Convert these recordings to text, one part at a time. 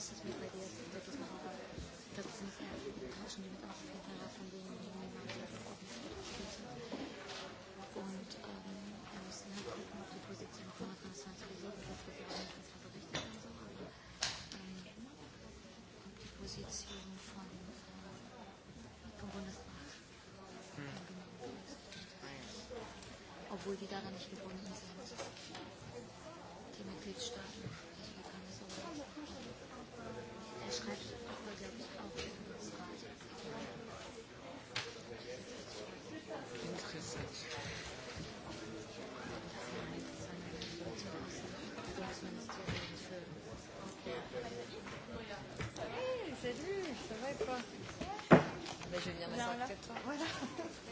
das ist mir bei dir jetzt nicht so gut. Das ist nicht mehr zwischen den Kopfhörern von denen, die mir mal aufgeschlossen Und ähm, wir müssen halt gucken, ob die Position von der Transfer-Trisur, weil das wird ja auch nicht mehr verberichtet werden, so. aber ähm, ob die Position von, äh, vom Bundesrat angenommen hm. ist. Obwohl die daran nicht gebunden sind. Die Mitgliedstaaten. Salut, ça va et toi ah ben Je vais venir m'asseoir avec toi. Voilà.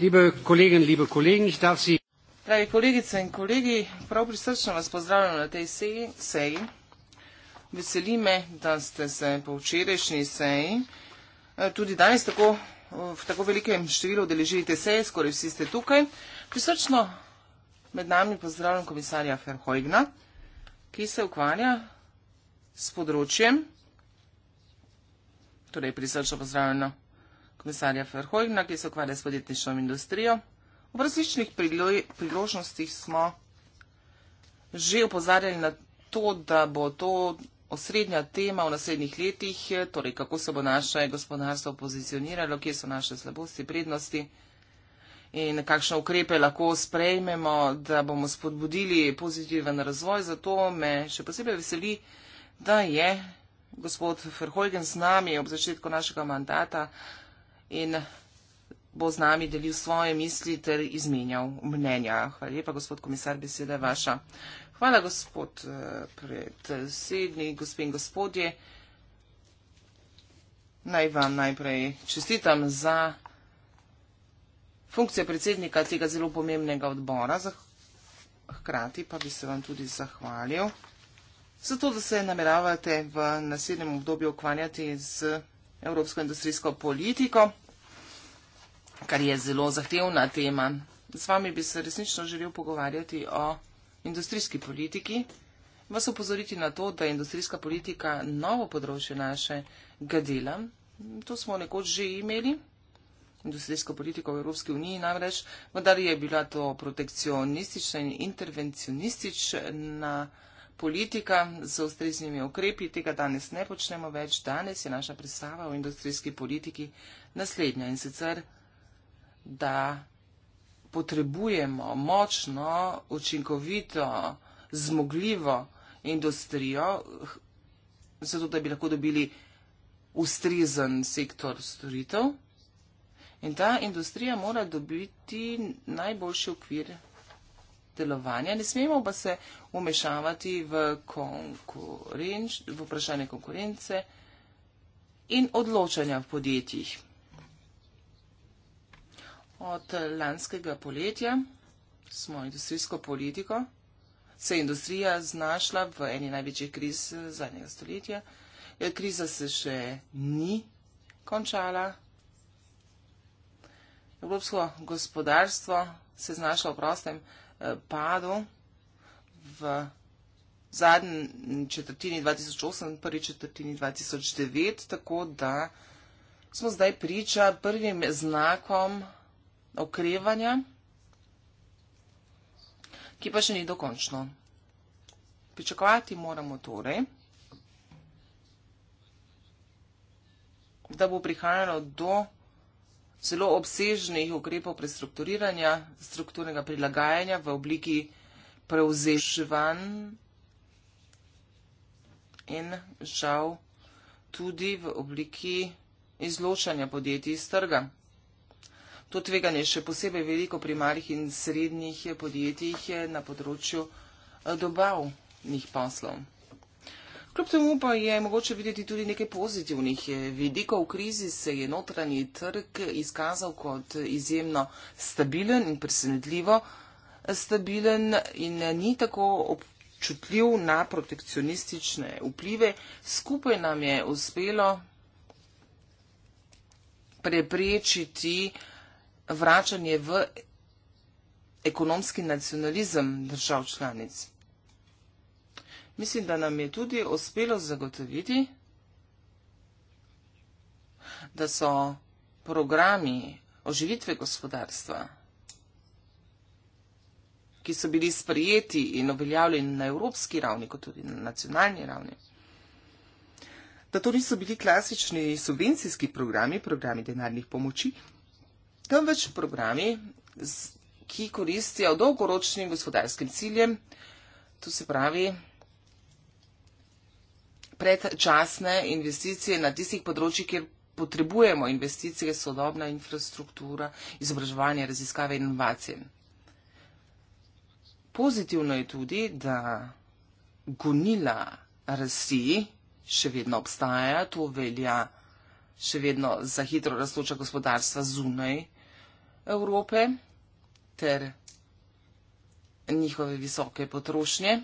Dragi kolegice in kolegi, prav prisrčno vas pozdravljam na tej seji. seji. Veseli me, da ste se po včerajšnji seji eh, tudi danes tako, eh, v tako velikem številu deležili te seje, skoraj vsi ste tukaj. Prisrčno med nami pozdravljam komisarja Ferhojgna, ki se ukvarja s področjem, torej prisrčno pozdravljeno komisarja Ferhojna, ki se ukvarja s podjetniškom industrijo. V različnih priložnostih smo že upozarjali na to, da bo to osrednja tema v naslednjih letih, torej kako se bo naše gospodarstvo pozicioniralo, kje so naše slabosti, prednosti in kakšne ukrepe lahko sprejmemo, da bomo spodbudili pozitiven razvoj. Zato me še posebej veseli, da je gospod Ferhojgen z nami ob začetku našega mandata in bo z nami delil svoje misli ter izmenjal mnenja. Hvala lepa, gospod komisar, beseda je vaša. Hvala, gospod eh, predsednik, gospe in gospodje. Naj vam najprej čestitam za funkcijo predsednika tega zelo pomembnega odbora, hkrati pa bi se vam tudi zahvalil. Zato, da se nameravate v naslednjem obdobju ukvarjati z evropsko industrijsko politiko, kar je zelo zahtevna tema. Z vami bi se resnično želel pogovarjati o industrijski politiki. Vas upozoriti na to, da je industrijska politika novo področje našega dela. To smo nekoč že imeli, industrijsko politiko v Evropski uniji namreč, vendar je bila to protekcionistična in intervencionistična politika z ustreznimi ukrepi, tega danes ne počnemo več, danes je naša predstava o industrijski politiki naslednja in sicer, da potrebujemo močno, učinkovito, zmogljivo industrijo, zato da bi lahko dobili ustrezen sektor storitev. In ta industrija mora dobiti najboljši okvir delovanja. Ne smemo pa se umešavati v, v vprašanje konkurence in odločanja v podjetjih. Od lanskega poletja smo industrijsko politiko, se je industrija znašla v eni največjih kriz zadnjega stoletja. Kriza se še ni končala. Evropsko gospodarstvo se znašlo v prostem padel v zadnji četrtini 2008, prvi četrtini 2009, tako da smo zdaj priča prvim znakom okrevanja, ki pa še ni dokončno. Pričakovati moramo torej, da bo prihajalo do zelo obsežnih ukrepov prestrukturiranja, strukturnega prilagajanja v obliki prevzeževanj in žal tudi v obliki izločanja podjetij iz trga. To tveganje še posebej veliko pri malih in srednjih podjetjih je na področju eh, dobavnih poslov. Kljub temu pa je mogoče videti tudi nekaj pozitivnih vidikov. V krizi se je notranji trg izkazal kot izjemno stabilen in presenetljivo stabilen in ni tako občutljiv na protekcionistične vplive. Skupaj nam je uspelo preprečiti vračanje v ekonomski nacionalizem držav članic. Mislim, da nam je tudi uspelo zagotoviti, da so programi oživitve gospodarstva, ki so bili sprijeti in obveljavljeni na evropski ravni, kot tudi na nacionalni ravni, da to niso bili klasični subvencijski programi, programi denarnih pomoči, temveč programi, ki koristijo dolgoročnim gospodarskim ciljem, to se pravi, predčasne investicije na tistih področjih, kjer potrebujemo investicije, sodobna infrastruktura, izobraževanje, raziskave in inovacije. Pozitivno je tudi, da gonila rasti še vedno obstaja, to velja še vedno za hitro rastoča gospodarstva zunaj Evrope ter njihove visoke potrošnje.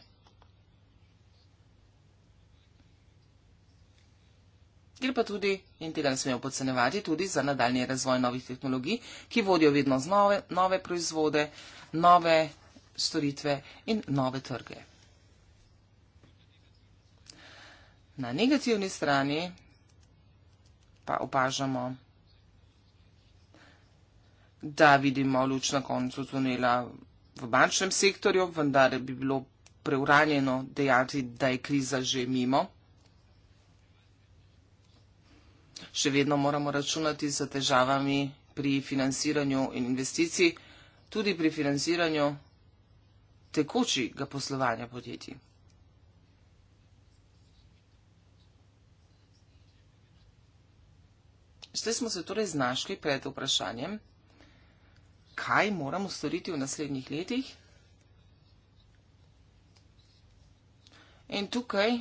Gre pa tudi, in tega ne smemo podcenevati, tudi za nadaljni razvoj novih tehnologij, ki vodijo vedno znove, nove proizvode, nove storitve in nove trge. Na negativni strani pa opažamo, da vidimo luč na koncu tunela v bančnem sektorju, vendar bi bilo preuranjeno dejati, da je kriza že mimo. še vedno moramo računati z težavami pri financiranju in investicij, tudi pri financiranju tekočega poslovanja podjetij. Zdaj smo se torej znašli pred vprašanjem, kaj moramo storiti v naslednjih letih. In tukaj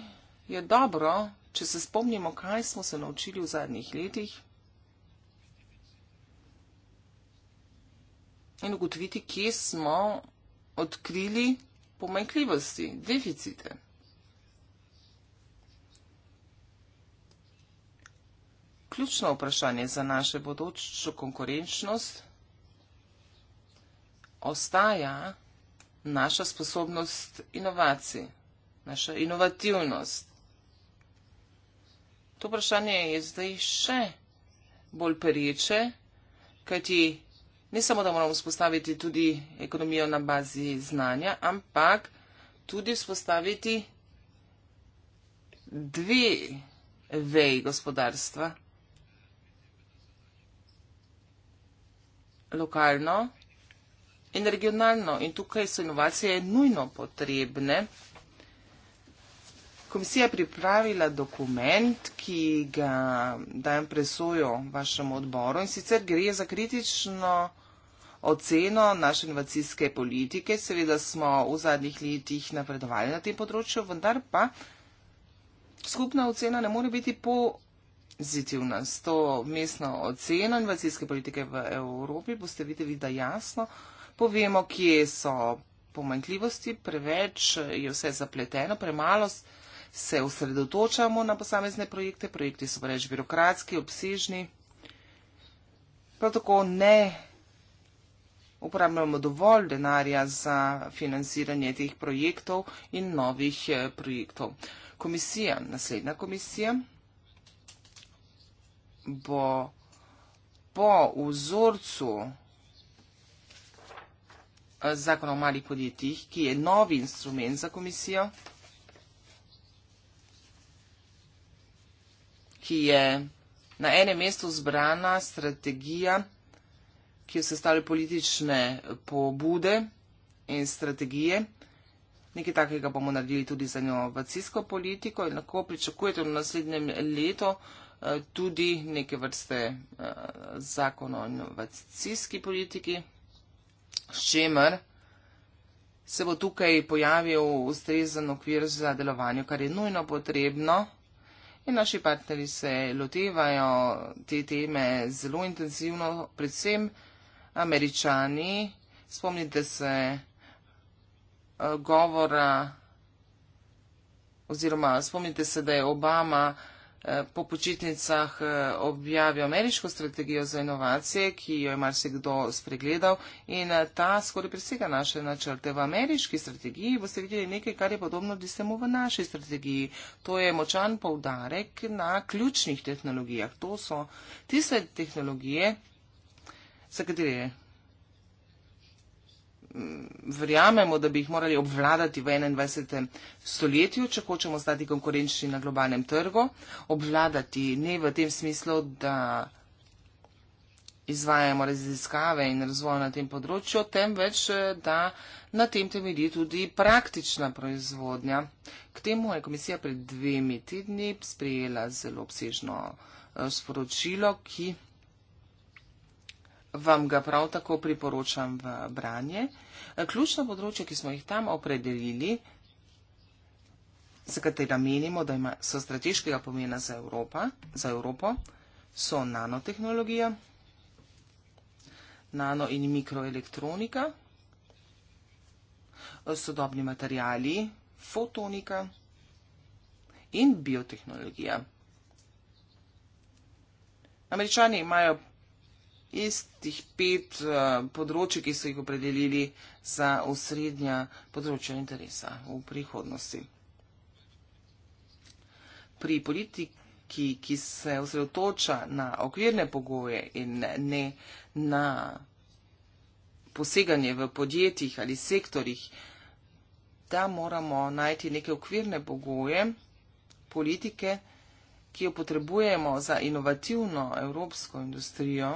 je dobro, Če se spomnimo, kaj smo se naučili v zadnjih letih, in ugotoviti, kje smo odkrili pomanjkljivosti, deficite. Ključno vprašanje za naše bodočo konkurenčnost ostaja naša sposobnost inovacij, naša inovativnost. To vprašanje je zdaj še bolj pereče, kajti ne samo, da moramo vzpostaviti tudi ekonomijo na bazi znanja, ampak tudi vzpostaviti dve veji gospodarstva. Lokalno in regionalno. In tukaj so inovacije nujno potrebne. Komisija je pripravila dokument, ki ga dajem presojo vašemu odboru in sicer gre za kritično oceno naše inovacijske politike. Seveda smo v zadnjih letih napredovali na tem področju, vendar pa skupna ocena ne more biti pozitivna. S to mestno oceno inovacijske politike v Evropi boste videli, da jasno povemo, kje so pomankljivosti, preveč je vse zapleteno, premalost se osredotočamo na posamezne projekte. Projekti so reč birokratski, obsežni. Prav tako ne uporabljamo dovolj denarja za financiranje teh projektov in novih eh, projektov. Komisija, naslednja komisija bo po vzorcu eh, zakona o malih podjetjih, ki je novi instrument za komisijo, ki je na enem mestu zbrana strategija, ki jo sestavlja politične pobude in strategije. Nekaj takega bomo naredili tudi za inovacijsko politiko in lahko pričakujete v naslednjem letu eh, tudi neke vrste eh, zakon o inovacijski politiki, s čemer se bo tukaj pojavil ustrezen okvir za delovanje, kar je nujno potrebno In naši partnerji se lotevajo te teme zelo intenzivno, predvsem američani. Spomnite se eh, govora oziroma spomnite se, da je Obama Eh, po počitnicah eh, objavil ameriško strategijo za inovacije, ki jo je marsikdo spregledal in eh, ta skoraj presega naše načrte. V ameriški strategiji boste videli nekaj, kar je podobno disemu v naši strategiji. To je močan povdarek na ključnih tehnologijah. To so tiste tehnologije, za katere verjamemo, da bi jih morali obvladati v 21. stoletju, če hočemo stati konkurenčni na globalnem trgu. Obvladati ne v tem smislu, da izvajamo raziskave in razvoj na tem področju, temveč, da na tem temelji tudi praktična proizvodnja. K temu je komisija pred dvemi tedni sprejela zelo obsežno eh, sporočilo, ki vam ga prav tako priporočam v branje. Ključno področje, ki smo jih tam opredelili, za katera menimo, da ima, so strateškega pomena za, Evropa, za Evropo, so nanotehnologija, nano in mikroelektronika, sodobni materijali, fotonika in biotehnologija. Američani imajo iz tih pet uh, eh, področji, ki so jih opredelili za osrednja področja interesa v prihodnosti. Pri politiki, ki se osredotoča na okvirne pogoje in ne na poseganje v podjetjih ali sektorjih, da moramo najti neke okvirne pogoje politike, ki jo potrebujemo za inovativno evropsko industrijo.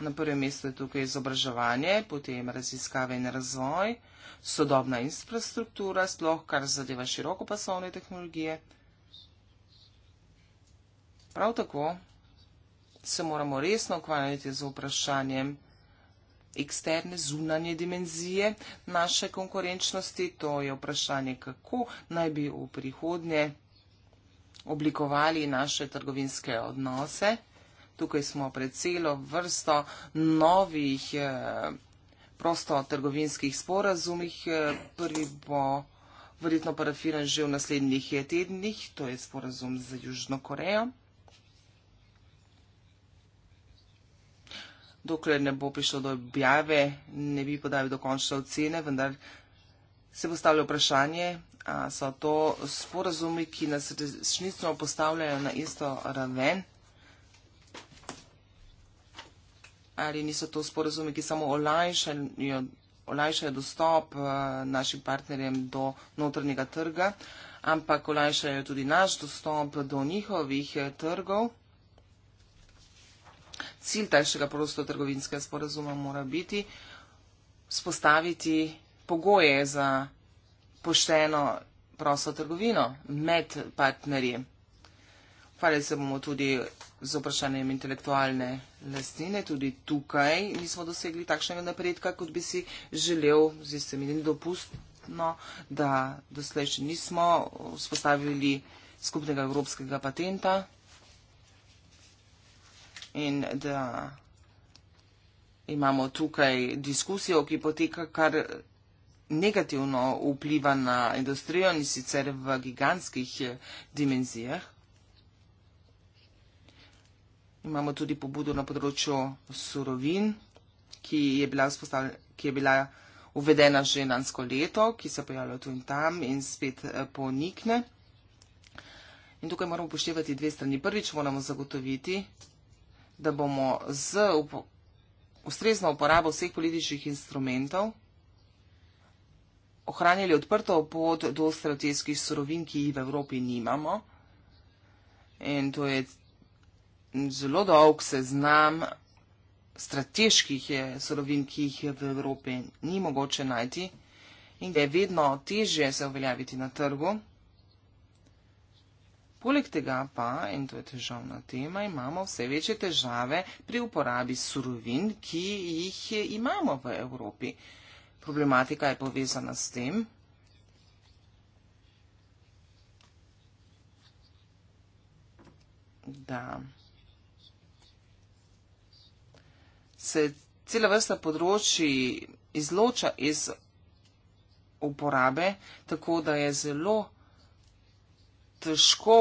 Na prvem mestu je tukaj izobraževanje, potem raziskave in razvoj, sodobna infrastruktura, sploh kar zadeva široko pasovne tehnologije. Prav tako se moramo resno ukvarjati z vprašanjem eksterne zunanje dimenzije naše konkurenčnosti. To je vprašanje, kako naj bi v prihodnje oblikovali naše trgovinske odnose. Tukaj smo pred celo vrsto novih eh, prostotrgovinskih sporazumih. Eh, prvi bo verjetno parafiran že v naslednjih eh, tednih, to je sporazum z Južno Korejo. Dokler ne bo prišlo do objave, ne bi podali dokončne ocene, vendar se postavlja vprašanje, a so to sporazumi, ki nas resnično postavljajo na isto raven. ali niso to sporozumi, ki samo olajšajo, olajšajo dostop eh, našim partnerjem do notrnega trga, ampak olajšajo tudi naš dostop do njihovih eh, trgov. Cilj takšnega prostotrgovinskega sporozuma mora biti spostaviti pogoje za pošteno prostotrgovino med partnerji. Hvala se bomo tudi z vprašanjem intelektualne lastnine. Tudi tukaj nismo dosegli takšnega napredka, kot bi si želel. Zdi se mi nedopustno, da doslej še nismo vzpostavili skupnega evropskega patenta in da imamo tukaj diskusijo, ki poteka kar negativno vpliva na industrijo in sicer v gigantskih dimenzijah. Imamo tudi pobudo na področju surovin, ki je bila, ki je bila uvedena že lansko leto, ki se pojavlja tu in tam in spet eh, ponikne. In tukaj moramo upoštevati dve strani. Prvič moramo zagotoviti, da bomo z upo ustrezno uporabo vseh političnih instrumentov ohranjali odprto pot do strateških surovin, ki jih v Evropi nimamo. In to je zelo dolg seznam strateških eh, sorovin, ki jih v Evropi ni mogoče najti in je vedno težje se uveljaviti na trgu. Poleg tega pa, in to je težavna tema, imamo vse večje težave pri uporabi surovin, ki jih eh, imamo v Evropi. Problematika je povezana s tem, da se cela vrsta področji izloča iz uporabe, tako da je zelo težko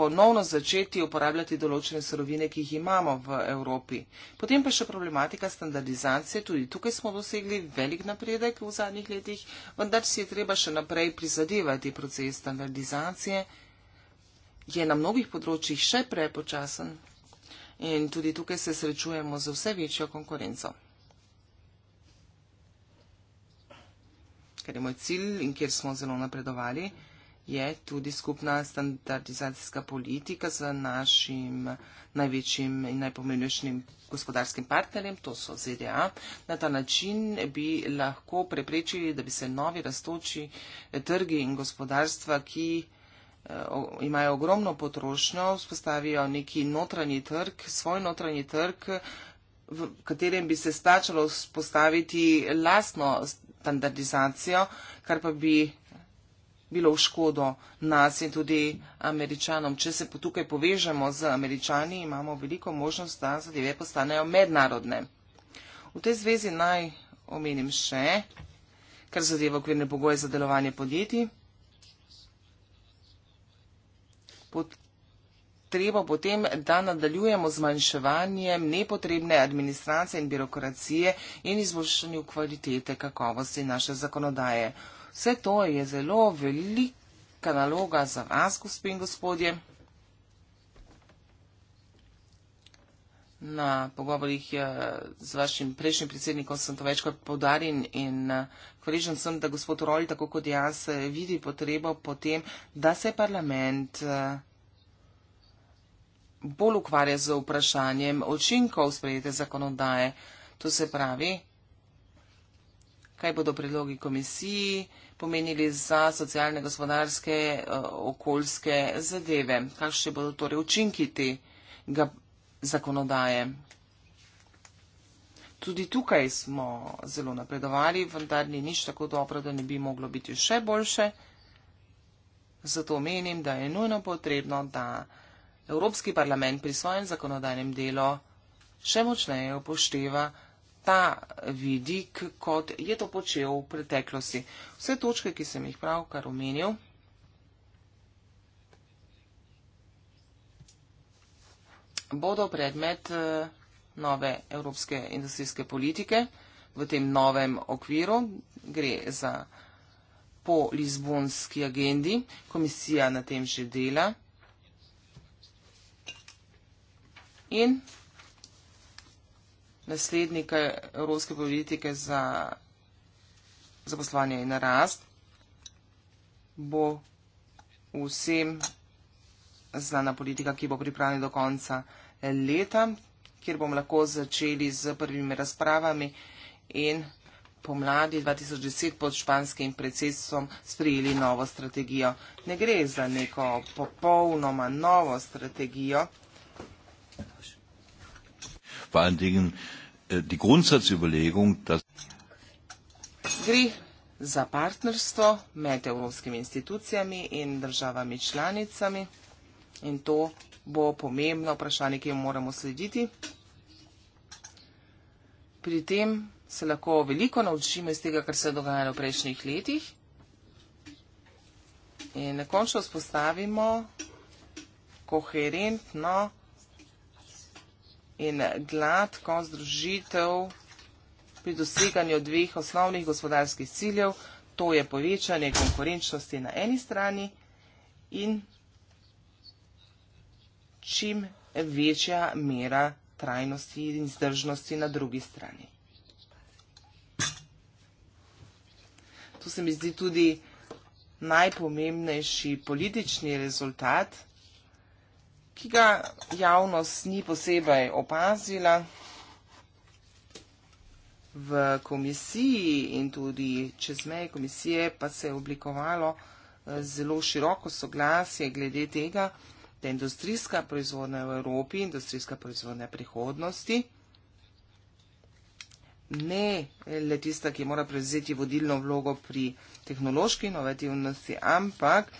ponovno začeti uporabljati določene sorovine, ki jih imamo v Evropi. Potem pa še problematika standardizacije, tudi tukaj smo dosegli velik napredek v zadnjih letih, vendar si je treba še naprej prizadevati proces standardizacije. Je na mnogih področjih še prepočasen, in tudi tukaj se srečujemo z vse večjo konkurenco. Ker je moj cilj in kjer smo zelo napredovali, je tudi skupna standardizacijska politika z našim največjim in najpomembnejšim gospodarskim partnerjem, to so ZDA. Na ta način bi lahko preprečili, da bi se novi rastoči trgi in gospodarstva, ki imajo ogromno potrošnjo, vzpostavijo neki notranji trg, svoj notranji trg, v katerem bi se stačalo vzpostaviti lastno standardizacijo, kar pa bi bilo v škodo nas in tudi američanom. Če se tukaj povežemo z američani, imamo veliko možnost, da zadeve postanejo mednarodne. V tej zvezi naj omenim še, kar zadeva okvirne pogoje za delovanje podjetij. potrebo potem, da nadaljujemo zmanjševanjem nepotrebne administracije in birokracije in izboljšanju kvalitete kakovosti naše zakonodaje. Vse to je zelo velika naloga za vas, gospod in gospodje. na pogovorih eh, z vašim prejšnjim predsednikom sem to večkrat podaril in eh, hvaležen sem, da gospod Rolj, tako kot jaz, eh, vidi potrebo po tem, da se parlament bolj ukvarja z vprašanjem očinkov sprejete zakonodaje. To se pravi, kaj bodo predlogi komisiji pomenili za socialne, gospodarske, okoljske zadeve, kakšne bodo torej učinki tega zakonodaje. Tudi tukaj smo zelo napredovali, vendar ni nič tako dobro, da ne bi moglo biti še boljše. Zato menim, da je nujno potrebno, da Evropski parlament pri svojem zakonodajnem delu še močneje upošteva ta vidik, kot je to počel v preteklosti. Vse točke, ki sem jih pravkar omenil. bodo predmet eh, nove evropske industrijske politike v tem novem okviru. Gre za po Lizbonski agendi. Komisija na tem že dela. In naslednika evropske politike za zaposlovanje in rast bo vsem znana politika, ki bo pripravljena do konca leta leta, kjer bomo lahko začeli z prvimi razpravami in pomladi 2010 pod španskim predsedstvom sprijeli novo strategijo. Ne gre za neko popolnoma novo strategijo. Äh, gre za partnerstvo med evropskimi institucijami in državami članicami in to bo pomembno vprašanje, ki jo moramo slediti. Pri tem se lahko veliko naučimo iz tega, kar se je dogajalo v prejšnjih letih. In na koncu vzpostavimo koherentno in gladko združitev pri doseganju dveh osnovnih gospodarskih ciljev, to je povečanje konkurenčnosti na eni strani in čim večja mera trajnosti in zdržnosti na drugi strani. To se mi zdi tudi najpomembnejši politični rezultat, ki ga javnost ni posebej opazila. V komisiji in tudi čez meje komisije pa se je oblikovalo eh, zelo široko soglasje glede tega, da je industrijska proizvodnja v Evropi, industrijska proizvodnja prihodnosti, ne le tista, ki mora prevzeti vodilno vlogo pri tehnološki inovativnosti, ampak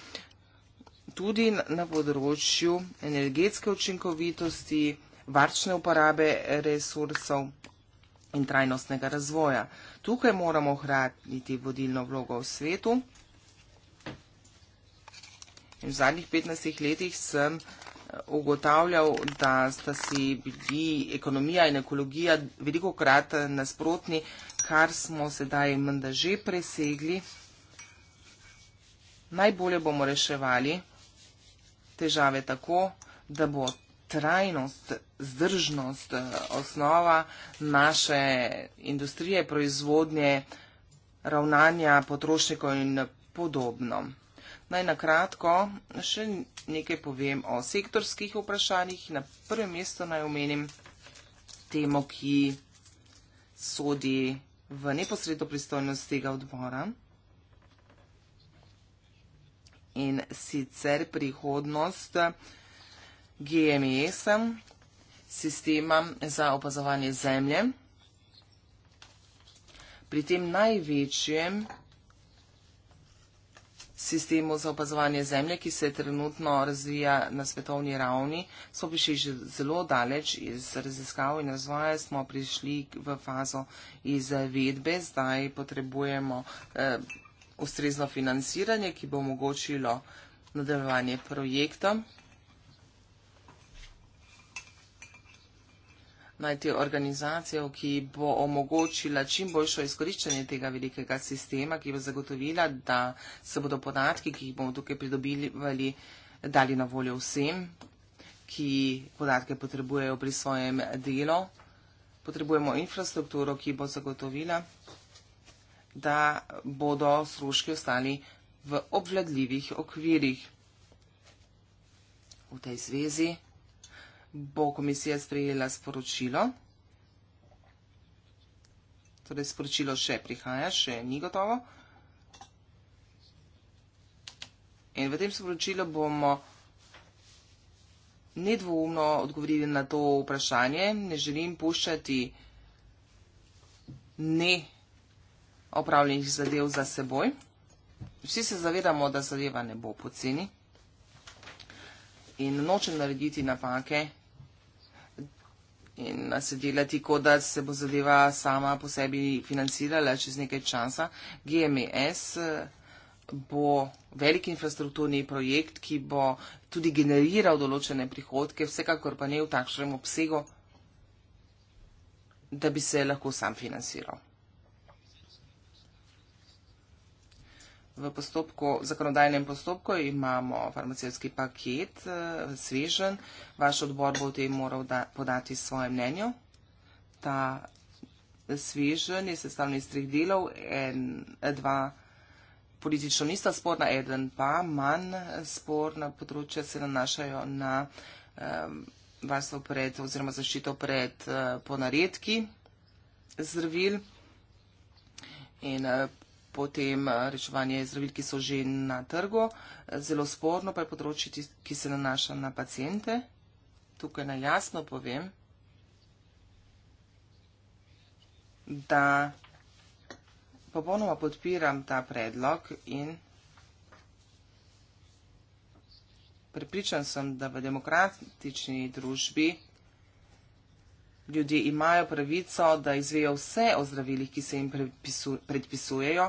tudi na področju energetske učinkovitosti, varčne uporabe resursov in trajnostnega razvoja. Tukaj moramo ohraniti vodilno vlogo v svetu. In v zadnjih 15 letih sem eh, ugotavljal, da sta si bili ekonomija in ekologija veliko krat eh, nasprotni, kar smo sedaj menda že presegli. Najbolje bomo reševali težave tako, da bo trajnost, zdržnost, eh, osnova naše industrije, proizvodnje, ravnanja potrošnikov in podobno. Naj na kratko še nekaj povem o sektorskih vprašanjih. Na prvem mestu naj omenim temo, ki sodi v neposredno pristojnost tega odbora. In sicer prihodnost GMS-a, e sistema za opazovanje zemlje. Pri tem največjem sistemu za opazovanje zemlje, ki se trenutno razvija na svetovni ravni. Smo prišli že zelo daleč iz raziskav in razvoja, smo prišli v fazo izvedbe, zdaj potrebujemo eh, ustrezno financiranje, ki bo omogočilo nadaljevanje projekta. najti organizacijo, ki bo omogočila čim boljšo izkoriščanje tega velikega sistema, ki bo zagotovila, da se bodo podatki, ki jih bomo tukaj pridobili, dali na voljo vsem, ki podatke potrebujejo pri svojem delu. Potrebujemo infrastrukturo, ki bo zagotovila, da bodo stroški ostali v obvladljivih okvirih. V tej zvezi bo komisija sprejela sporočilo. Torej, sporočilo še prihaja, še ni gotovo. In v tem sporočilu bomo nedvoumno odgovorili na to vprašanje. Ne želim puščati ne opravljenih zadev za seboj. Vsi se zavedamo, da zadeva ne bo poceni. In nočem narediti napake in se delati, kot da se bo zadeva sama po sebi financirala čez nekaj časa. GMS e eh, bo velik infrastrukturni projekt, ki bo tudi generiral določene prihodke, vsekakor pa ne v takšnem obsegu, da bi se lahko sam financiral. v postopku, zakonodajnem postopku imamo farmacijski paket, eh, svežen. Vaš odbor bo v tem moral da, podati svoje mnenje. Ta svežen je sestavljen iz treh delov, en, dva politično nista sporna, eden pa manj sporna področja se nanašajo na eh, varstvo pred oziroma zaščito pred eh, ponaredki zdravil. In eh, potem eh, reševanje zdravil, ki so že na trgu. Zelo sporno pa je področje, ki se nanaša na pacijente. Tukaj naj jasno povem, da popolnoma podpiram ta predlog in pripričan sem, da v demokratični družbi ljudje imajo pravico, da izvejo vse o zdravilih, ki se jim predpisujejo. predpisujejo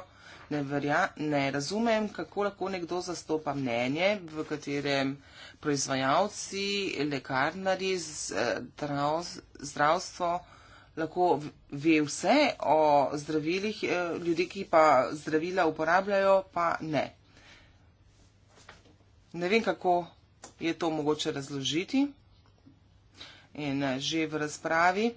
ne, verja, ne razumem, kako lahko nekdo zastopa mnenje, v katerem proizvajalci, lekarnari, eh, zdravstvo lahko ve vse o zdravilih, eh, ljudi, ki pa zdravila uporabljajo, pa ne. Ne vem, kako je to mogoče razložiti. In eh, že v razpravi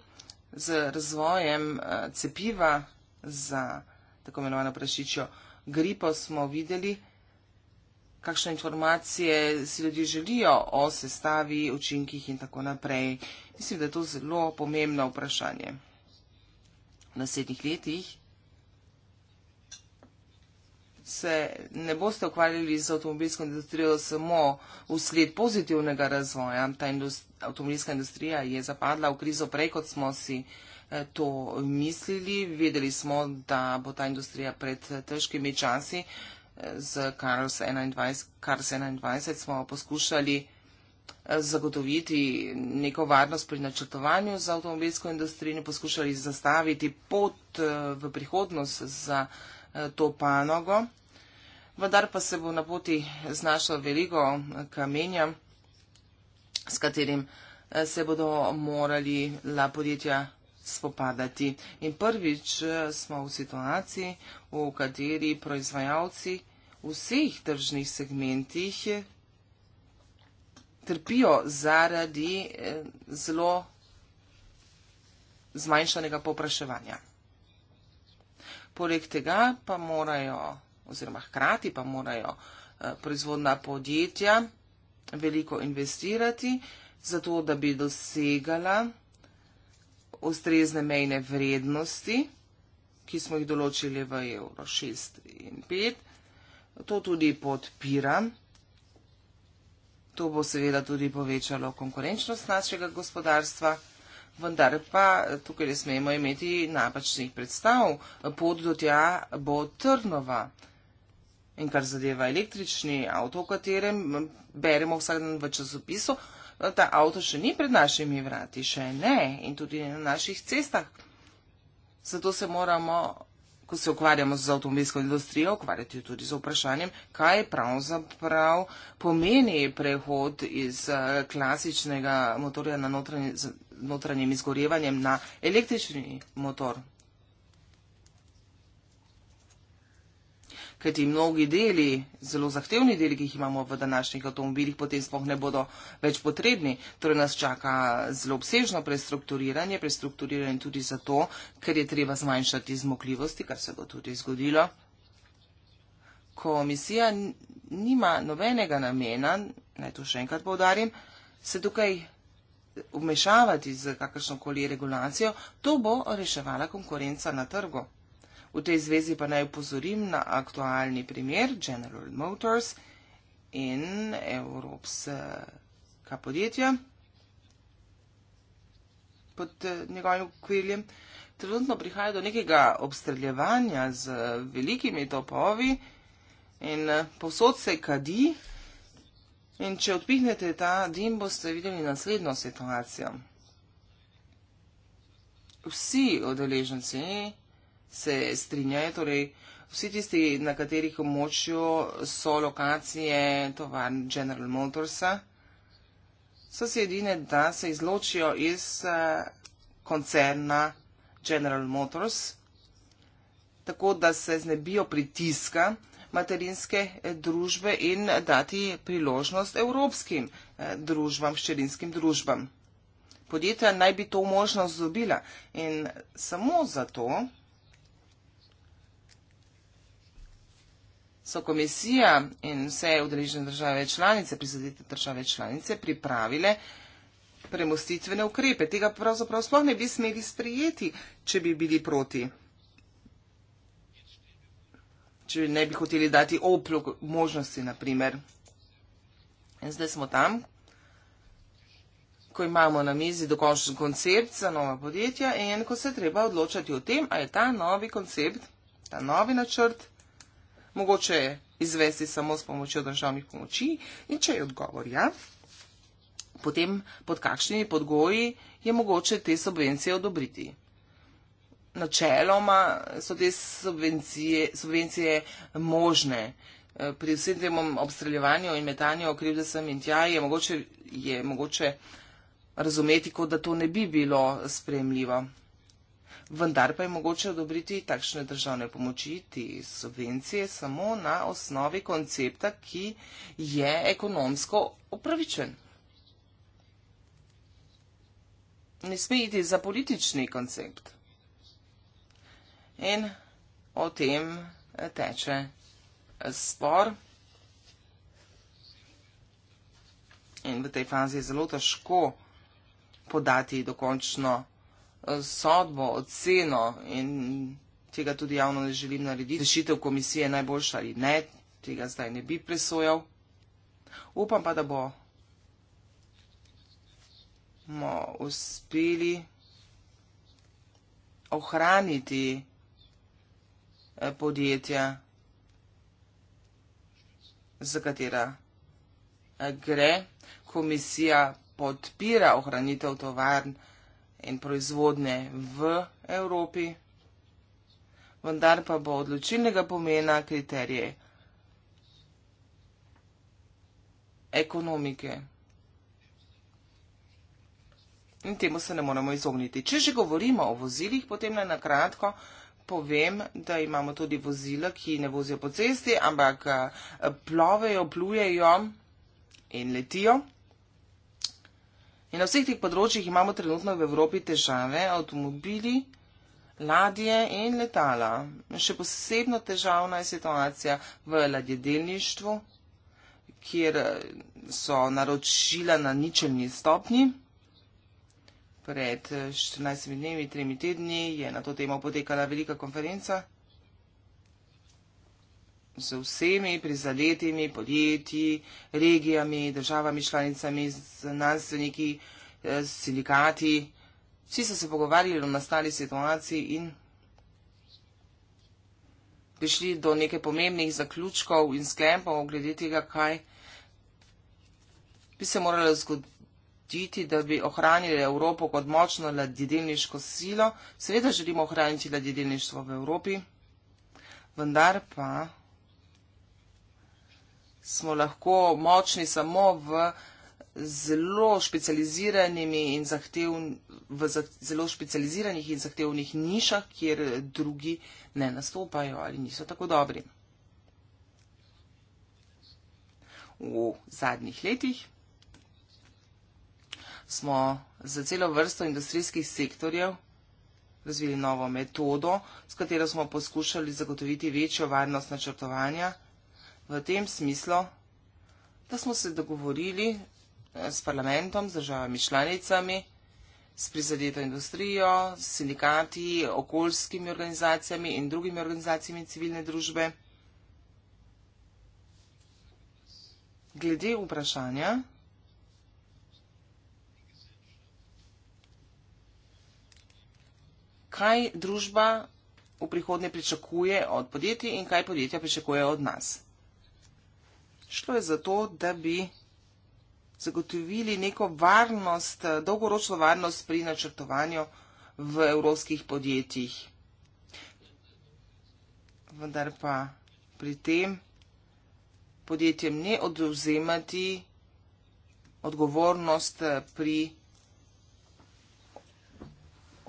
z razvojem cepiva za tako imenovano prašičjo gripo, smo videli, kakšne informacije si ljudje želijo o sestavi, učinkih in tako naprej. Mislim, da je to zelo pomembno vprašanje. V naslednjih letih se ne boste ukvarjali z avtomobilsko industrijo samo v sled pozitivnega razvoja. Ta industri avtomobilska industrija je zapadla v krizo prej, kot smo si to mislili. Vedeli smo, da bo ta industrija pred težkimi časi. Z Kars 21, Kars 21 smo poskušali eh, zagotoviti neko varnost pri načrtovanju za avtomobilsko industrijo in poskušali zastaviti pot eh, v prihodnost za eh, to panogo. Vendar pa se bo na poti znašlo veliko kamenja, s katerim se bodo morali la podjetja spopadati. In prvič eh, smo v situaciji, v kateri proizvajalci vseh tržnih segmentih eh, trpijo zaradi eh, zelo zmanjšanega popraševanja. Poleg tega pa morajo, oziroma hkrati pa morajo proizvodna podjetja veliko investirati, zato da bi dosegala ustrezne mejne vrednosti, ki smo jih določili v evro 6 in 5. To tudi podpiram. To bo seveda tudi povečalo konkurenčnost našega gospodarstva, vendar pa tukaj ne smemo imeti napačnih predstav. Pot do tja bo trnova. In kar zadeva električni avto, o katerem beremo vsak dan v časopisu, ta avto še ni pred našimi vrati, še ne in tudi na naših cestah. Zato se moramo, ko se ukvarjamo z avtomobilsko industrijo, ukvarjati tudi z vprašanjem, kaj pravzaprav pomeni prehod iz eh, klasičnega motorja na notranj, z notranjim izgorevanjem na električni motor. kajti mnogi deli, zelo zahtevni deli, ki jih imamo v današnjih avtomobilih, potem sploh ne bodo več potrebni. Torej nas čaka zelo obsežno prestrukturiranje, prestrukturiranje tudi zato, ker je treba zmanjšati zmogljivosti, kar se bo tudi zgodilo. Komisija nima nobenega namena, naj to še enkrat povdarim, se tukaj obmešavati z kakršnokoli regulacijo, to bo reševala konkurenca na trgu. V tej zvezi pa naj upozorim na aktualni primer General Motors in evropska podjetja pod eh, njegovim okviljem. Trenutno prihaja do nekega obstreljevanja z velikimi topovi in eh, povsod se kadi. In če odpihnete ta dim, boste videli naslednjo situacijo. Vsi odeleženci se strinjajo, torej vsi tisti, na katerih območju so lokacije tovarn General Motorsa, so si edine, da se izločijo iz eh, koncerna General Motors, tako da se znebijo pritiska materinske eh, družbe in dati priložnost evropskim eh, družbam, ščerinskim družbam. Podjetja naj bi to možnost dobila in samo zato, so komisija in vse udeležene države članice, prizadete države članice, pripravile premustitvene ukrepe. Tega pravzaprav sploh ne bi smeli sprijeti, če bi bili proti. Če ne bi hoteli dati oplog možnosti, naprimer. In zdaj smo tam, ko imamo na mizi dokončen koncept za nova podjetja in ko se treba odločati o tem, a je ta novi koncept, ta novi načrt mogoče izvesti samo s pomočjo državnih pomoči in če je odgovor ja, potem pod kakšnimi podgoji je mogoče te subvencije odobriti. Načeloma so te subvencije, subvencije možne. Pri vsem tem obstreljevanju in metanju okrivde sem in tja je mogoče, je mogoče razumeti, kot da to ne bi bilo spremljivo vendar pa je mogoče odobriti takšne državne pomoči, ti subvencije, samo na osnovi koncepta, ki je ekonomsko upravičen. Ne sme iti za politični koncept. In o tem teče spor. In v tej fazi je zelo težko podati dokončno sodbo, oceno in tega tudi javno ne želim narediti. Rešitev komisije je najboljša ali ne, tega zdaj ne bi presojal. Upam pa, da bo bomo uspeli ohraniti eh, podjetja, za katera eh, gre. Komisija podpira ohranitev tovarn in proizvodnje v Evropi, vendar pa bo odločilnega pomena kriterije ekonomike. In temu se ne moremo izogniti. Če že govorimo o vozilih, potem naj na kratko povem, da imamo tudi vozila, ki ne vozijo po cesti, ampak eh, plovejo, plujejo in letijo. In na vseh teh področjih imamo trenutno v Evropi težave, avtomobili, ladje in letala. Še posebno težavna je situacija v ladjedelništvu, kjer eh, so naročila na ničelni stopnji. Pred 14 eh, dnevi, 3 tedni je na to temo potekala velika konferenca z vsemi prizadetimi podjetji, regijami, državami, članicami, znanstveniki, eh, sindikati. Vsi so se pogovarjali o nastali situaciji in prišli do nekaj pomembnih zaključkov in sklepov glede tega, kaj bi se moralo zgoditi, da bi ohranili Evropo kot močno ladjedelniško silo. Seveda želimo ohraniti ladjedelništvo v Evropi, vendar pa smo lahko močni samo v zelo specializiranimi in zahtevni v zelo specializiranih in zahtevnih nišah, kjer drugi ne nastopajo ali niso tako dobri. V zadnjih letih smo za celo vrsto industrijskih sektorjev razvili novo metodo, s katero smo poskušali zagotoviti večjo varnost načrtovanja v tem smislu, da smo se dogovorili eh, s parlamentom, z državami članicami, s prizadeto industrijo, s sindikati, okoljskimi organizacijami in drugimi organizacijami civilne družbe. Glede vprašanja, kaj družba v prihodnje pričakuje od podjetij in kaj podjetja pričakuje od nas. Šlo je za to, da bi zagotovili neko varnost, dolgoročno varnost pri načrtovanju v evropskih podjetjih. Vendar pa pri tem podjetjem ne odvzemati odgovornost eh, pri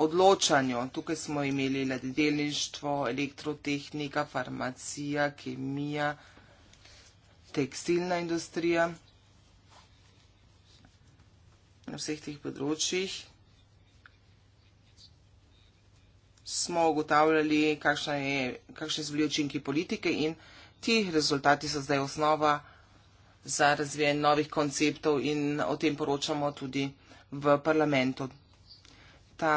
odločanju. Tukaj smo imeli ladedelništvo, elektrotehnika, farmacija, kemija tekstilna industrija na vseh teh področjih. Smo ugotavljali, kakšne so bili učinki politike in ti rezultati so zdaj osnova za razvijanje novih konceptov in o tem poročamo tudi v parlamentu. Ta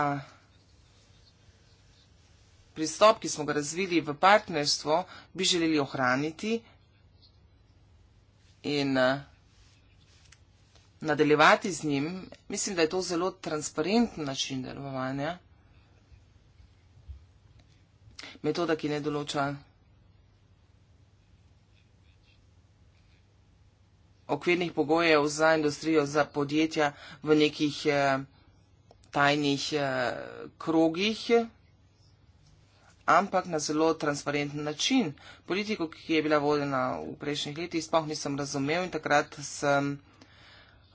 pristop, ki smo ga razvili v partnerstvo, bi želeli ohraniti in uh, nadaljevati z njim, mislim, da je to zelo transparenten način delovanja. Metoda, ki ne določa okvirnih pogojev za industrijo, za podjetja v nekih eh, tajnih eh, krogih. Eh, ampak na zelo transparenten način. Politiko, ki je bila vodena v prejšnjih letih, sploh nisem razumel in takrat sem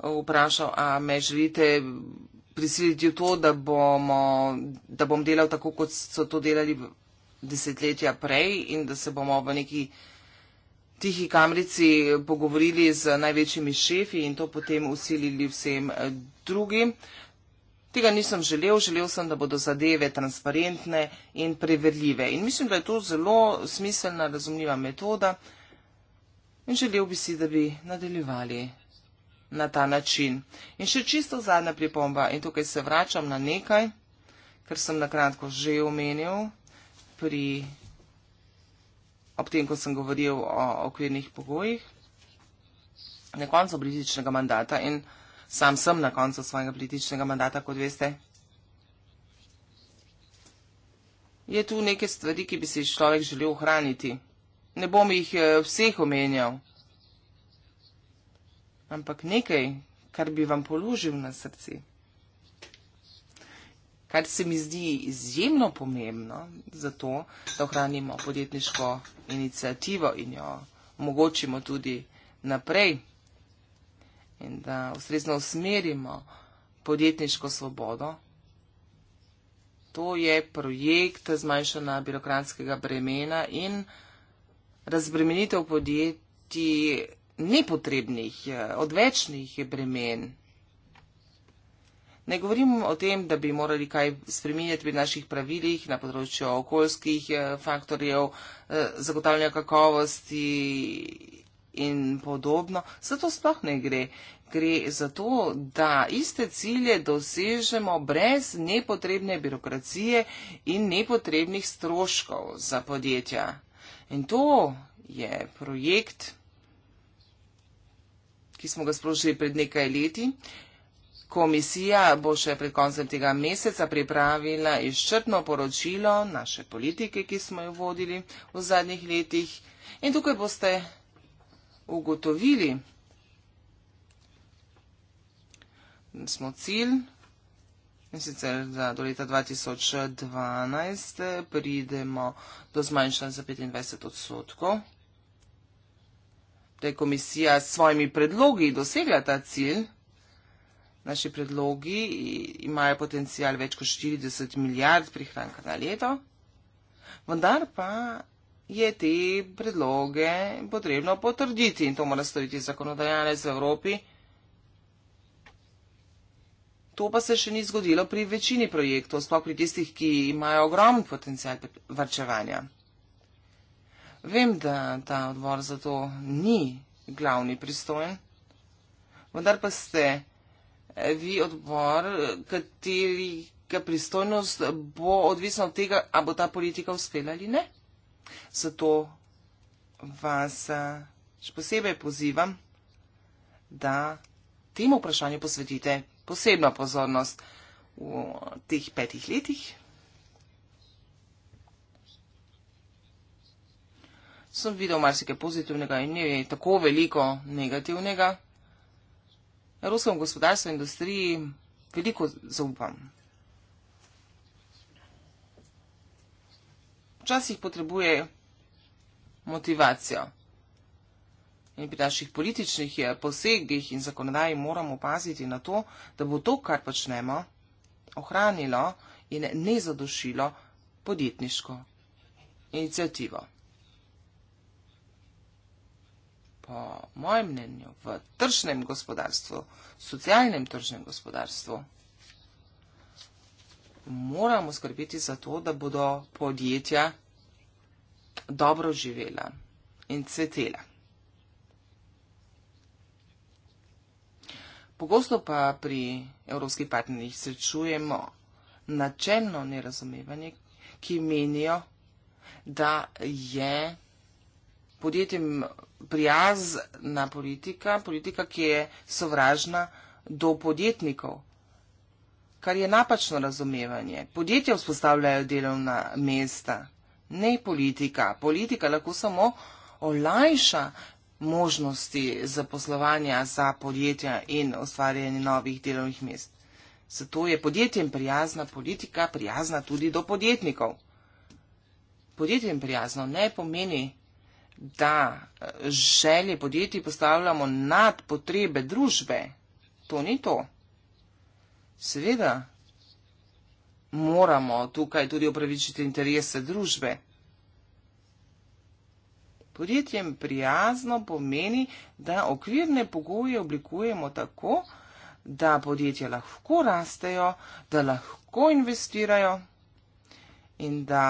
vprašal, a me želite prisiliti v to, da, bomo, da bom delal tako, kot so to delali desetletja prej in da se bomo v neki tihi kamrici pogovorili z največjimi šefi in to potem usilili vsem drugim. Tega nisem želel, želel sem, da bodo zadeve transparentne in preverljive. In mislim, da je to zelo smiselna, razumljiva metoda in želel bi si, da bi nadaljevali na ta način. In še čisto zadnja pripomba in tukaj se vračam na nekaj, kar sem nakratko že omenil pri, ob tem, ko sem govoril o okvirnih pogojih, na koncu brizičnega mandata. In, sam sem na koncu svojega političnega mandata, kot veste. Je tu neke stvari, ki bi si človek želel ohraniti. Ne bom jih eh, vseh omenjal. Ampak nekaj, kar bi vam položil na srce, kar se mi zdi izjemno pomembno za to, da ohranimo podjetniško inicijativo in jo omogočimo tudi naprej in da ustrezno usmerimo podjetniško svobodo. To je projekt zmanjšanja birokratskega bremena in razbremenitev podjetij nepotrebnih, eh, odvečnih bremen. Ne govorim o tem, da bi morali kaj spreminjati pri naših pravilih na področju okoljskih eh, faktorjev, eh, zagotavljanja kakovosti in podobno. Zato sploh ne gre. Gre za to, da iste cilje dosežemo brez nepotrebne birokracije in nepotrebnih stroškov za podjetja. In to je projekt, ki smo ga sprožili pred nekaj leti. Komisija bo še pred koncem tega meseca pripravila izčrpno poročilo naše politike, ki smo jo vodili v zadnjih letih. In tukaj boste ugotovili, da smo cilj in sicer, da do leta 2012 pridemo do zmanjšanja za 25 odstotkov, da je komisija s svojimi predlogi dosegla ta cilj. Naši predlogi imajo potencial več kot 40 milijard prihranka na leto, vendar pa je te predloge potrebno potrditi in to mora storiti zakonodajalec v Evropi. To pa se še ni zgodilo pri večini projektov, sploh pri tistih, ki imajo ogromen potencial vrčevanja. Vem, da ta odbor za to ni glavni pristojen, vendar pa ste eh, vi odbor, kateri pristojnost bo odvisna od tega, a bo ta politika uspela ali ne. Zato vas eh, še posebej pozivam, da temu vprašanju posvetite posebno pozornost v teh petih letih. Sem videl marsikaj pozitivnega in ni tako veliko negativnega. Na ruskem gospodarstvu in industriji veliko zaupam. včasih potrebujejo motivacijo. In pri naših političnih eh, posegih in zakonodaji moramo paziti na to, da bo to, kar počnemo, ohranilo in ne zadošilo podjetniško inicijativo. Po mojem mnenju, v tržnem gospodarstvu, socialnem tržnem gospodarstvu, moramo skrbeti za to, da bodo podjetja dobro živela in cvetela. Pogosto pa pri evropskih partnerjih srečujemo načelno nerazumevanje, ki menijo, da je podjetjem prijazna politika, politika, ki je sovražna do podjetnikov kar je napačno razumevanje. Podjetja vzpostavljajo delovna mesta, ne politika. Politika lahko samo olajša možnosti zaposlovanja za podjetja in ustvarjanje novih delovnih mest. Zato je podjetjem prijazna politika prijazna tudi do podjetnikov. Podjetjem prijazno ne pomeni, da eh, želje podjetij postavljamo nad potrebe družbe. To ni to. Seveda, moramo tukaj tudi upravičiti interese družbe. Podjetjem prijazno pomeni, da okvirne pogoje oblikujemo tako, da podjetja lahko rastejo, da lahko investirajo in da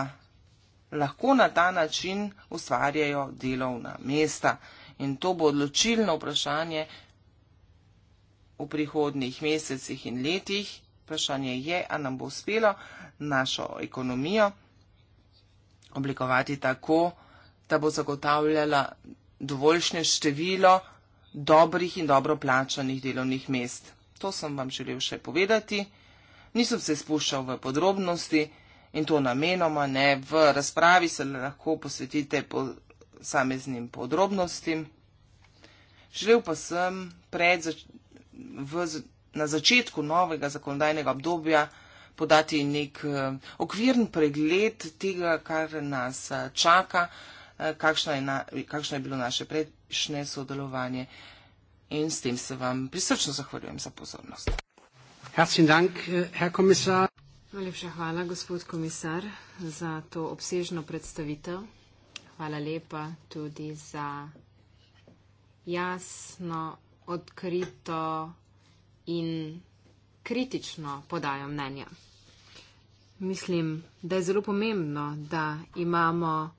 lahko na ta način ustvarjajo delovna mesta. In to bo odločilno vprašanje v prihodnih mesecih in letih. Vprašanje je, a nam bo uspelo našo ekonomijo oblikovati tako, da bo zagotavljala dovoljšne število dobrih in dobro plačanih delovnih mest. To sem vam želel še povedati. Nisem se spuščal v podrobnosti in to namenoma ne. V razpravi se lahko posvetite po sameznim podrobnostim. Želel pa sem pred začetkom v, na začetku novega zakonodajnega obdobja podati nek eh, okvirn pregled tega, kar nas eh, čaka, eh, kakšno je, na, kakšno je bilo naše prejšnje sodelovanje. In s tem se vam prisrčno zahvaljujem za pozornost. Dank, herr Najlepša hvala, gospod komisar, za to obsežno predstavitev. Hvala lepa tudi za jasno odkrito in kritično podajo mnenja. Mislim, da je zelo pomembno, da imamo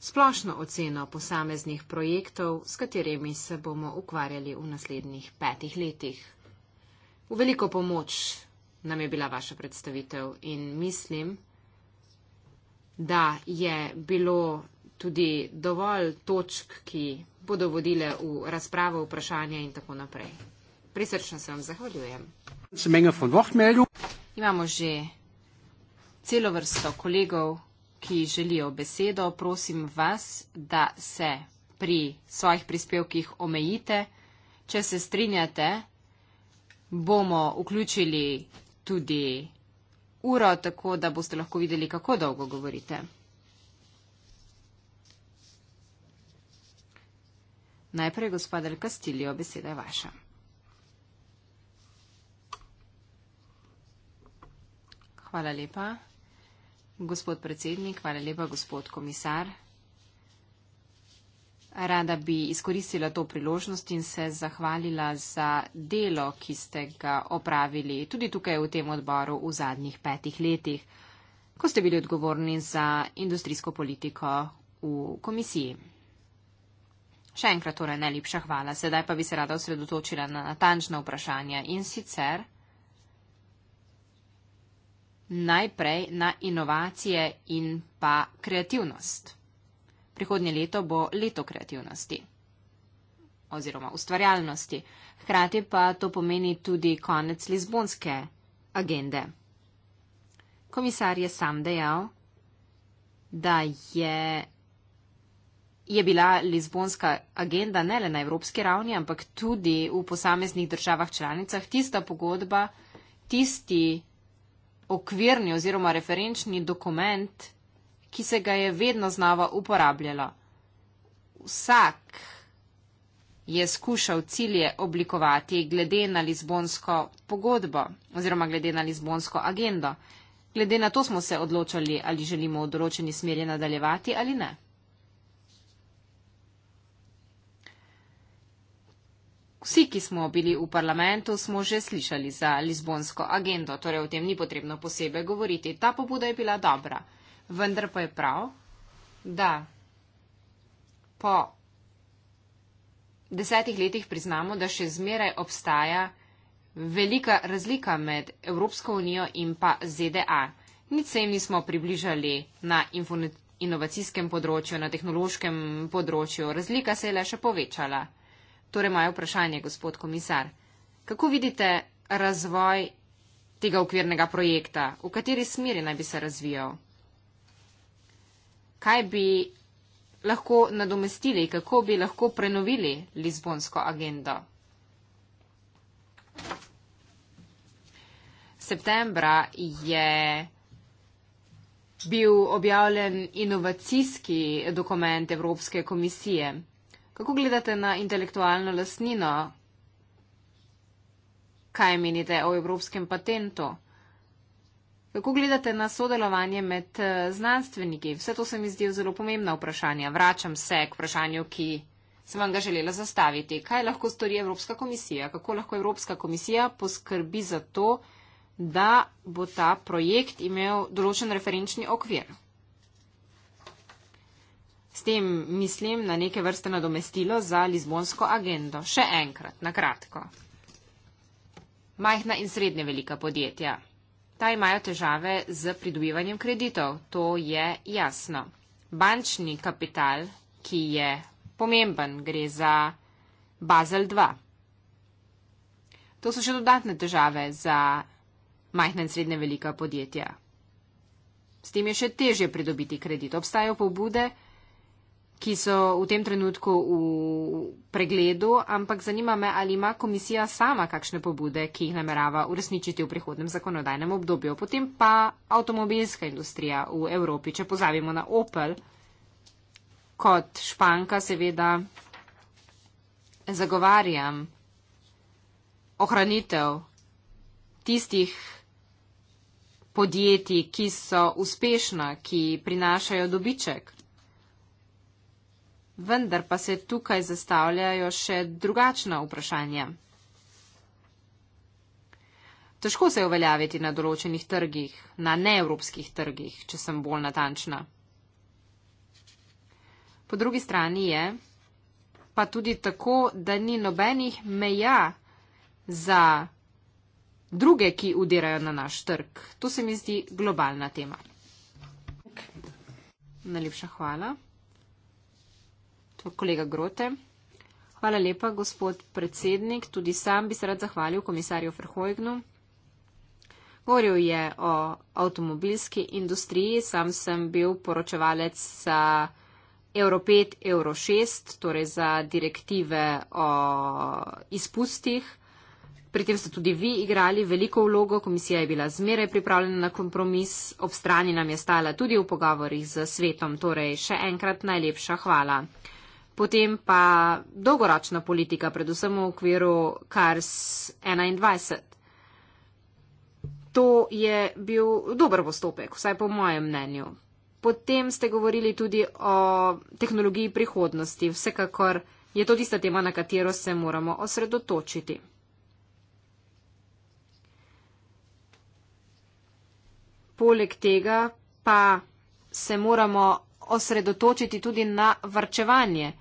splošno oceno posameznih projektov, s katerimi se bomo ukvarjali v naslednjih petih letih. V veliko pomoč nam je bila vaša predstavitev in mislim, da je bilo tudi dovolj točk, ki bodo vodile v razpravo, vprašanje in tako naprej. Prisrčno se vam zahvaljujem. Imamo že celo vrsto kolegov, ki želijo besedo. Prosim vas, da se pri svojih prispevkih omejite. Če se strinjate, bomo vključili tudi uro, tako da boste lahko videli, kako dolgo govorite. Najprej, gospod Al Castillo, beseda je vaša. Hvala lepa, gospod predsednik, hvala lepa, gospod komisar. Rada bi izkoristila to priložnost in se zahvalila za delo, ki ste ga opravili tudi tukaj v tem odboru v zadnjih petih letih, ko ste bili odgovorni za industrijsko politiko v komisiji. Še enkrat torej najlepša hvala, sedaj pa bi se rada osredotočila na natančna vprašanja in sicer najprej na inovacije in pa kreativnost. Prihodnje leto bo leto kreativnosti oziroma ustvarjalnosti, hkrati pa to pomeni tudi konec Lizbonske agende. Komisar je sam dejal, da je je bila Lizbonska agenda ne le na evropski ravni, ampak tudi v posameznih državah članicah tista pogodba, tisti okvirni oziroma referenčni dokument, ki se ga je vedno znova uporabljalo. Vsak je skušal cilje oblikovati glede na Lizbonsko pogodbo oziroma glede na Lizbonsko agendo. Glede na to smo se odločali, ali želimo v določeni smeri nadaljevati ali ne. vsi, ki smo bili v parlamentu, smo že slišali za Lizbonsko agendo, torej o tem ni potrebno posebej govoriti. Ta pobuda je bila dobra, vendar pa je prav, da po desetih letih priznamo, da še zmeraj obstaja velika razlika med Evropsko unijo in pa ZDA. Nic se jim nismo približali na informacijskem področju, na tehnološkem področju. Razlika se je le še povečala. Torej, moje vprašanje, gospod komisar. Kako vidite razvoj tega okvirnega projekta? V kateri smeri naj bi se razvijal? Kaj bi lahko nadomestili, kako bi lahko prenovili Lizbonsko agendo? Septembra je bil objavljen inovacijski dokument Evropske komisije. Kako gledate na intelektualno lasnino? Kaj menite o evropskem patentu? Kako gledate na sodelovanje med eh, znanstveniki? Vse to se mi zdi zelo pomembna vprašanja. Vračam se k vprašanju, ki sem vam ga želela zastaviti. Kaj lahko stori Evropska komisija? Kako lahko Evropska komisija poskrbi za to, da bo ta projekt imel določen referenčni okvir? S tem mislim na neke vrste nadomestilo za Lizbonsko agendo. Še enkrat, na kratko. Majhna in srednje velika podjetja. Ta imajo težave z pridobivanjem kreditov, to je jasno. Bančni kapital, ki je pomemben, gre za Basel 2. To so še dodatne težave za majhna in srednje velika podjetja. S tem je še težje pridobiti kredit. Obstajajo pobude, ki so v tem trenutku v pregledu, ampak zanima me, ali ima komisija sama kakšne pobude, ki jih namerava uresničiti v prihodnem zakonodajnem obdobju. Potem pa avtomobilska industrija v Evropi, če pozavimo na Opel, kot Španka seveda zagovarjam ohranitev tistih podjetij, ki so uspešna, ki prinašajo dobiček. Vendar pa se tukaj zastavljajo še drugačna vprašanja. Težko se je uveljaviti na določenih trgih, na neevropskih trgih, če sem bolj natančna. Po drugi strani je pa tudi tako, da ni nobenih meja za druge, ki udirajo na naš trg. To se mi zdi globalna tema. Najlepša hvala. Kolega Grote. Hvala lepa, gospod predsednik. Tudi sam bi se rad zahvalil komisarju Ferhojgnu. Govoril je o avtomobilski industriji. Sam sem bil poročevalec za Euro 5, Euro 6, torej za direktive o izpustih. Pri tem ste tudi vi igrali veliko vlogo. Komisija je bila zmeraj pripravljena na kompromis. Ob strani nam je stala tudi v pogovorih z svetom. Torej, še enkrat najlepša hvala potem pa dolgoročna politika, predvsem v okviru KARS 21. To je bil dober postopek, vsaj po mojem mnenju. Potem ste govorili tudi o tehnologiji prihodnosti. Vsekakor je to tista tema, na katero se moramo osredotočiti. Poleg tega pa se moramo osredotočiti tudi na vrčevanje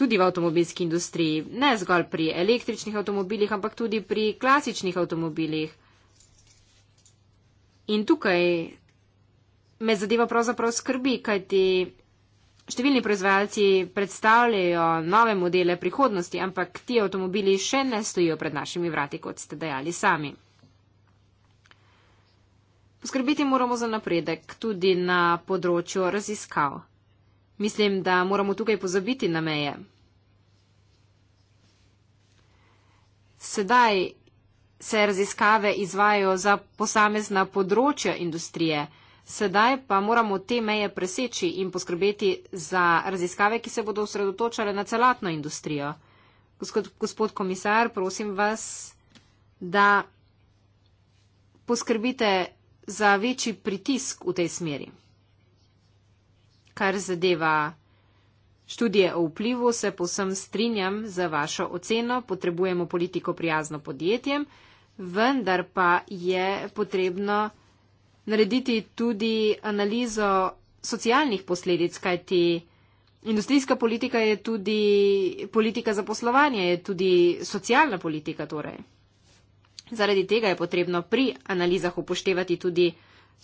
tudi v avtomobilski industriji, ne zgolj pri električnih avtomobilih, ampak tudi pri klasičnih avtomobilih. In tukaj me zadeva pravzaprav skrbi, kajti številni proizvajalci predstavljajo nove modele prihodnosti, ampak ti avtomobili še ne stojijo pred našimi vrati, kot ste dejali sami. Poskrbiti moramo za napredek tudi na področju raziskav. Mislim, da moramo tukaj pozabiti na meje. Sedaj se raziskave izvajo za posamezna področja industrije, sedaj pa moramo te meje preseči in poskrbeti za raziskave, ki se bodo osredotočale na celotno industrijo. Gospod, gospod komisar, prosim vas, da poskrbite za večji pritisk v tej smeri kar zadeva študije o vplivu, se posem strinjam za vašo oceno, potrebujemo politiko prijazno podjetjem, vendar pa je potrebno narediti tudi analizo socialnih posledic, kajti industrijska politika je tudi politika zaposlovanja, je tudi socialna politika torej. Zaradi tega je potrebno pri analizah upoštevati tudi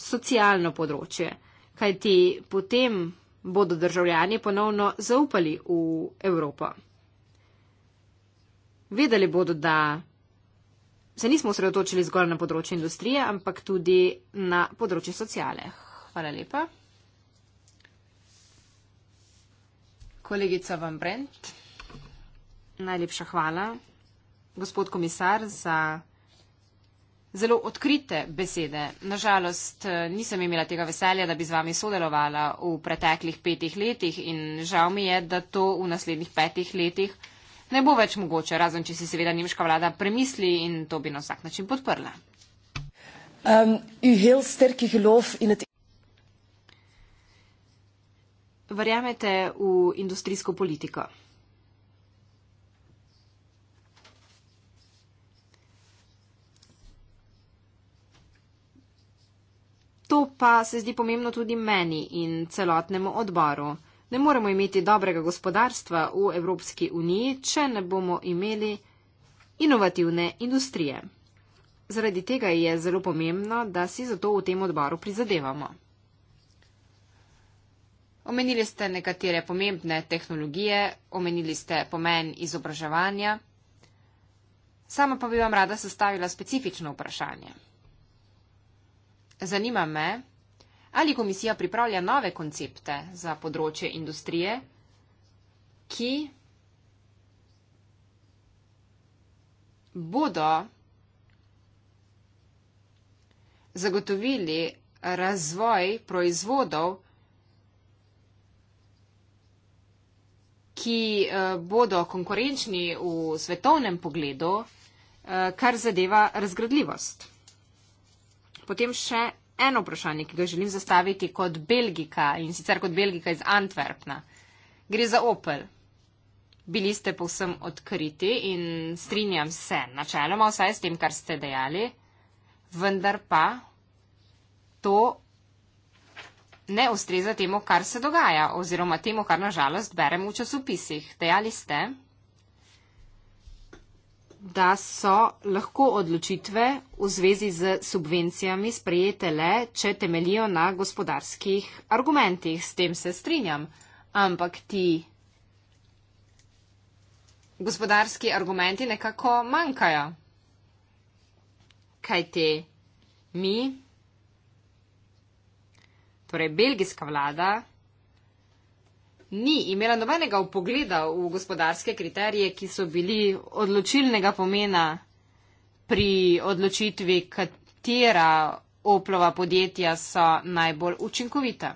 socialno področje, kajti potem bodo državljani ponovno zaupali v Evropo. Vedeli bodo, da se nismo osredotočili zgolj na področje industrije, ampak tudi na področje sociale. Hvala lepa. Kolegica Van Brent, najlepša hvala. Gospod komisar za zelo odkrite besede. Nažalost, eh, nisem imela tega veselja, da bi z vami sodelovala v preteklih petih letih in žal mi je, da to v naslednjih petih letih ne bo več mogoče, razen če si seveda nemška vlada premisli in to bi na vsak način podprla. Um, Verjamete v industrijsko politiko? To pa se zdi pomembno tudi meni in celotnemu odboru. Ne moremo imeti dobrega gospodarstva v Evropski uniji, če ne bomo imeli inovativne industrije. Zaradi tega je zelo pomembno, da si zato v tem odboru prizadevamo. Omenili ste nekatere pomembne tehnologije, omenili ste pomen izobraževanja. Sama pa bi vam rada sestavila specifično vprašanje. Zanima me, ali komisija pripravlja nove koncepte za področje industrije, ki bodo zagotovili razvoj proizvodov, ki eh, bodo konkurenčni v svetovnem pogledu, eh, kar zadeva razgradljivost. Potem še eno vprašanje, ki ga želim zastaviti kot Belgika in sicer kot Belgika iz Antwerpna. Gre za Opel. Bili ste povsem odkriti in strinjam se načeloma vsaj s tem, kar ste dejali, vendar pa to ne ustreza temu, kar se dogaja oziroma temu, kar nažalost berem v časopisih. Dejali ste, da so lahko odločitve v zvezi z subvencijami sprejete le, če temelijo na gospodarskih argumentih. S tem se strinjam. Ampak ti gospodarski argumenti nekako manjkajo. Kaj te mi, torej belgijska vlada, ni imela nobenega upogleda v gospodarske kriterije, ki so bili odločilnega pomena pri odločitvi, katera oplova podjetja so najbolj učinkovita.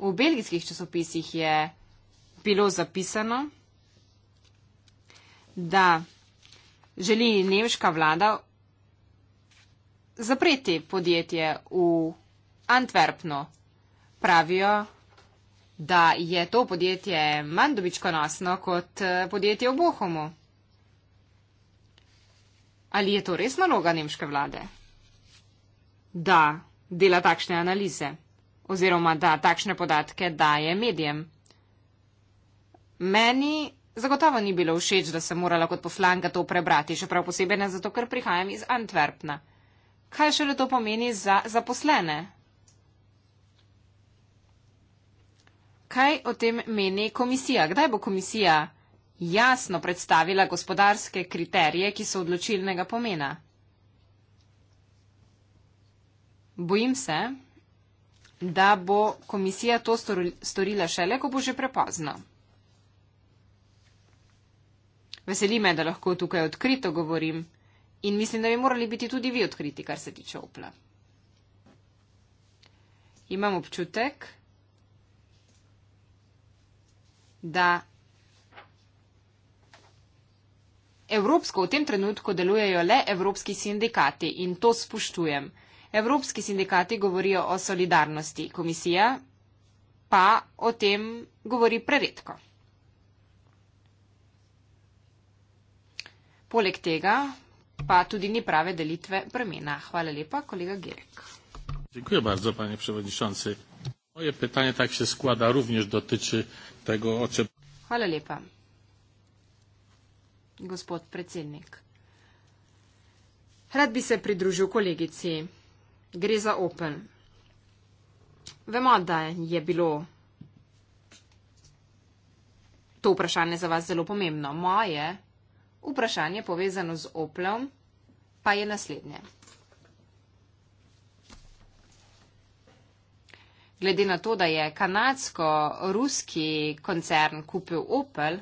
V belgijskih časopisih je bilo zapisano, da želi nemška vlada zapreti podjetje v Antwerpno. Pravijo, da je to podjetje manj dobičkonosno kot eh, podjetje v Bohomu. Ali je to res naloga nemške vlade? Da dela takšne analize oziroma da takšne podatke daje medijem. Meni zagotovo ni bilo všeč, da sem morala kot poslanka to prebrati, še prav posebej ne zato, ker prihajam iz Antwerpna. Kaj šele to pomeni za zaposlene Kaj o tem meni komisija? Kdaj bo komisija jasno predstavila gospodarske kriterije, ki so odločilnega pomena? Bojim se, da bo komisija to storila šele, ko bo že prepozno. Veseli me, da lahko tukaj odkrito govorim in mislim, da bi morali biti tudi vi odkriti, kar se tiče opla. Imam občutek, da evropsko v tem trenutku delujejo le evropski sindikati in to spoštujem. Evropski sindikati govorijo o solidarnosti, komisija pa o tem govori preredko. Poleg tega pa tudi ni prave delitve bremena. Hvala lepa, kolega Girek. Dziękuję bardzo, panie przewodniczący. Moje pytanie tak się składa, również dotyczy tego, o czym. Hvala lepa. Gospod predsednik. Rad bi se pridružil kolegici. Gre za Open. Vemo, da je bilo to vprašanje za vas zelo pomembno. Moje vprašanje povezano z Oplom pa je naslednje. glede na to, da je kanadsko-ruski koncern kupil Opel,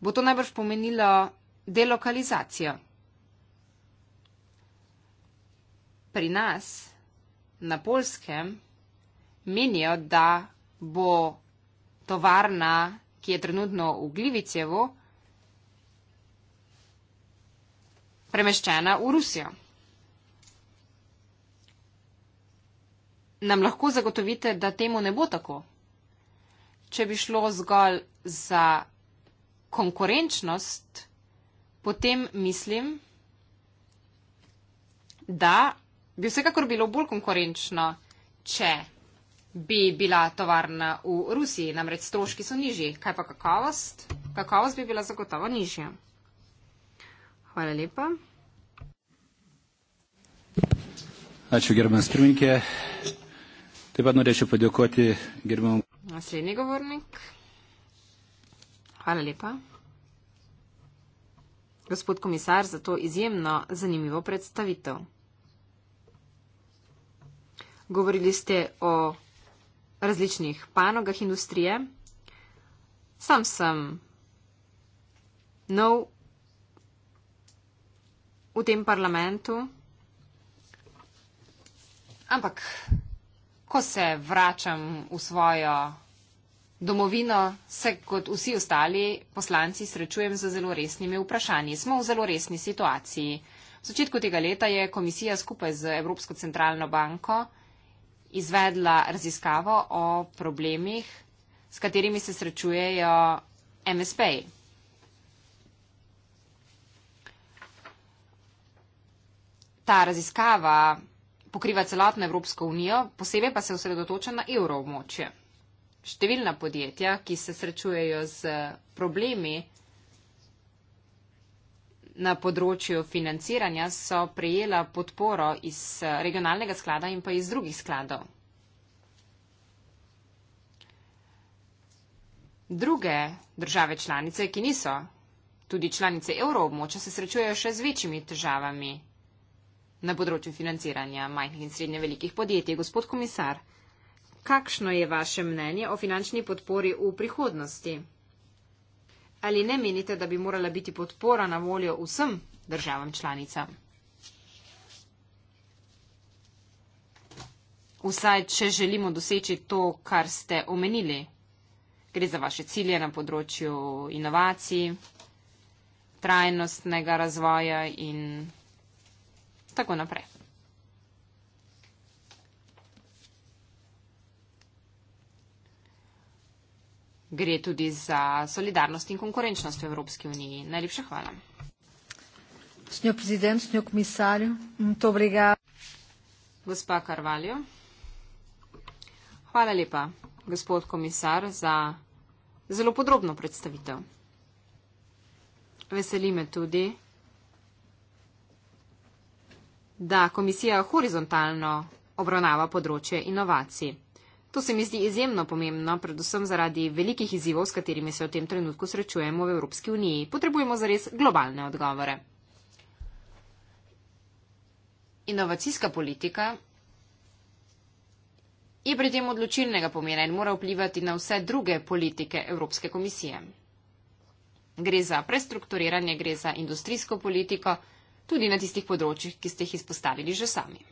bo to najbrž pomenilo delokalizacijo. Pri nas, na polskem, menijo, da bo tovarna, ki je trenutno v Glivicevu, premeščena v Rusijo. nam lahko zagotovite, da temu ne bo tako? Če bi šlo zgolj za konkurenčnost, potem mislim, da bi vsekakor bilo bolj konkurenčno, če bi bila tovarna v Rusiji, namreč stroški so nižji, kaj pa kakovost? Kakovost bi bila zagotovo nižja. Hvala lepa. Ačiū gerbiamas pirmininkė. Taip pat norėčiau padėkoti gerbiamam. Naslednji govornik. Hvala lepa. Gospod komisar, za to izjemno zanimivo predstavitev. Govorili ste o različnih panogah industrije. Sam sem nov v tem parlamentu, ampak ko se vračam v svojo domovino, se kot vsi ostali poslanci srečujem z zelo resnimi vprašanji. Smo v zelo resni situaciji. V začetku tega leta je komisija skupaj z Evropsko centralno banko izvedla raziskavo o problemih, s katerimi se srečujejo MSP. Ta raziskava pokriva celotno Evropsko unijo, posebej pa se osredotoča na evroobmočje. Številna podjetja, ki se srečujejo z problemi na področju financiranja, so prejela podporo iz regionalnega sklada in pa iz drugih skladov. Druge države članice, ki niso tudi članice evroobmoča, se srečujejo še z večjimi težavami na področju financiranja majhnih in srednje velikih podjetij. Gospod komisar, kakšno je vaše mnenje o finančni podpori v prihodnosti? Ali ne menite, da bi morala biti podpora na voljo vsem državam članicam? Vsaj, če želimo doseči to, kar ste omenili. Gre za vaše cilje na področju inovacij, trajnostnega razvoja in tako naprej. Gre tudi za solidarnost in konkurenčnost v Evropski uniji. Najlepša hvala. Snjo prezident, snjo komisarju, to briga. Gospa Karvaljo. Hvala lepa, gospod komisar, za zelo podrobno predstavitev. Veseli me tudi da komisija horizontalno obravnava področje inovacij. To se mi zdi izjemno pomembno, predvsem zaradi velikih izzivov, s katerimi se v tem trenutku srečujemo v Evropski uniji. Potrebujemo zares globalne odgovore. Inovacijska politika je pri tem odločilnega pomena in mora vplivati na vse druge politike Evropske komisije. Gre za prestrukturiranje, gre za industrijsko politiko, tudi na tistih področjih, ki ste jih izpostavili že sami.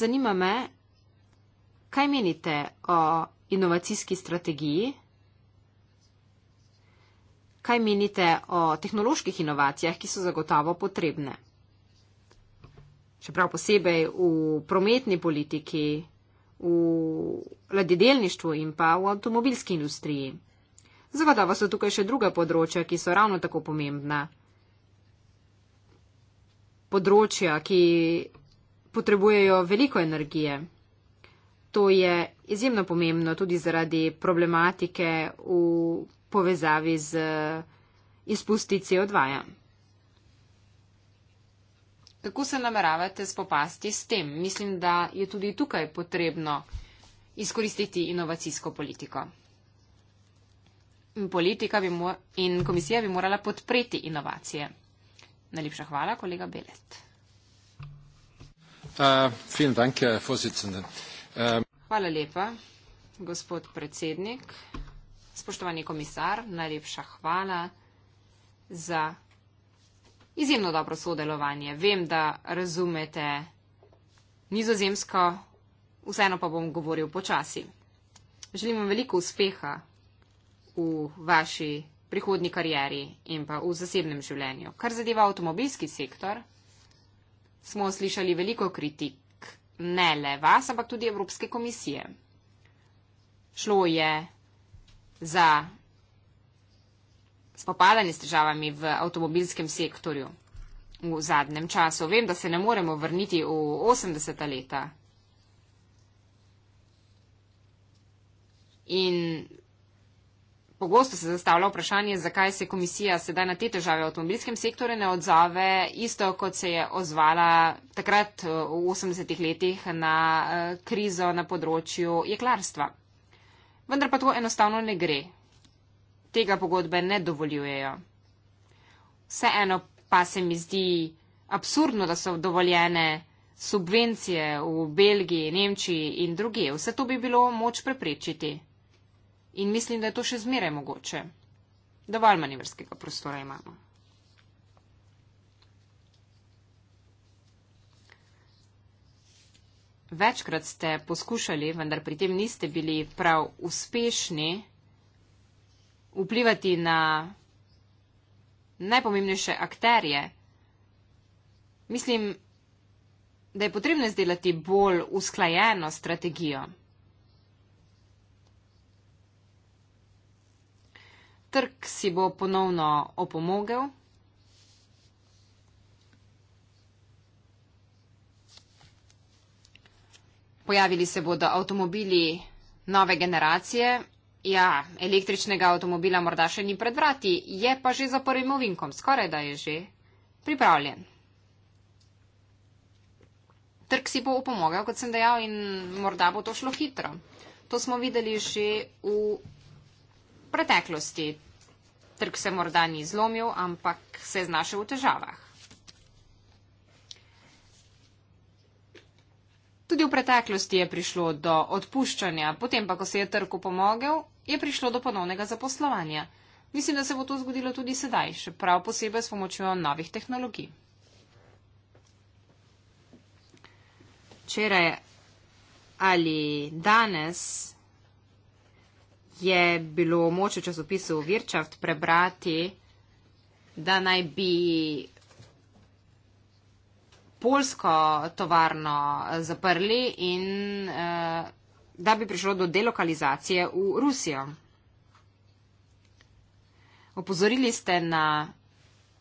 Zanima me, kaj menite o inovacijski strategiji? Kaj menite o tehnoloških inovacijah, ki so zagotovo potrebne? Čeprav posebej v prometni politiki, v ladjedelništvu in pa v avtomobilski industriji. Zavadava so tukaj še druga področja, ki so ravno tako pomembna. Področja, ki potrebujejo veliko energije. To je izjemno pomembno tudi zaradi problematike v povezavi z izpusti CO2. -ja. Kako se nameravate spopasti s tem? Mislim, da je tudi tukaj potrebno izkoristiti inovacijsko politiko politika bi mo in komisija bi morala podpreti inovacije. Najlepša hvala, kolega Belet. Uh, ähm, hvala lepa, gospod predsednik. Spoštovani komisar, najlepša hvala za izjemno dobro sodelovanje. Vem, da razumete nizozemsko, vseeno pa bom govoril počasi. Želim vam veliko uspeha v vaši prihodni karieri in pa v zasebnem življenju. Kar zadeva avtomobilski sektor, smo slišali veliko kritik, ne le vas, ampak tudi Evropske komisije. Šlo je za spopadanje s težavami v avtomobilskem sektorju v zadnjem času. Vem, da se ne moremo vrniti v 80-ta leta. In Pogosto se zastavlja vprašanje, zakaj se komisija sedaj na te težave v avtomobilskem sektorju ne odzove, isto kot se je ozvala takrat eh, v 80-ih letih na eh, krizo na področju jeklarstva. Vendar pa to enostavno ne gre. Tega pogodbe ne dovoljujejo. Vseeno pa se mi zdi absurdno, da so dovoljene subvencije v Belgiji, Nemčiji in druge. Vse to bi bilo moč preprečiti in mislim, da je to še zmeraj mogoče. Dovolj manevrskega prostora imamo. Večkrat ste poskušali, vendar pri tem niste bili prav uspešni, vplivati na najpomembnejše akterje. Mislim, da je potrebno izdelati bolj usklajeno strategijo. trg si bo ponovno opomogel. Pojavili se bodo avtomobili nove generacije. Ja, električnega avtomobila morda še ni pred vrati, je pa že za prvim ovinkom, skoraj da je že pripravljen. Trg si bo upomogel, kot sem dejal, in morda bo to šlo hitro. To smo videli že v preteklosti. Trg se morda ni zlomil, ampak se je znašel v težavah. Tudi v preteklosti je prišlo do odpuščanja, potem pa, ko se je trg upomogel, je prišlo do ponovnega zaposlovanja. Mislim, da se bo to zgodilo tudi sedaj, še prav posebej s pomočjo novih tehnologij. Včeraj ali danes je bilo moče v časopisu Virčaft prebrati, da naj bi polsko tovarno zaprli in eh, da bi prišlo do delokalizacije v Rusijo. Opozorili ste na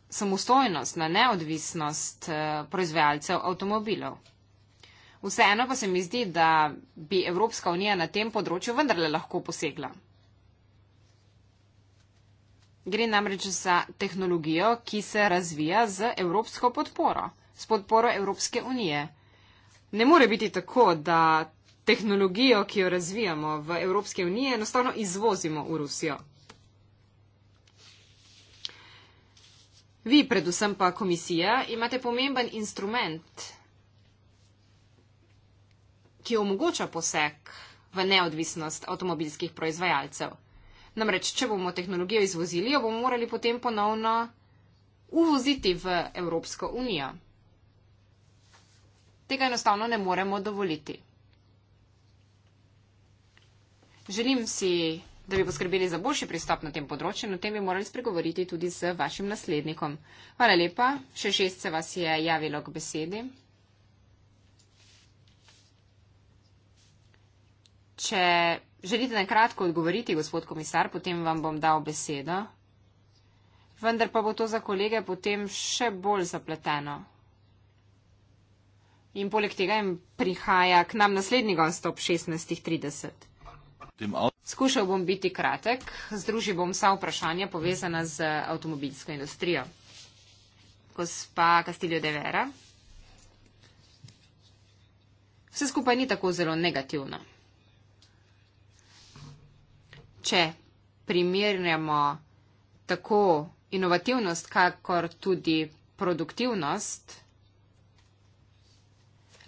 samostojnost, na neodvisnost eh, proizvajalcev avtomobilov. Vseeno pa se mi zdi, da bi Evropska unija na tem področju vendarle lahko posegla. Gre namreč za tehnologijo, ki se razvija z evropsko podporo, s podporo Evropske unije. Ne more biti tako, da tehnologijo, ki jo razvijamo v Evropske unije, enostavno izvozimo v Rusijo. Vi, predvsem pa komisija, imate pomemben instrument ki omogoča poseg v neodvisnost avtomobilskih proizvajalcev. Namreč, če bomo tehnologijo izvozili, jo bomo morali potem ponovno uvoziti v Evropsko unijo. Tega enostavno ne moremo dovoliti. Želim si, da bi poskrbeli za boljši pristop na tem področju in o tem bi morali spregovoriti tudi z vašim naslednikom. Hvala lepa, še šest se vas je javilo k besedi. Če želite nakratko odgovoriti, gospod komisar, potem vam bom dal besedo. Vendar pa bo to za kolege potem še bolj zapleteno. In poleg tega jim prihaja k nam naslednji gost ob 16.30. Skušal bom biti kratek, združil bom vsa vprašanja povezana z avtomobilsko industrijo. Gospa Castillo de Vera. Vse skupaj ni tako zelo negativno če primerjamo tako inovativnost, kakor tudi produktivnost,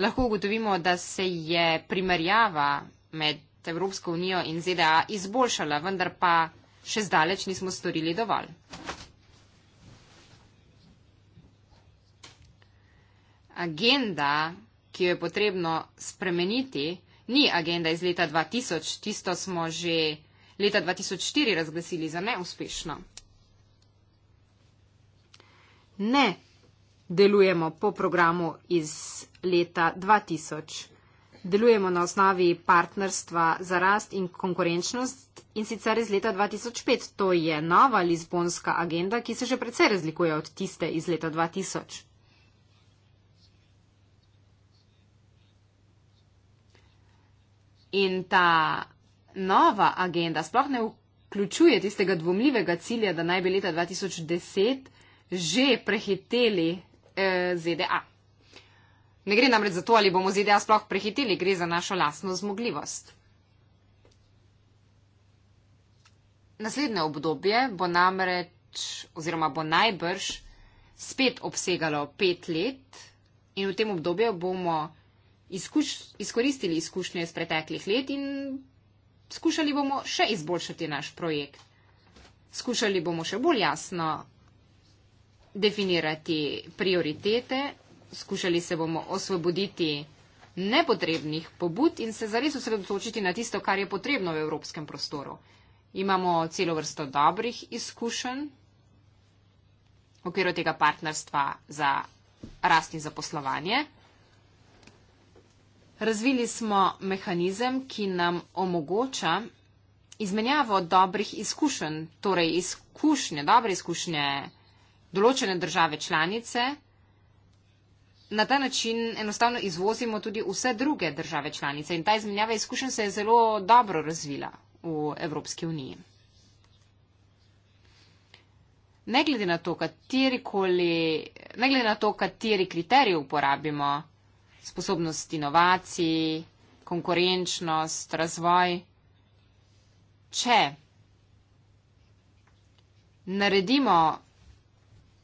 lahko ugotovimo, da se je primerjava med Evropsko unijo in ZDA izboljšala, vendar pa še zdaleč nismo storili dovolj. Agenda, ki jo je potrebno spremeniti, ni agenda iz leta 2000, tisto smo že leta 2004 razglasili za neuspešno. Ne delujemo po programu iz leta 2000. Delujemo na osnovi partnerstva za rast in konkurenčnost in sicer iz leta 2005. To je nova lizbonska agenda, ki se že precej razlikuje od tiste iz leta 2000. In ta nova agenda sploh ne vključuje tistega dvomljivega cilja, da naj bi leta 2010 že prehiteli eh, ZDA. Ne gre namreč za to, ali bomo ZDA sploh prehiteli, gre za našo lasno zmogljivost. Naslednje obdobje bo namreč oziroma bo najbrž spet obsegalo pet let in v tem obdobju bomo izkuš, izkoristili izkušnje iz preteklih let in Skušali bomo še izboljšati naš projekt. Skušali bomo še bolj jasno definirati prioritete, skušali se bomo osvoboditi nepotrebnih pobud in se zares osredotočiti na tisto, kar je potrebno v evropskem prostoru. Imamo celo vrsto dobrih izkušenj v okviru tega partnerstva za rast in zaposlovanje. Razvili smo mehanizem, ki nam omogoča izmenjavo dobrih izkušenj, torej izkušnje, dobre izkušnje določene države članice. Na ta način enostavno izvozimo tudi vse druge države članice in ta izmenjava izkušenj se je zelo dobro razvila v Evropski uniji. Ne glede na to, kateri, kateri kriterij uporabimo, sposobnost inovacij, konkurenčnost, razvoj. Če naredimo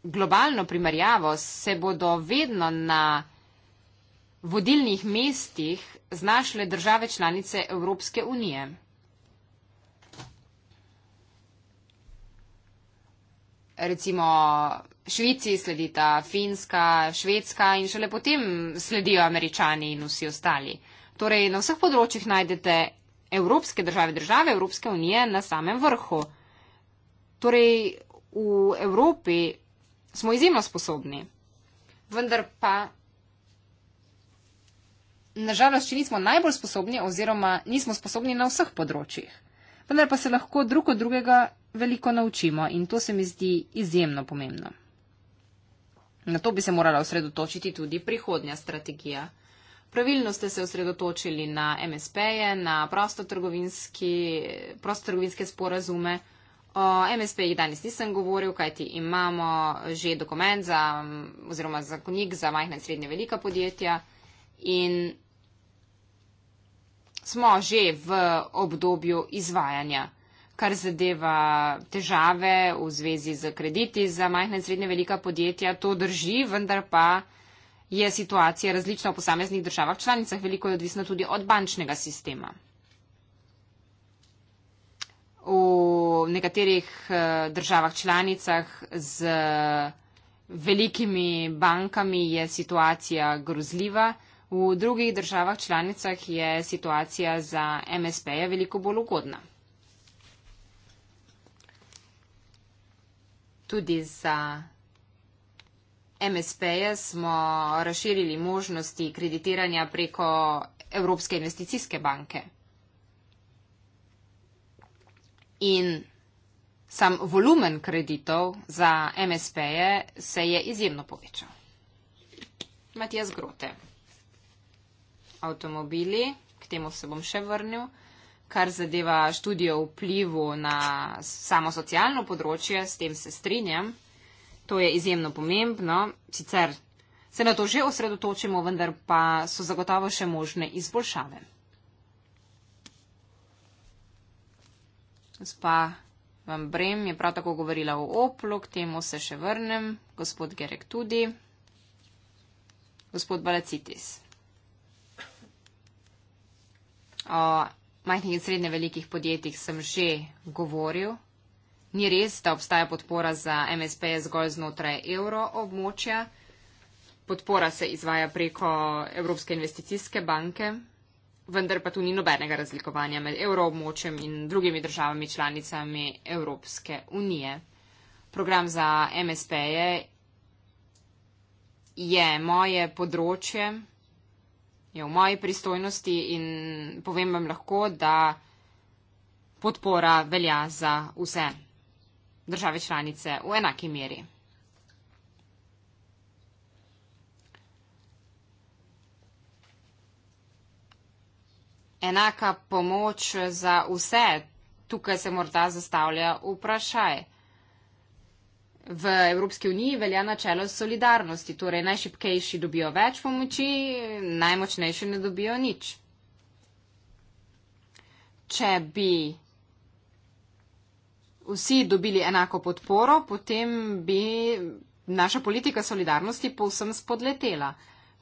globalno primerjavo, se bodo vedno na vodilnih mestih znašle države članice Evropske unije. Recimo Švici sledita Finska, Švedska in šele potem sledijo Američani in vsi ostali. Torej, na vseh področjih najdete evropske države, države Evropske unije na samem vrhu. Torej, v Evropi smo izjemno sposobni. Vendar pa, nažalost, če nismo najbolj sposobni oziroma nismo sposobni na vseh področjih. Vendar pa se lahko drug od drugega veliko naučimo in to se mi zdi izjemno pomembno. Na to bi se morala osredotočiti tudi prihodnja strategija. Pravilno ste se osredotočili na MSP-je, na prostotrgovinske sporazume. O MSP-jih danes nisem govoril, kajti imamo že dokument za, oziroma zakonik za majhna in srednje velika podjetja in smo že v obdobju izvajanja kar zadeva težave v zvezi z krediti za majhna in srednje velika podjetja. To drži, vendar pa je situacija različna v posameznih državah članicah. Veliko je odvisno tudi od bančnega sistema. V nekaterih eh, državah članicah z velikimi bankami je situacija grozljiva. V drugih državah članicah je situacija za MSP-je veliko bolj ugodna. tudi za MSP-je smo razširili možnosti kreditiranja preko Evropske investicijske banke. In sam volumen kreditov za MSP-je se je izjemno povečal. Matijas Grote. Avtomobili, k temu se bom še vrnil kar zadeva študijo vplivu na samo socialno področje, s tem se strinjam. To je izjemno pomembno, sicer se na to že osredotočimo, vendar pa so zagotovo še možne izboljšave. Gospa Van Brem je prav tako govorila o Oplu, k temu se še vrnem, gospod Gerek tudi, gospod Balacitis. O majhnih in srednje velikih podjetjih sem že govoril. Ni res, da obstaja podpora za MSP zgolj znotraj evroobmočja. Podpora se izvaja preko Evropske investicijske banke, vendar pa tu ni nobenega razlikovanja med evroobmočjem in drugimi državami članicami Evropske unije. Program za MSP je, je moje področje, je v moji pristojnosti in povem vam lahko, da podpora velja za vse države članice v enaki meri. Enaka pomoč za vse, tukaj se morda zastavlja vprašanje. V Evropski uniji velja načelo solidarnosti, torej najšipkejši dobijo več pomoči, najmočnejši ne dobijo nič. Če bi vsi dobili enako podporo, potem bi naša politika solidarnosti povsem spodletela.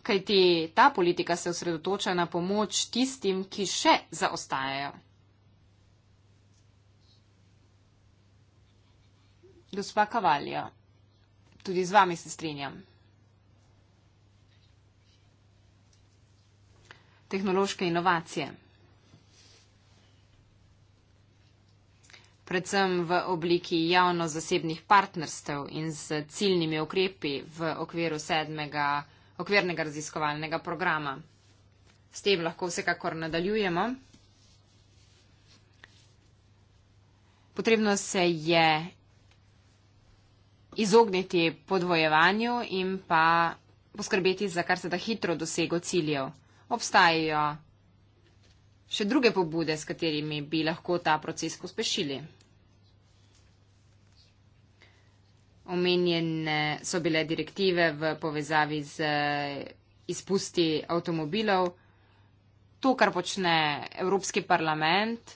Kajti ta politika se osredotoča na pomoč tistim, ki še zaostajajo. Gospa Kavalja, tudi z vami se strinjam. Tehnološke inovacije. Predvsem v obliki javno-zasebnih partnerstev in z ciljnimi ukrepi v okviru sedmega okvirnega raziskovalnega programa. S tem lahko vsekakor nadaljujemo. Potrebno se je izogniti podvojevanju in pa poskrbeti za kar se da hitro dosego ciljev. Obstajajo še druge pobude, s katerimi bi lahko ta proces pospešili. Omenjene so bile direktive v povezavi z eh, izpusti avtomobilov. To, kar počne Evropski parlament,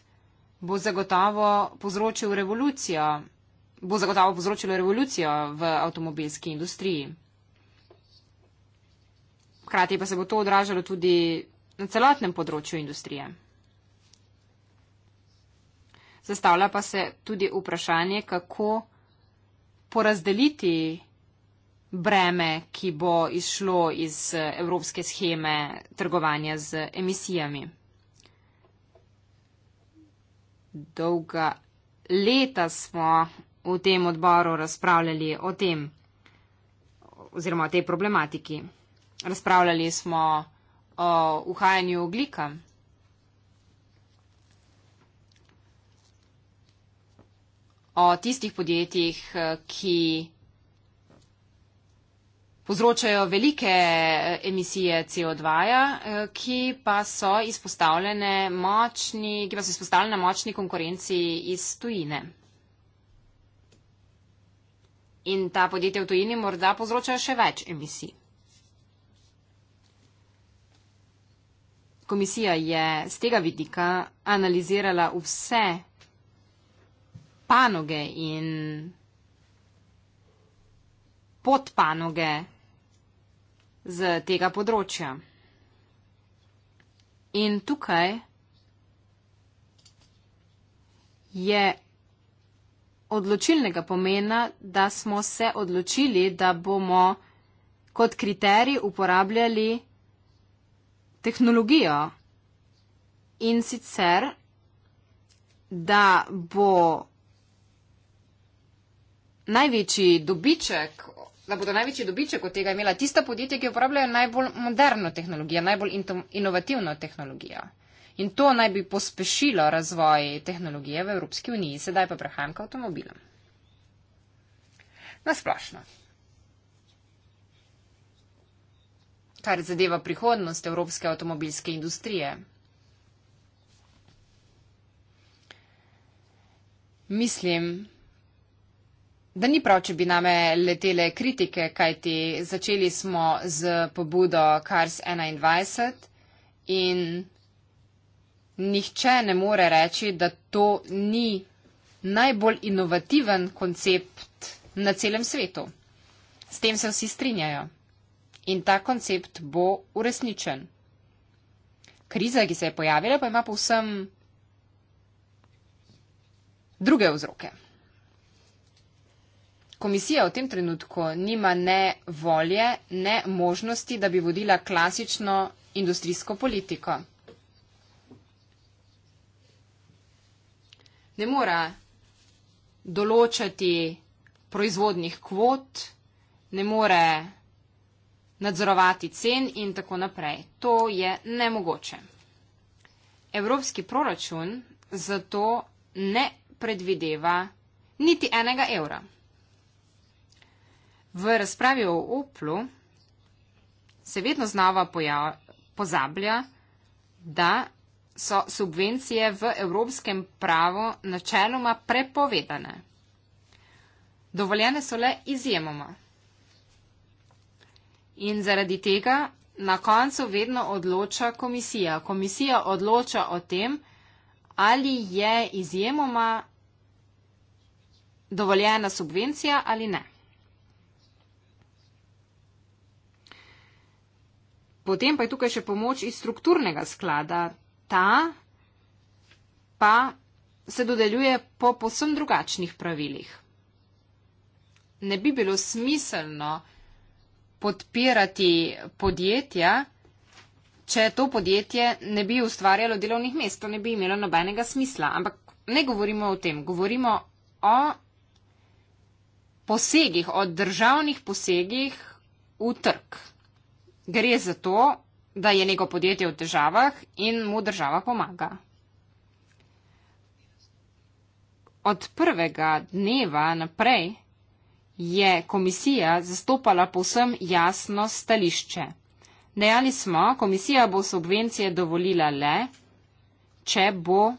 bo zagotovo povzročil revolucijo bo zagotovo povzročilo revolucijo v avtomobilski industriji. Hkrati pa se bo to odražalo tudi na celotnem področju industrije. Zastavlja pa se tudi vprašanje, kako porazdeliti breme, ki bo izšlo iz evropske scheme trgovanja z emisijami. Dolga leta smo v tem odboru razpravljali o tem, oziroma o tej problematiki. Razpravljali smo o uhajanju oglika. O tistih podjetjih, ki povzročajo velike eh, emisije CO2, eh, ki pa so izpostavljene močni, ki pa so izpostavljene močni konkurenci iz tujine. In ta podjetja v tujini morda povzročajo še več emisij. Komisija je z tega vidika analizirala vse panoge in podpanoge z tega področja. In tukaj je odločilnega pomena, da smo se odločili, da bomo kot kriterij uporabljali tehnologijo in sicer, da bo največji dobiček, da bodo največji dobiček od tega imela tista podjetja, ki uporabljajo najbolj moderno tehnologijo, najbolj inovativno tehnologijo in to naj bi pospešilo razvoj tehnologije v Evropski uniji. Sedaj pa prehajam k avtomobilom. Nasplošno. Kar zadeva prihodnost evropske avtomobilske industrije. Mislim, da ni prav, če bi name letele kritike, kajti začeli smo z pobudo Kars 21 in nihče ne more reči, da to ni najbolj inovativen koncept na celem svetu. S tem se vsi strinjajo. In ta koncept bo uresničen. Kriza, ki se je pojavila, pa ima povsem druge vzroke. Komisija v tem trenutku nima ne volje, ne možnosti, da bi vodila klasično industrijsko politiko. ne more določati proizvodnih kvot, ne more nadzorovati cen in tako naprej. To je nemogoče. Evropski proračun zato ne predvideva niti enega evra. V razpravi o Oplu se vedno znova pozablja, da so subvencije v evropskem pravu načeloma prepovedane. Dovoljene so le izjemoma. In zaradi tega na koncu vedno odloča komisija. Komisija odloča o tem, ali je izjemoma dovoljena subvencija ali ne. Potem pa je tukaj še pomoč iz strukturnega sklada, ta pa se dodeljuje po posem drugačnih pravilih. Ne bi bilo smiselno podpirati podjetja, če to podjetje ne bi ustvarjalo delovnih mest, to ne bi imelo nobenega smisla. Ampak ne govorimo o tem, govorimo o posegih, o državnih posegih v trg. Gre za to, da je neko podjetje v težavah in mu država pomaga. Od prvega dneva naprej je komisija zastopala povsem jasno stališče. Dejali smo, komisija bo subvencije dovolila le, če bo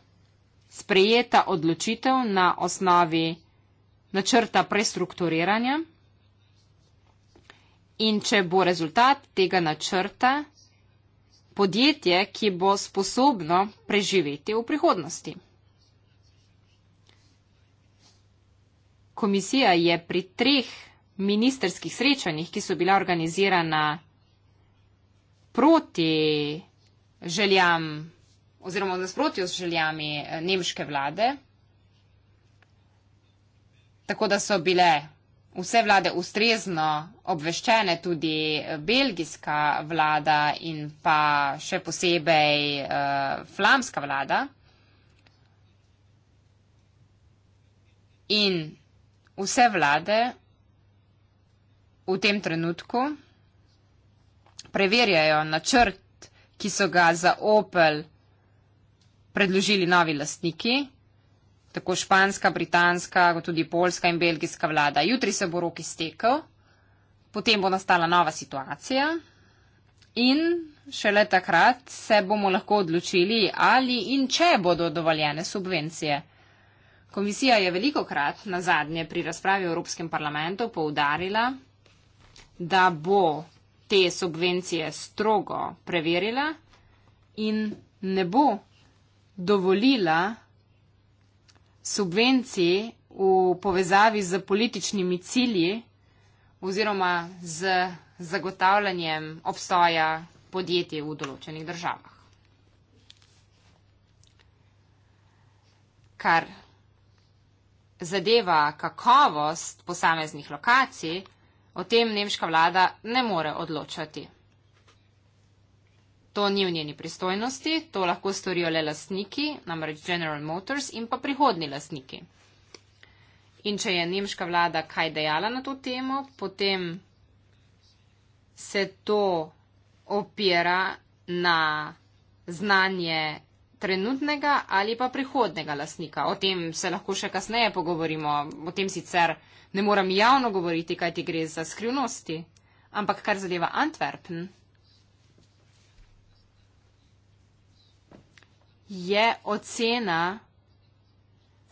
sprejeta odločitev na osnovi načrta prestrukturiranja in če bo rezultat tega načrta podjetje, ki bo sposobno preživeti v prihodnosti. Komisija je pri treh ministerskih srečanjih, ki so bila organizirana proti željam oziroma v nasprotju z željami eh, nemške vlade, tako da so bile vse vlade ustrezno obveščene, tudi eh, belgijska vlada in pa še posebej uh, flamska vlada. In vse vlade v tem trenutku preverjajo načrt, ki so ga za Opel predložili novi lastniki tako španska, britanska, kot tudi polska in belgijska vlada. Jutri se bo rok iztekel, potem bo nastala nova situacija in šele takrat se bomo lahko odločili, ali in če bodo dovoljene subvencije. Komisija je veliko krat na zadnje pri razpravi v Evropskem parlamentu poudarila, da bo te subvencije strogo preverila in ne bo dovolila, subvencij v povezavi z političnimi cilji oziroma z zagotavljanjem obstoja podjetij v določenih državah. Kar zadeva kakovost posameznih lokacij, o tem nemška vlada ne more odločati. To ni v njeni pristojnosti, to lahko storijo le lastniki, namreč General Motors in pa prihodni lastniki. In če je nemška vlada kaj dejala na to temo, potem se to opira na znanje trenutnega ali pa prihodnega lasnika. O tem se lahko še kasneje pogovorimo, o tem sicer ne moram javno govoriti, kaj ti gre za skrivnosti. Ampak kar zadeva Antwerpen. je ocena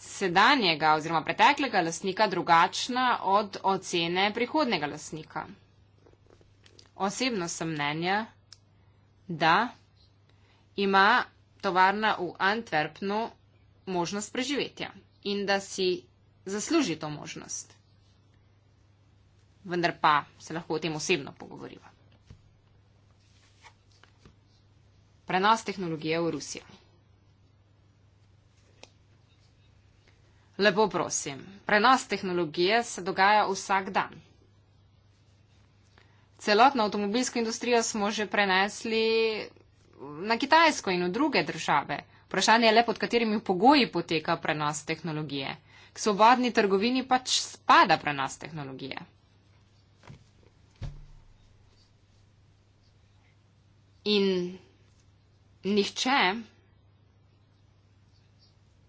sedanjega oziroma preteklega lasnika drugačna od ocene prihodnega lasnika. Osebno sem mnenja, da ima tovarna v Antwerpnu možnost preživetja in da si zasluži to možnost. Vendar pa se lahko o tem osebno pogovoriva. Prenos tehnologije v Rusijo. Lepo prosim, prenos tehnologije se dogaja vsak dan. Celotno avtomobilsko industrijo smo že prenesli na Kitajsko in v druge države. Vprašanje je le, pod katerimi pogoji poteka prenos tehnologije. K svobodni trgovini pač spada prenos tehnologije. In nihče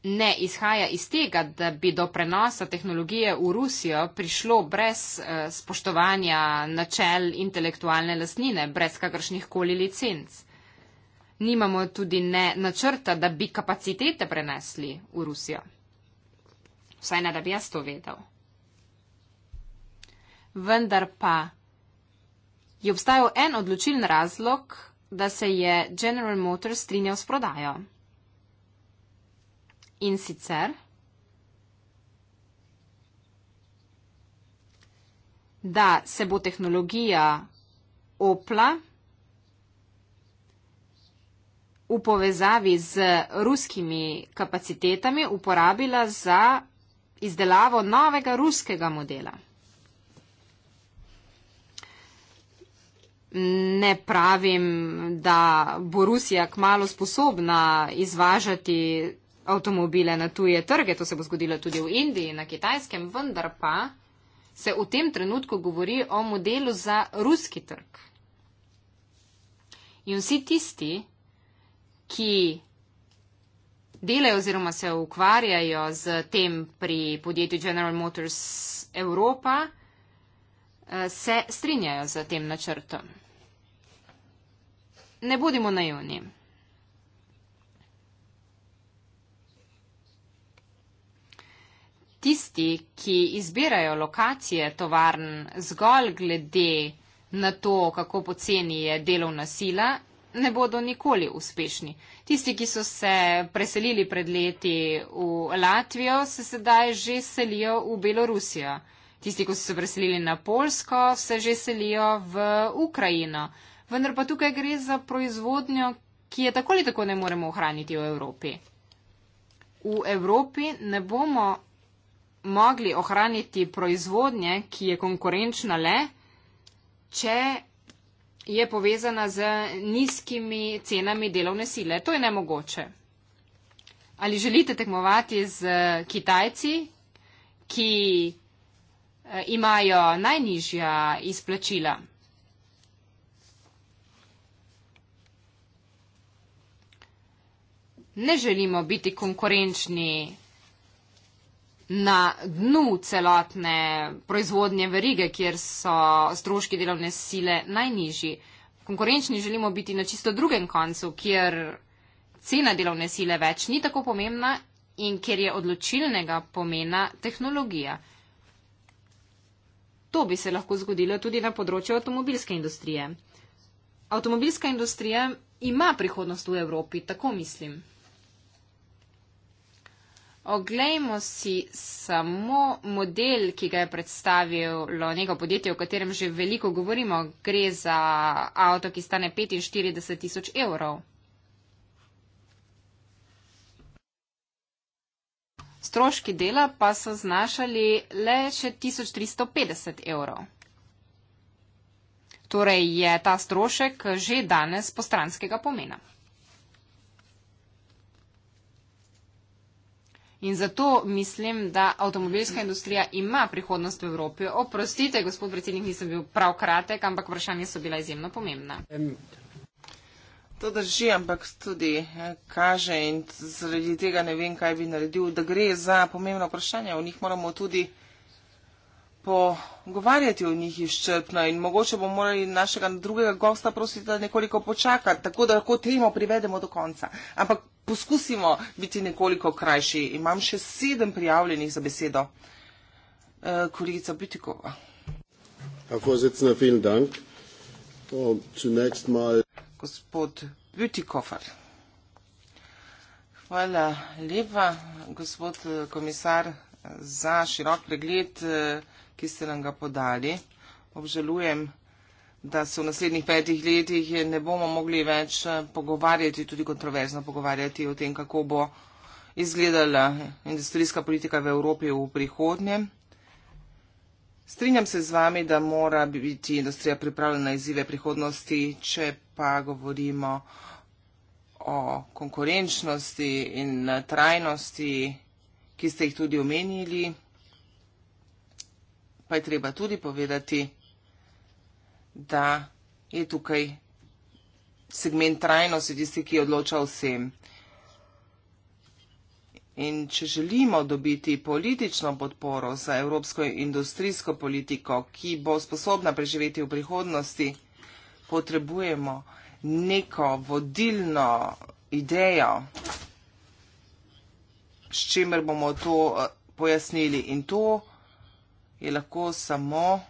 ne izhaja iz tega, da bi do prenosa tehnologije v Rusijo prišlo brez eh, spoštovanja načel intelektualne lasnine, brez kakršnih koli licenc. Nimamo tudi ne načrta, da bi kapacitete prenesli v Rusijo. Vsaj ne, da bi jaz to vedel. Vendar pa je obstajal en odločilen razlog, da se je General Motors strinjal s prodajo in sicer da se bo tehnologija Opla v povezavi z ruskimi kapacitetami uporabila za izdelavo novega ruskega modela. Ne pravim, da bo Rusija kmalo sposobna izvažati avtomobile na tuje trge, to se bo zgodilo tudi v Indiji in na Kitajskem, vendar pa se v tem trenutku govori o modelu za ruski trg. In vsi tisti, ki delajo oziroma se ukvarjajo z tem pri podjetju General Motors Evropa, eh, se strinjajo z tem načrtom. Ne bodimo naivni. tisti, ki izbirajo lokacije tovarn zgolj glede na to, kako poceni je delovna sila, ne bodo nikoli uspešni. Tisti, ki so se preselili pred leti v Latvijo, se sedaj že selijo v Belorusijo. Tisti, ki so se preselili na Polsko, se že selijo v Ukrajino. Vendar pa tukaj gre za proizvodnjo, ki je tako ali tako ne moremo ohraniti v Evropi. V Evropi ne bomo mogli ohraniti proizvodnje, ki je konkurenčna le, če je povezana z nizkimi cenami delovne sile. To je nemogoče. Ali želite tekmovati z eh, Kitajci, ki eh, imajo najnižja izplačila? Ne želimo biti konkurenčni na dnu celotne proizvodnje verige, kjer so stroški delovne sile najnižji. Konkurenčni želimo biti na čisto drugem koncu, kjer cena delovne sile več ni tako pomembna in kjer je odločilnega pomena tehnologija. To bi se lahko zgodilo tudi na področju avtomobilske industrije. Avtomobilska industrija ima prihodnost v Evropi, tako mislim. Oglejmo si samo model, ki ga je predstavilo neko podjetje, o katerem že veliko govorimo. Gre za avto, ki stane 45 tisoč evrov. Stroški dela pa so znašali le še 1350 evrov. Torej je ta strošek že danes postranskega pomena. In zato mislim, da avtomobilska industrija ima prihodnost v Evropi. Oprostite, gospod predsednik, nisem bil prav kratek, ampak vprašanje so bila izjemno pomembna. To drži, ampak tudi eh, kaže in zaradi tega ne vem, kaj bi naredil, da gre za pomembno vprašanje. O njih moramo tudi pogovarjati o njih izčrpno in mogoče bomo morali našega drugega gosta prositi, da nekoliko počaka, tako da lahko temo privedemo do konca. Ampak poskusimo biti nekoliko krajši. Imam še sedem prijavljenih za besedo. E, kolegica Bitikova. Gospod Bütikofer. Hvala lepa, gospod eh, komisar, za širok pregled, eh, ki ste nam ga podali. Obžalujem, da se v naslednjih petih letih ne bomo mogli več eh, pogovarjati, tudi kontroverzno pogovarjati o tem, kako bo izgledala industrijska politika v Evropi v prihodnje. Strinjam se z vami, da mora biti industrija pripravljena na izzive prihodnosti, če pa govorimo o konkurenčnosti in trajnosti, ki ste jih tudi omenili, pa je treba tudi povedati, da je tukaj segment trajnosti tisti, ki odloča vsem. In če želimo dobiti politično podporo za evropsko industrijsko politiko, ki bo sposobna preživeti v prihodnosti, potrebujemo neko vodilno idejo, s čimer bomo to eh, pojasnili. In to je lahko samo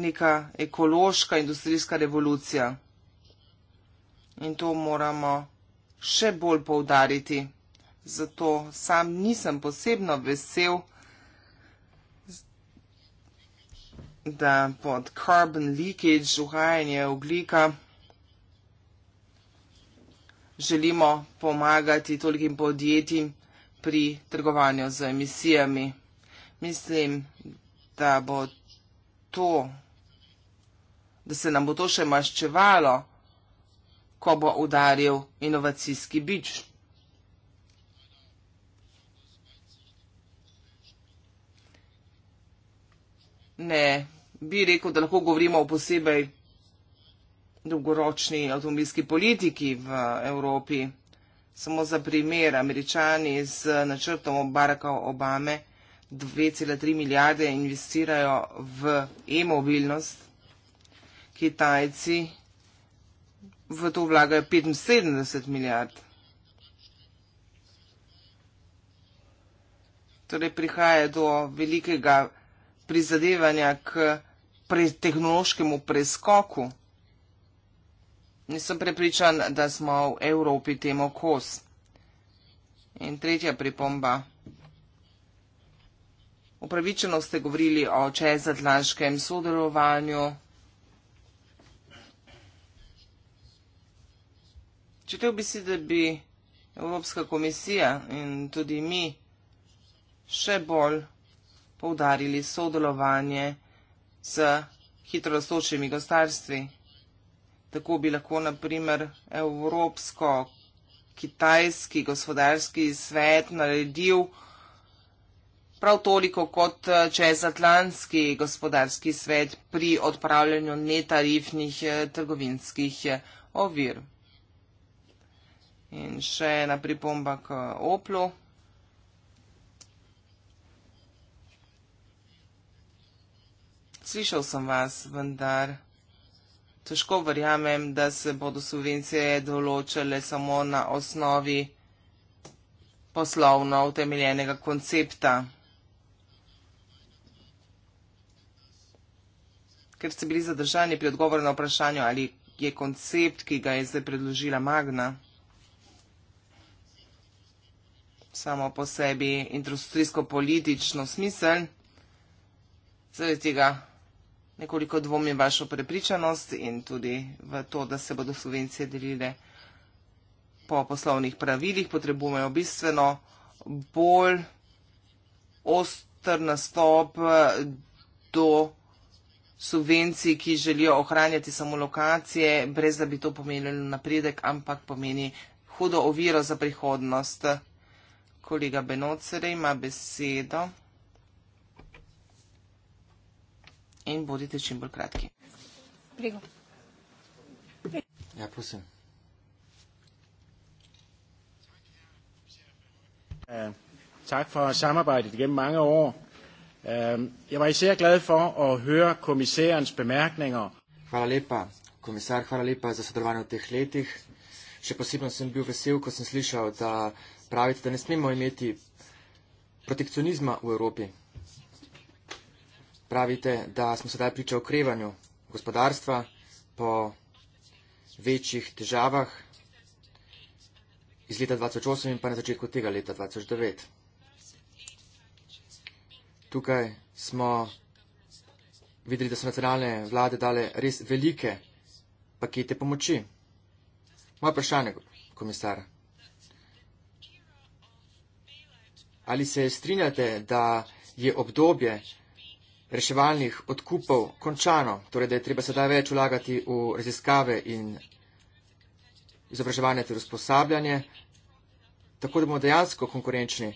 neka ekološka industrijska revolucija. In to moramo še bolj poudariti. Zato sam nisem posebno vesel, da pod carbon leakage, uhajanje oglika, želimo pomagati tolikim podjetjem pri trgovanju z emisijami. Mislim, da bo to da se nam bo to še maščevalo, ko bo udaril inovacijski bič. Ne, bi rekel, da lahko govorimo o posebej dolgoročni avtomobilski politiki v Evropi. Samo za primer, američani z načrtom Baracka Obame 2,3 milijarde investirajo v e-mobilnost, Kitajci v to vlagajo 75 milijard. Torej prihaja do velikega prizadevanja k pre tehnološkemu preskoku. Nisem prepričan, da smo v Evropi temu kos. In tretja pripomba. Upravičeno ste govorili o čezatlanskem sodelovanju. Čutil bi si, da bi Evropska komisija in tudi mi še bolj poudarili sodelovanje z hitro rastočimi gostarstvi. Tako bi lahko naprimer Evropsko-Kitajski gospodarski svet naredil prav toliko kot eh, čezatlantski gospodarski svet pri odpravljanju netarifnih eh, trgovinskih eh, ovir. In še ena pripomba k Oplu. Slišal sem vas, vendar težko verjamem, da se bodo subvencije določile samo na osnovi poslovno utemeljenega koncepta. Ker ste bili zadržani pri odgovoru na vprašanje, ali je koncept, ki ga je zdaj predložila Magna. samo po sebi industrijsko-politično smisel. Zdaj tega nekoliko dvomim vašo prepričanost in tudi v to, da se bodo subvencije delile po poslovnih pravilih, potrebujemo bistveno bolj ostr nastop do subvencij, ki želijo ohranjati samo lokacije, brez da bi to pomenilo napredek, ampak pomeni hudo oviro za prihodnost. Kolega Benocere ima besedo in bodite čim bolj kratki. Prigo. Ja, prosim. Eh, tak for samarbejdet gennem mange år. Eh, jeg var især glad for at høre kommissærens bemærkninger. Hvala lepa, komisar, hvala lepa za sodelovanje v teh letih. Še posebno sem bil vesel, ko sem slišal, da pravite, da ne smemo imeti protekcionizma v Evropi. Pravite, da smo sedaj priča okrevanju gospodarstva po večjih težavah iz leta 2008 in pa na začetku tega leta 2009. Tukaj smo videli, da so nacionalne vlade dale res velike pakete pomoči. Moje vprašanje, komisar, Ali se strinjate, da je obdobje reševalnih odkupov končano, torej da je treba sedaj več vlagati v raziskave in izobraževanje ter usposabljanje, tako da bomo dejansko konkurenčni.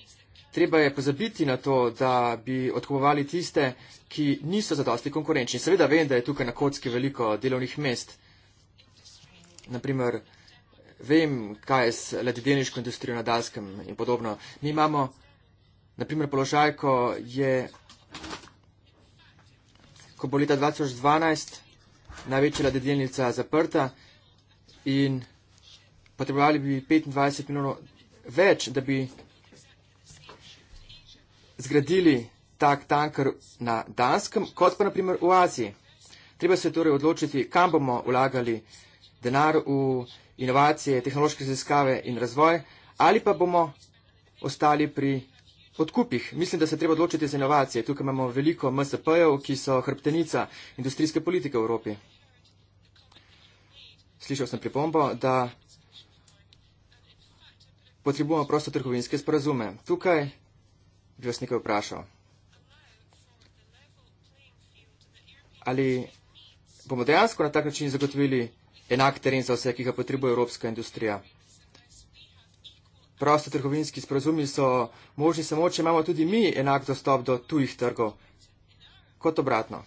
Treba je pozabiti na to, da bi odkupovali tiste, ki niso zadosti konkurenčni. Seveda vem, da je tukaj na kocki veliko delovnih mest. Naprimer, vem, kaj je z ladideniško industrijo na Dalskem in podobno. Mi imamo naprimer položaj, ko je, ko bo leta 2012 največja ladedelnica zaprta in potrebovali bi 25 milijonov več, da bi zgradili tak tanker na Danskem, kot pa naprimer v Aziji. Treba se torej odločiti, kam bomo vlagali denar v inovacije, tehnološke raziskave in razvoj, ali pa bomo ostali pri podkupih. Mislim, da se treba odločiti za inovacije. Tukaj imamo veliko MSP-jev, ki so hrbtenica industrijske politike v Evropi. Slišal sem pripombo, da potrebujemo prosto trgovinske sporazume. Tukaj bi vas nekaj vprašal. Ali bomo dejansko na tak način zagotovili enak teren za vse, ki ga potrebuje evropska industrija? prostotrgovinski sporazumi so možni samo, če imamo tudi mi enak dostop do tujih trgov, kot obratno.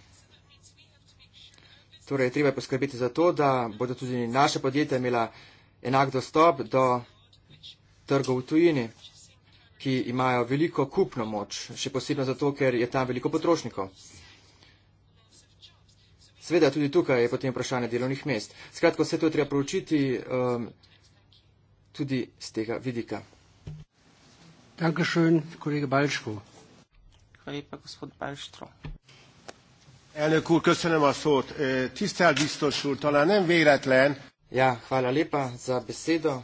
Torej, treba je poskrbeti za to, da bodo tudi naše podjetja imela enak dostop do trgov v tujini, ki imajo veliko kupno moč, še posebno zato, ker je tam veliko potrošnikov. Sveda, tudi tukaj je potem vprašanje delovnih mest. Skratko, vse to je treba proučiti, um, tudi z tega vidika. Dankeschön, kolega Balčko. Hvala lepa, gospod Balčko. Elnök úr, köszönöm a szót. Tisztelt biztos úr, talán nem véletlen. Ja, hvala lepa za besedo.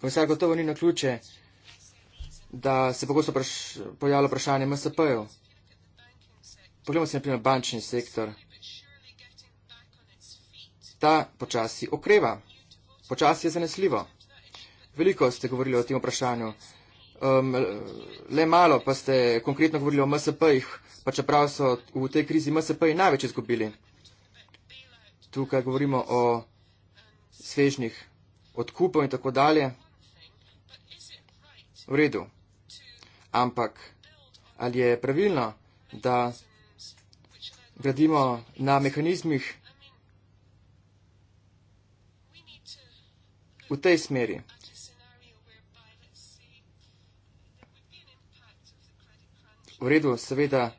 Komisár, gotovo ni na kľúče, da se pogosto praš, pojavilo vprašanje MSP-ju. Poglejmo si na primer bančni sektor. Ta počasi okreva počasi je zanesljivo. Veliko ste govorili o tem vprašanju. Um, le malo pa ste konkretno govorili o MSP-jih, pa čeprav so v tej krizi MSP-ji največ izgubili. Tukaj govorimo o svežnih odkupov in tako dalje. V redu. Ampak ali je pravilno, da gradimo na mehanizmih, v tej smeri. V redu, seveda eh,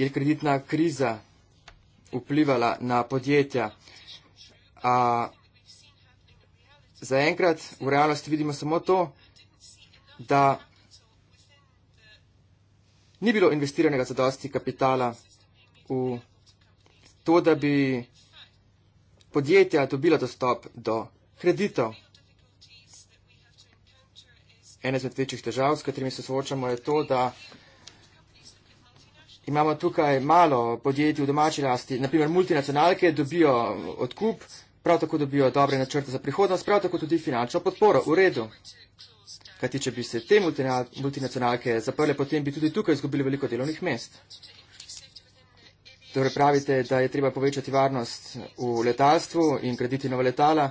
je kreditna kriza vplivala na podjetja. A zaenkrat v realnosti vidimo samo to, da ni bilo investiranega zadosti kapitala v to, da bi podjetja dobila dostop do kreditov. Ena izmed večjih težav, s katerimi se soočamo, je to, da imamo tukaj malo podjetij v domači lasti. Naprimer, multinacionalke dobijo odkup, prav tako dobijo dobre načrte za prihodnost, prav tako tudi finančno podporo. V redu. Kajti, če bi se te multinacionalke zaprle, potem bi tudi tukaj izgubili veliko delovnih mest. Torej pravite, da je treba povečati varnost v letalstvu in graditi nove letala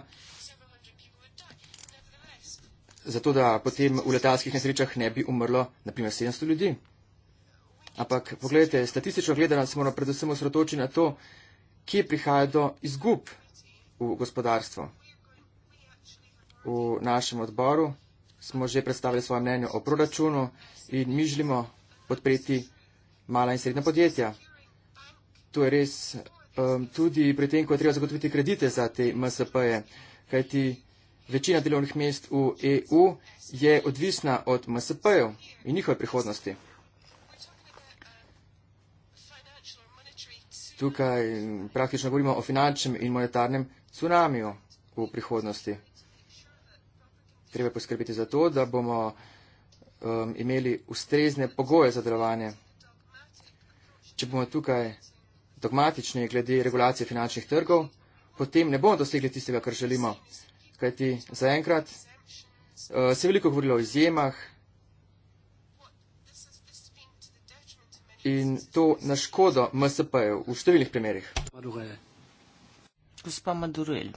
zato da potem v letalskih nesrečah ne bi umrlo naprimer 700 ljudi. Ampak pogledajte, statistično gledano se moramo predvsem osredotočiti na to, kje prihaja do izgub v gospodarstvo. V našem odboru smo že predstavili svoje mnenje o proračunu in mi želimo podpreti mala in srednja podjetja. To je res um, tudi pri tem, ko je treba zagotoviti kredite za te MSP-je, kajti večina delovnih mest v EU je odvisna od MSP-jev in njihove prihodnosti. Tukaj praktično govorimo o finančnem in monetarnem tsunamiju v prihodnosti. Treba poskrbiti za to, da bomo um, imeli ustrezne pogoje za delovanje. Če bomo tukaj dogmatični glede regulacije finančnih trgov, potem ne bomo dosegli tistega, kar želimo kajti zaenkrat uh, se je veliko govorilo o izjemah in to na škodo MSP-ev v številnih primerjih. Gospa Madurel.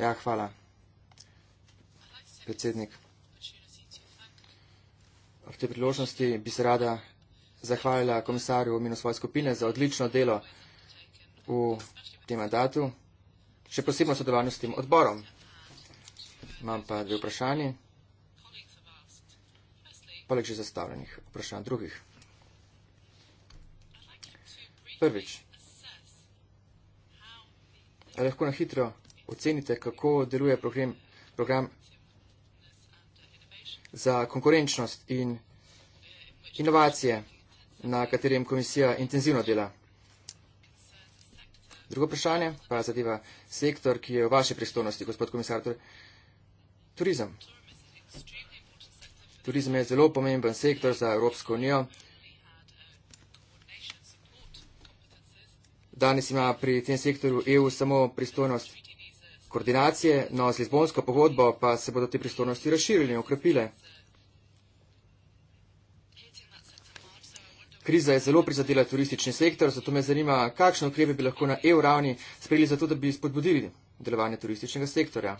Ja, hvala, predsednik. Ob te priložnosti bi se rada zahvalila komisarju v minus svoje skupine za odlično delo v tem mandatu, še posebno sodelovanju s tem odborom. Imam pa dve vprašanje, poleg že zastavljenih vprašanj drugih. Prvič, ali lahko na hitro ocenite, kako deluje program, program za konkurenčnost in inovacije na katerem komisija intenzivno dela. Drugo vprašanje pa zadeva sektor, ki je v vaši pristojnosti, gospod komisar. Torej, turizem. Turizem je zelo pomemben sektor za Evropsko unijo. Danes ima pri tem sektorju EU samo pristojnost koordinacije, no z Lizbonsko pogodbo pa se bodo te pristojnosti razširili in okrepile. Kriza je zelo prizadela turistični sektor, zato me zanima, kakšne ukrepe bi lahko na EU ravni sprejeli zato, da bi spodbudili delovanje turističnega sektorja.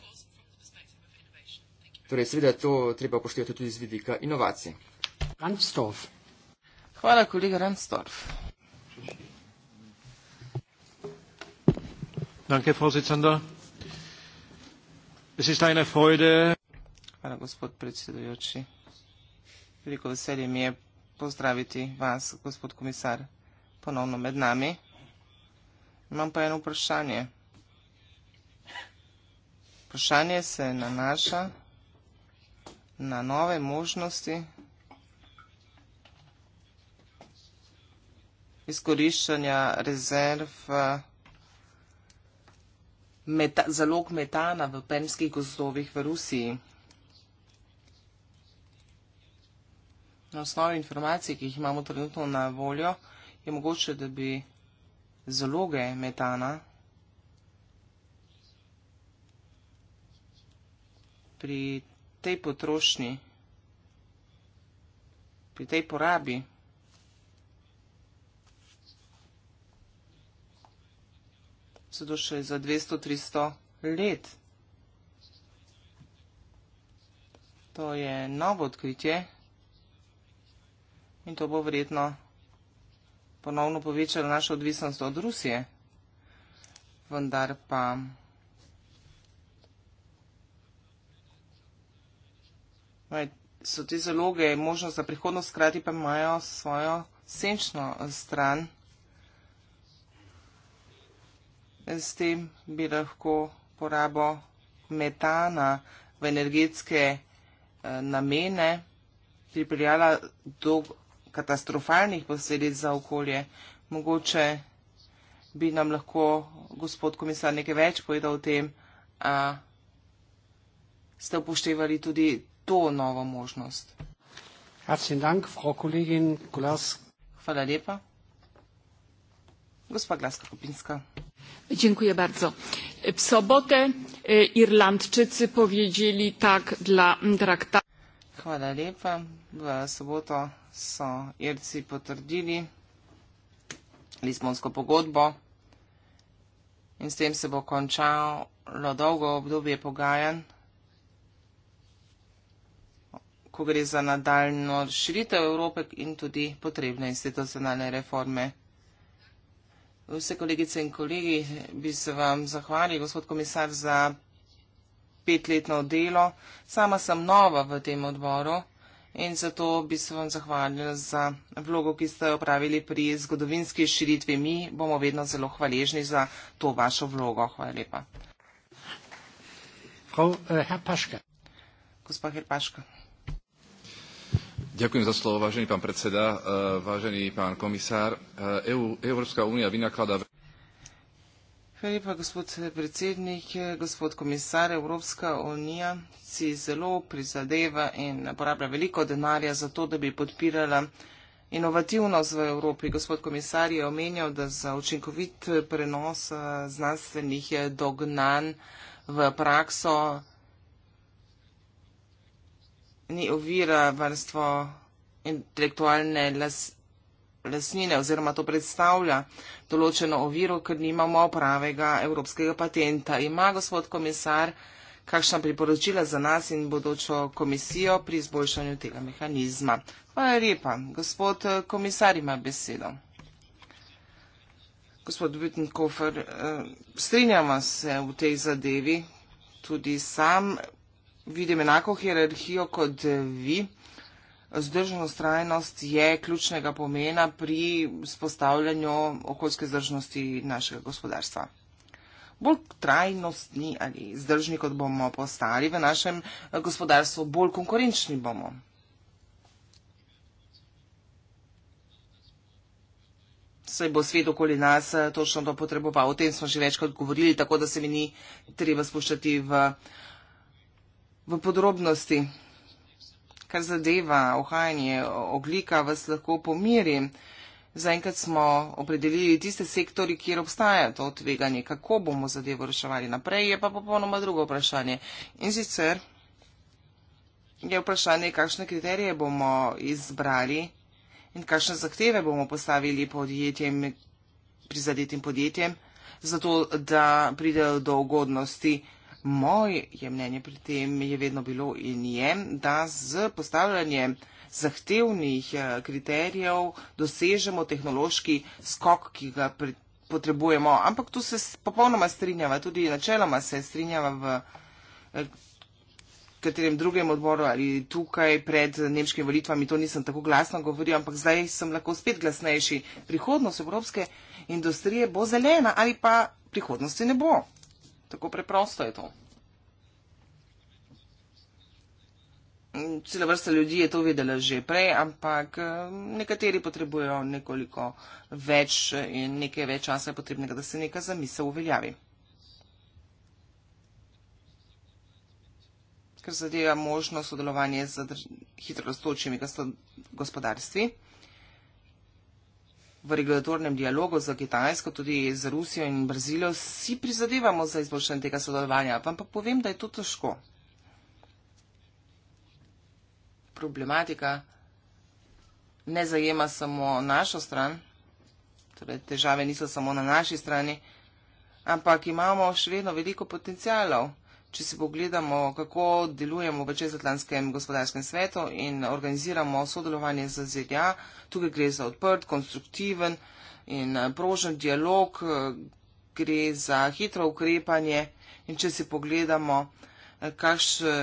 Torej, seveda je to treba upoštevati tudi z vidika inovacij. Randstorf. Hvala, kolega Randstorf. Danke, es ist eine Hvala, gospod predsedujoči. Veliko veselje mi je pozdraviti vas, gospod komisar, ponovno med nami. Imam pa eno vprašanje. Vprašanje se nanaša na nove možnosti izkoriščanja rezerv meta, zalog metana v penskih gozdovih v Rusiji. na osnovi informacij, ki jih imamo trenutno na voljo, je mogoče, da bi zaloge metana pri tej potrošnji, pri tej porabi, so to še za 200-300 let. To je novo odkritje in to bo vredno ponovno povečalo našo odvisnost od Rusije. Vendar pa so te zaloge možnost za prihodnost, skrati pa imajo svojo senčno stran. S tem bi lahko porabo metana v energetske eh, namene pripeljala do katastrofalnih posledic za okolje. Mogoče bi nam lahko gospod komisar nekaj več povedal o tem, a ste upoštevali tudi to novo možnost. Dank, Hvala lepa. Gospa Glaska Kopinska. Dziękuję bardzo. W sobotę e, Irlandczycy powiedzieli tak dla traktatu. Chwała lepa. W sobotę so Irci potrdili Lizbonsko pogodbo in s tem se bo končalo dolgo obdobje pogajanj, ko gre za nadaljno širitev Evrope in tudi potrebne institucionalne reforme. Vse kolegice in kolegi, bi se vam zahvalil, gospod komisar, za petletno delo. Sama sem nova v tem odboru in zato bi se vam zahvalila za vlogo, ki ste jo pravili pri zgodovinski širitvi. Mi bomo vedno zelo hvaležni za to vašo vlogo. Hvala lepa. Eh, Gospa Herpaška. Ďakujem za slovo, vážený pán predseda, eh, vážený pán komisár. EU, eh, e Európska únia vynaklada... Hvala lepa, gospod predsednik, gospod komisar. Evropska unija si zelo prizadeva in porablja veliko denarja za to, da bi podpirala inovativnost v Evropi. Gospod komisar je omenjal, da za učinkovit prenos eh, znanstvenih eh, dognan v prakso ni ovira varstvo intelektualne lasnosti lesnine oziroma to predstavlja določeno oviro, ker nimamo pravega evropskega patenta. Ima gospod komisar kakšna priporočila za nas in bodočo komisijo pri izboljšanju tega mehanizma? Hvala lepa. Gospod eh, komisar ima besedo. Gospod Bütenkofer, eh, strinjamo se v tej zadevi. Tudi sam vidim enako hierarhijo kot vi. Zdržnost, trajnost je ključnega pomena pri spostavljanju okoljske zdržnosti našega gospodarstva. Bolj trajnostni ali zdržni, kot bomo postali v našem gospodarstvu, bolj konkurenčni bomo. Vse bo svet okoli nas eh, točno to potreboval. O tem smo že večkrat govorili, tako da se mi ni treba spuščati v, v podrobnosti kar zadeva ohajanje oglika, vas lahko pomiri. Zaenkrat smo opredelili tiste sektori, kjer obstaja to tveganje, kako bomo zadevo reševali naprej, je pa popolnoma drugo vprašanje. In sicer je vprašanje, kakšne kriterije bomo izbrali in kakšne zahteve bomo postavili podjetjem, prizadetim podjetjem, zato da pridejo do ugodnosti. Moje mnenje pri tem je vedno bilo in je, da z postavljanjem zahtevnih eh, kriterijev dosežemo tehnološki skok, ki ga pri, potrebujemo. Ampak tu se popolnoma strinjava, tudi načeloma se strinjava v eh, katerem drugem odboru ali tukaj pred nemškimi volitvami, to nisem tako glasno govoril, ampak zdaj sem lahko spet glasnejši. Prihodnost evropske industrije bo zelena ali pa prihodnosti ne bo. Tako preprosto je to. Cela vrsta ljudi je to vedela že prej, ampak eh, nekateri potrebujejo nekoliko več eh, in nekaj več časa je potrebnega, da se neka zamisel uveljavi. Kar zadeva možno sodelovanje z hitro raztočimi gospodarstvi v regulatornem dialogu za Kitajsko, tudi za Rusijo in Brazilijo, vsi prizadevamo za izboljšanje tega sodelovanja. Vam pa povem, da je to težko. Problematika ne zajema samo našo stran, torej težave niso samo na naši strani, ampak imamo še vedno veliko potencialov če si pogledamo, kako delujemo v Čezatlantskem gospodarskem svetu in organiziramo sodelovanje z ZDA, tukaj gre za odprt, konstruktiven in eh, prožen dialog, eh, gre za hitro ukrepanje in če si pogledamo, eh, kakšne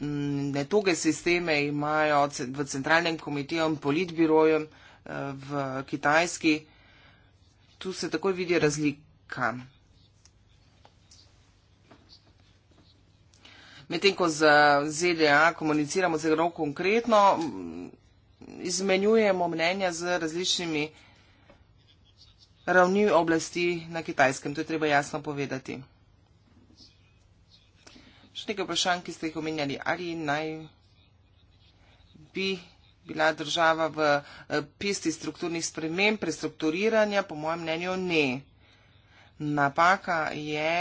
mm, toge sisteme imajo v centralnem komiteju in politbiroju v Kitajski, tu se takoj vidi razlika. medtem ko z ZDA komuniciramo zelo konkretno, izmenjujemo mnenja z različnimi ravni oblasti na kitajskem. To je treba jasno povedati. Še nekaj vprašanj, ki ste jih omenjali. Ali naj bi bila država v eh, pisti strukturnih sprememb, prestrukturiranja? Po mojem mnenju ne. Napaka je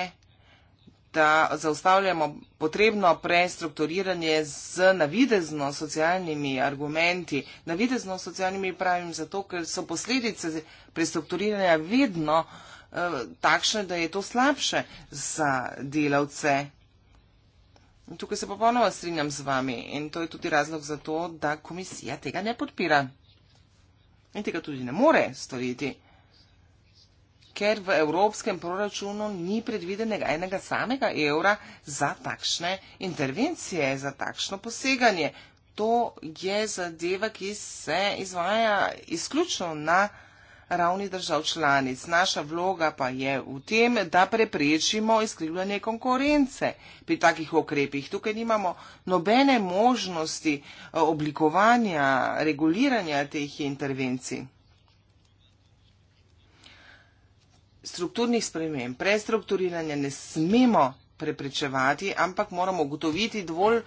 da zaustavljamo potrebno prestrukturiranje z navidezno socialnimi argumenti. Navidezno socialnimi pravim zato, ker so posledice prestrukturiranja vedno eh, takšne, da je to slabše za delavce. Tukaj se popolnoma strinjam z vami in to je tudi razlog za to, da komisija tega ne podpira. In tega tudi ne more storiti ker v evropskem proračunu ni predvidenega enega samega evra za takšne intervencije, za takšno poseganje. To je zadeva, ki se izvaja izključno na ravni držav članic. Naša vloga pa je v tem, da preprečimo izkrivljanje konkurence pri takih okrepih. Tukaj nimamo nobene možnosti eh, oblikovanja, reguliranja teh intervencij. strukturnih sprememb, prestrukturiranja ne smemo preprečevati, ampak moramo ugotoviti dovolj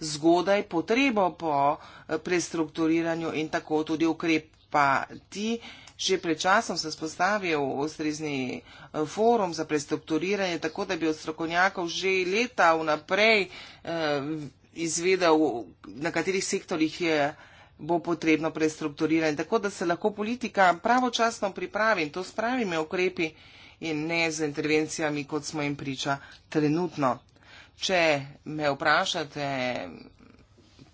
zgodaj potrebo po eh, prestrukturiranju in tako tudi ukrepati. Že pred časom sem spostavil ustrezni eh, forum za prestrukturiranje, tako da bi od strokovnjakov že leta vnaprej eh, izvedel, na katerih sektorjih je eh, bo potrebno prestrukturirati, tako da se lahko politika pravočasno pripravi in to s pravimi ukrepi in ne z intervencijami, kot smo jim priča trenutno. Če me vprašate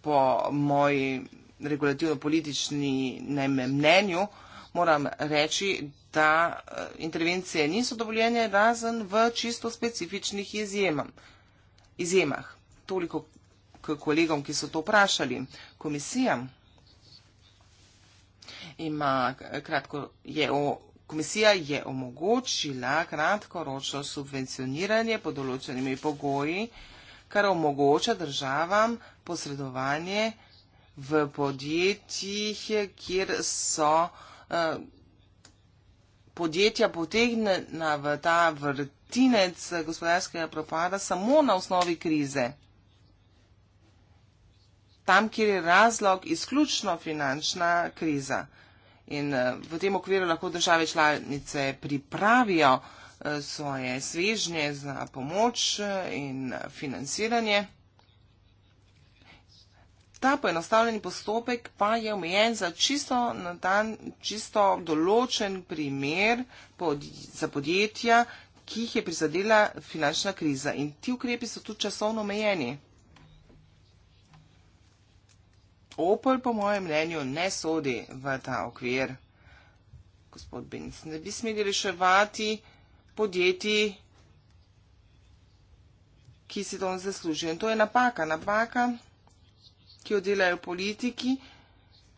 po moji regulativno-politični mnenju, moram reči, da eh, intervencije niso dovoljene razen v čisto specifičnih izjemam. izjemah. Toliko k kolegom, ki so to vprašali. Komisijam ima kratko, je o, komisija je omogočila kratkoročno subvencioniranje pod določenimi pogoji, kar omogoča državam posredovanje v podjetjih, kjer so eh, podjetja potegnena v ta vrtinec gospodarskega propada samo na osnovi krize. Tam, kjer je razlog izključno finančna kriza. In eh, v tem okviru lahko države članice pripravijo eh, svoje svežnje za pomoč eh, in financiranje. Ta poenostavljeni postopek pa je omejen za čisto, dan, čisto določen primer pod, za podjetja, ki jih je prizadela finančna kriza. In ti ukrepi so tudi časovno omejeni. Opel, po mojem mnenju, ne sodi v ta okvir. Gospod Benic, ne bi smeli reševati podjetij, ki si to zaslužijo. In to je napaka, napaka, ki jo delajo politiki.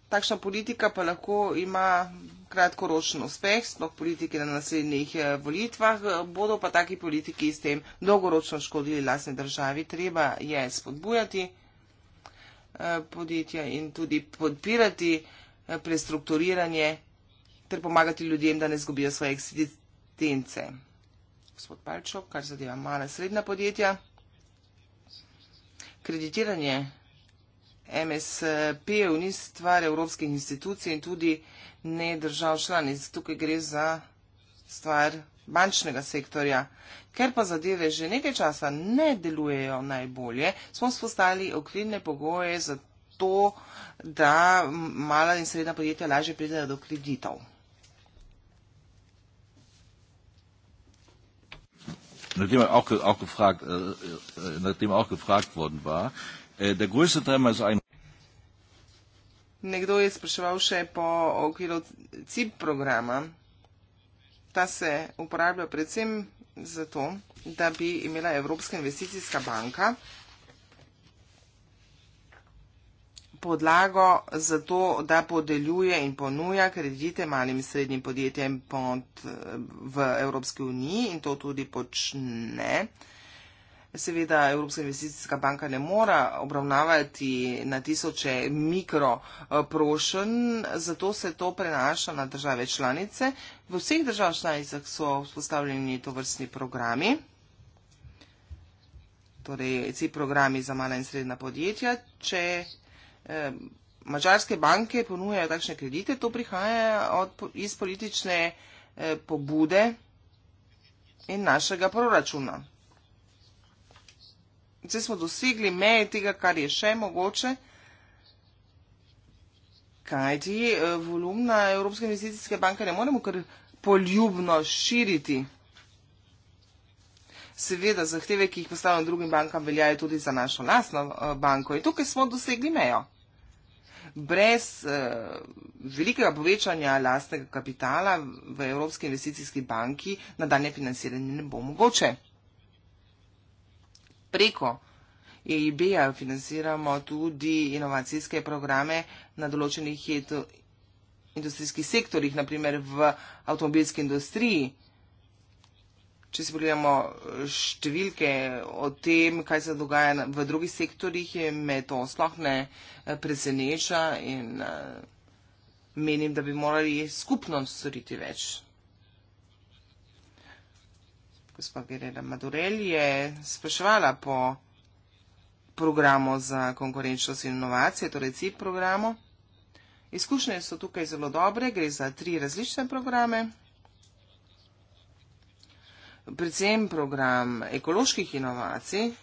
Takšna politika pa lahko ima kratkoročen uspeh, sploh politiki na naslednjih eh, volitvah, bodo pa taki politiki s tem dolgoročno škodili lasni državi. Treba je spodbujati podjetja in tudi podpirati eh, prestrukturiranje ter pomagati ljudem, da ne zgubijo svoje eksistence. Gospod Palčo, kar zadeva mala srednja podjetja. Kreditiranje MSP je ni stvar evropskih institucij in tudi ne držav članic. Tukaj gre za stvar bančnega sektorja. Ker pa zadeve že nekaj časa ne delujejo najbolje, smo spostali okvirne pogoje za to, da mala in srednja podjetja lažje pridejo do kreditov. Nachdem er, auch auch gefragt, äh, äh, nachdem er auch gefragt worden war, äh, der größte Dreimal ist ein. Nekdo je spraševal še po okviru CIP programa. Ta se uporablja predvsem zato, da bi imela Evropska investicijska banka podlago za to, da podeljuje in ponuja kredite malim in srednjim podjetjem pod, v Evropski uniji in to tudi počne. Seveda Evropska investicijska banka ne mora obravnavati na tisoče mikroprošen, eh, zato se to prenaša na države članice. V vseh državah članicah so vzpostavljeni to vrstni programi, torej ti programi za mala in srednja podjetja. Če eh, mačarske banke ponujajo takšne kredite, to prihaja od, iz politične eh, pobude in našega proračuna. Zdaj smo dosegli meje tega, kar je še mogoče. Kaj ti eh, volumna Evropske investicijske banke ne moremo kar poljubno širiti? Seveda, zahteve, ki jih postavljam drugim bankam, veljajo tudi za našo lasno eh, banko. In tukaj smo dosegli mejo. Brez eh, velikega povečanja lastnega kapitala v Evropski investicijski banki nadaljne financiranje ne bo mogoče preko EIB-ja financiramo tudi inovacijske programe na določenih industrijskih sektorjih, naprimer v avtomobilski industriji. Če si pogledamo eh, številke o tem, kaj se dogaja v drugih sektorjih, me to sploh ne eh, preseneča in eh, menim, da bi morali skupno storiti več gospa Gerela Madurel je spraševala po programu za konkurenčnost in inovacije, torej CIP programu. Izkušnje so tukaj zelo dobre, gre za tri različne programe. Predvsem program ekoloških inovacij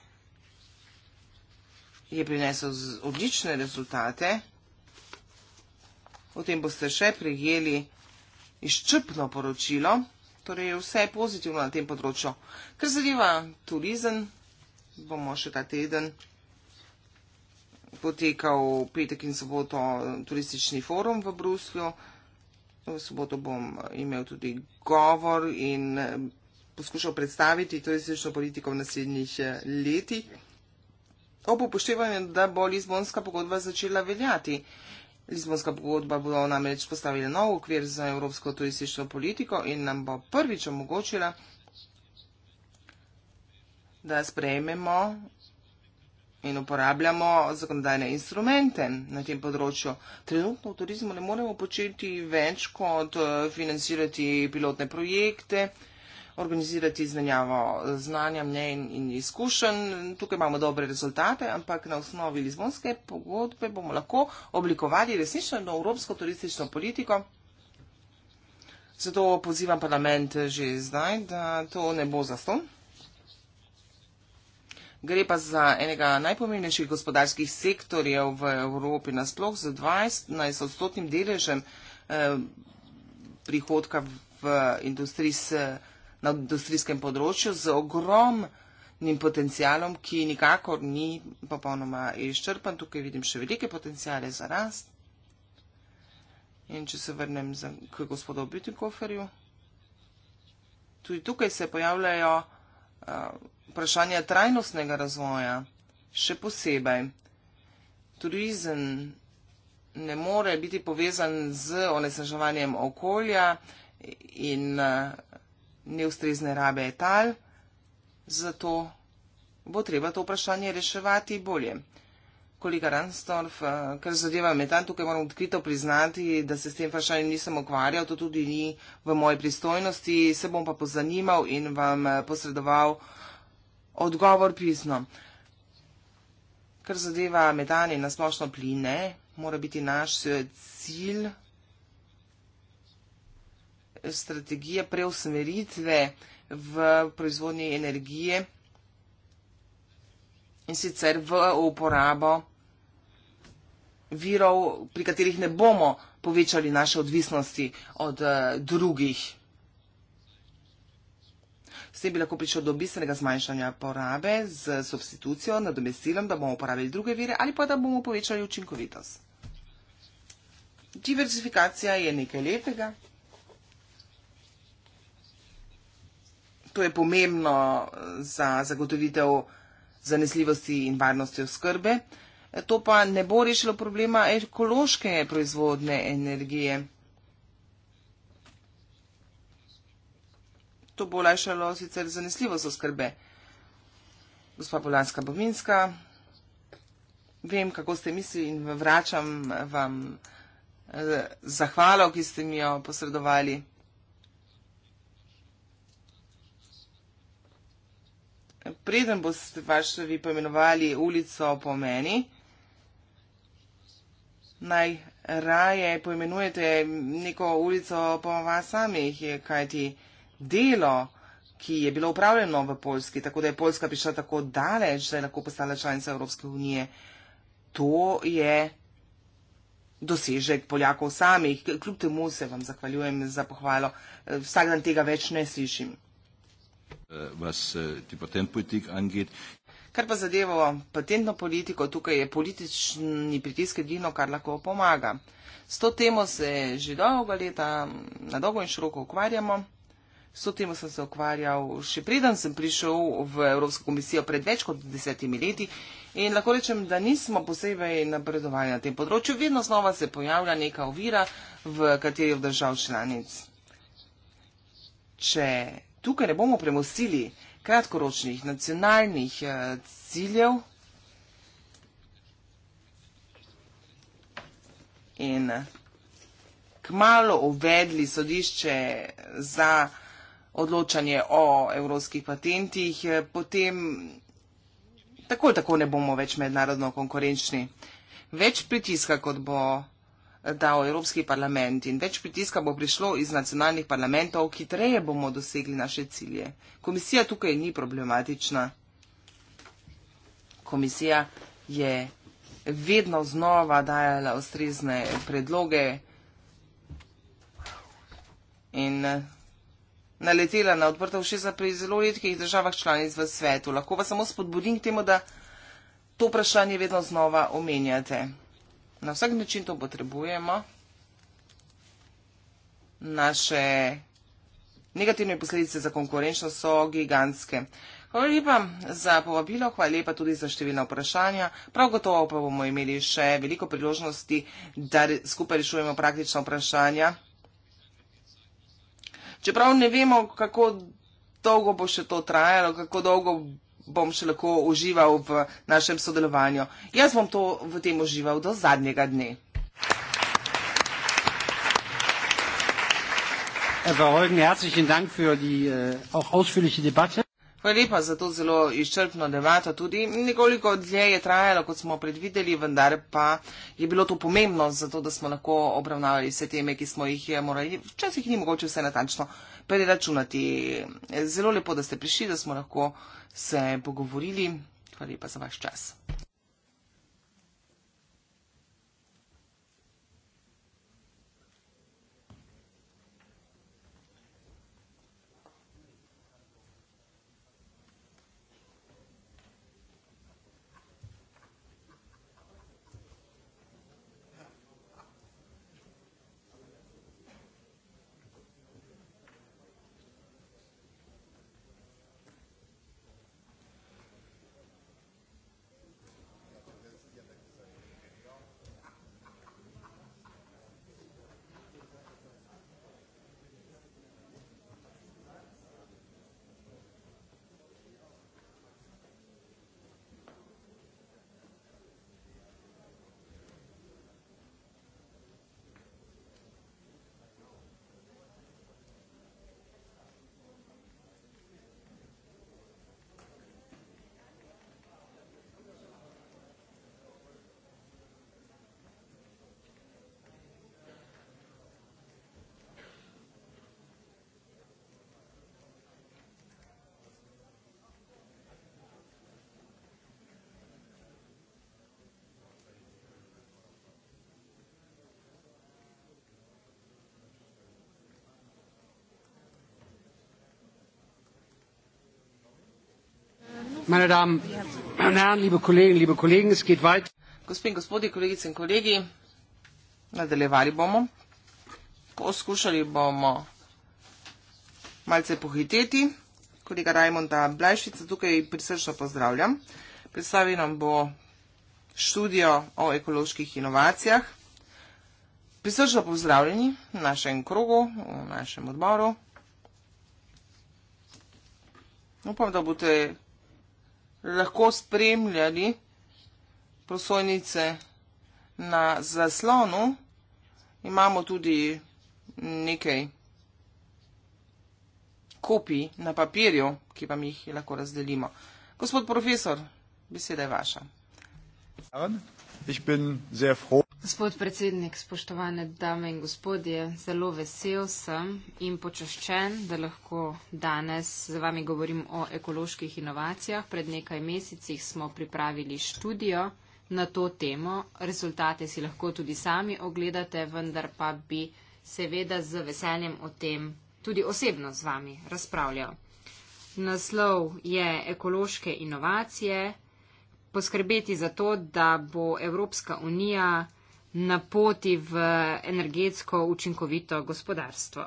je prinesel odlične rezultate. O tem boste še prejeli izčrpno poročilo. Torej, vse je pozitivno na tem področju. Ker zadeva turizem, bomo še ta teden potekal petek in soboto turistični forum v Bruslju. V soboto bom imel tudi govor in eh, poskušal predstaviti turistično politiko v naslednjih eh, letih. Ob upoštevanju, da bo Lizbonska pogodba začela veljati. Lizbonska pogodba bo namreč postavila nov okvir za evropsko turistično politiko in nam bo prvič omogočila, da sprejmemo in uporabljamo zakonodajne instrumente na tem področju. Trenutno v turizmu ne moremo početi več kot eh, financirati pilotne projekte, organizirati izmenjavo znanja, mnen in izkušenj. Tukaj imamo dobre rezultate, ampak na osnovi Lizbonske pogodbe bomo lahko oblikovali resnično evropsko turistično politiko. Zato pozivam parlament že zdaj, da to ne bo zaston. Gre pa za enega najpomembnejših gospodarskih sektorjev v Evropi nasploh z 12 odstotnim deležem eh, prihodka v industriji s eh, na industrijskem področju z ogromnim potencialom, ki nikakor ni popolnoma izčrpan. Tukaj vidim še velike potencijale za rast. In če se vrnem za, k gospodu Bitinkoferju, tudi tukaj se pojavljajo uh, vprašanja trajnostnega razvoja, še posebej. Turizem ne more biti povezan z onesnaževanjem okolja in uh, neustrezne rabe etal, zato bo treba to vprašanje reševati bolje. Kolega Ransdorf, eh, kar zadeva metan, tukaj moram odkrito priznati, da se s tem vprašanjem nisem ukvarjal, to tudi ni v moji pristojnosti, se bom pa pozanimal in vam eh, posredoval odgovor pisno. Kar zadeva metan in nasplošno pline, mora biti naš eh, cilj strategija preusmeritve v proizvodnji energije in sicer v uporabo virov, pri katerih ne bomo povečali naše odvisnosti od eh, drugih. S tem bi lahko prišlo do bistvenega zmanjšanja porabe z substitucijo, nadomestilom, da bomo uporabili druge vire ali pa da bomo povečali učinkovitost. Diversifikacija je nekaj lepega. To je pomembno eh, za zagotovitev zanesljivosti in varnosti oskrbe. Eh, to pa ne bo rešilo problema ekološke proizvodne energije. To bo lajšalo sicer zanesljivost oskrbe. Gospa Polanska Bominska, vem, kako ste mislili in vračam vam eh, zahvalo, ki ste mi jo posredovali. preden boste vaše vi poimenovali ulico po meni, naj raje poimenujete neko ulico po vas samih, kajti delo, ki je bilo upravljeno v Poljski, tako da je Poljska prišla tako daleč, da je lahko postala članica Evropske unije, to je dosežek Poljakov samih. Kljub temu se vam zahvaljujem za pohvalo. Vsak dan tega več ne slišim was eh, eh, die Patentpolitik angeht. Kar pa zadeva patentno politiko, tukaj je politični pritisk edino, kar lahko pomaga. S to temo se že dolgo leta na dolgo in široko ukvarjamo. S to temo sem se ukvarjal še preden sem prišel v Evropsko komisijo pred več kot desetimi leti in lahko rečem, da nismo posebej napredovali na tem področju. Vedno znova se pojavlja neka ovira, v kateri je v držav članic. Če tukaj ne bomo premosili kratkoročnih nacionalnih eh, ciljev in eh, kmalo uvedli sodišče za odločanje o evropskih patentih, eh, potem tako in tako ne bomo več mednarodno konkurenčni. Več pritiska, kot bo dal Evropski parlament in več pritiska bo prišlo iz nacionalnih parlamentov, hitreje bomo dosegli naše cilje. Komisija tukaj ni problematična. Komisija je vedno znova dajala ustrezne predloge in eh, naletela na odprta všesa pri zelo redkih državah članic v svetu. Lahko vas samo spodbudim k temu, da to vprašanje vedno znova omenjate na vsak način to potrebujemo, naše negativne posledice za konkurenčnost so gigantske. Hvala lepa za povabilo, hvala lepa tudi za številna vprašanja. Prav gotovo pa bomo imeli še veliko priložnosti, da skupaj rešujemo praktična vprašanja. Čeprav ne vemo, kako dolgo bo še to trajalo, kako dolgo bom še lahko užival v našem sodelovanju. Jaz bom to v tem užival do zadnjega dne. Äh, Hvala lepa za to zelo izčrpno debato. Tudi nekoliko dlje je trajalo, kot smo predvideli, vendar pa je bilo to pomembno za to, da smo lahko obravnavali vse teme, ki smo jih eh, morali. Včasih ni mogoče vse natančno preračunati. Zelo lepo, da ste prišli, da smo lahko se pogovorili. Hvala lepa za vaš čas. Meine Damen, meine Herren, liebe Kolleginnen, liebe Kollegen, es geht weiter. Gospodin, gospodi, kolegice in kolegi, nadaljevali bomo. Poskušali bomo malce pohiteti. Kolega Rajmonda Blajšica tukaj prisrčno pozdravljam. Predstavil nam bo študijo o ekoloških inovacijah. Prisrčno pozdravljeni v našem krogu, v našem odboru. Upam, da boste lahko spremljali prosojnice na zaslonu. Imamo tudi nekaj kopij na papirju, ki pa mi jih lahko razdelimo. Gospod profesor, beseda je vaša. Ich bin sehr froh. Gospod predsednik, spoštovane dame in gospodje, zelo vesel sem in počaščen, da lahko danes z vami govorim o ekoloških inovacijah. Pred nekaj mesecih smo pripravili študijo na to temo. Rezultate si lahko tudi sami ogledate, vendar pa bi seveda z veseljem o tem tudi osebno z vami razpravljal. Naslov je ekološke inovacije. Poskrbeti za to, da bo Evropska unija na poti v energetsko učinkovito gospodarstvo.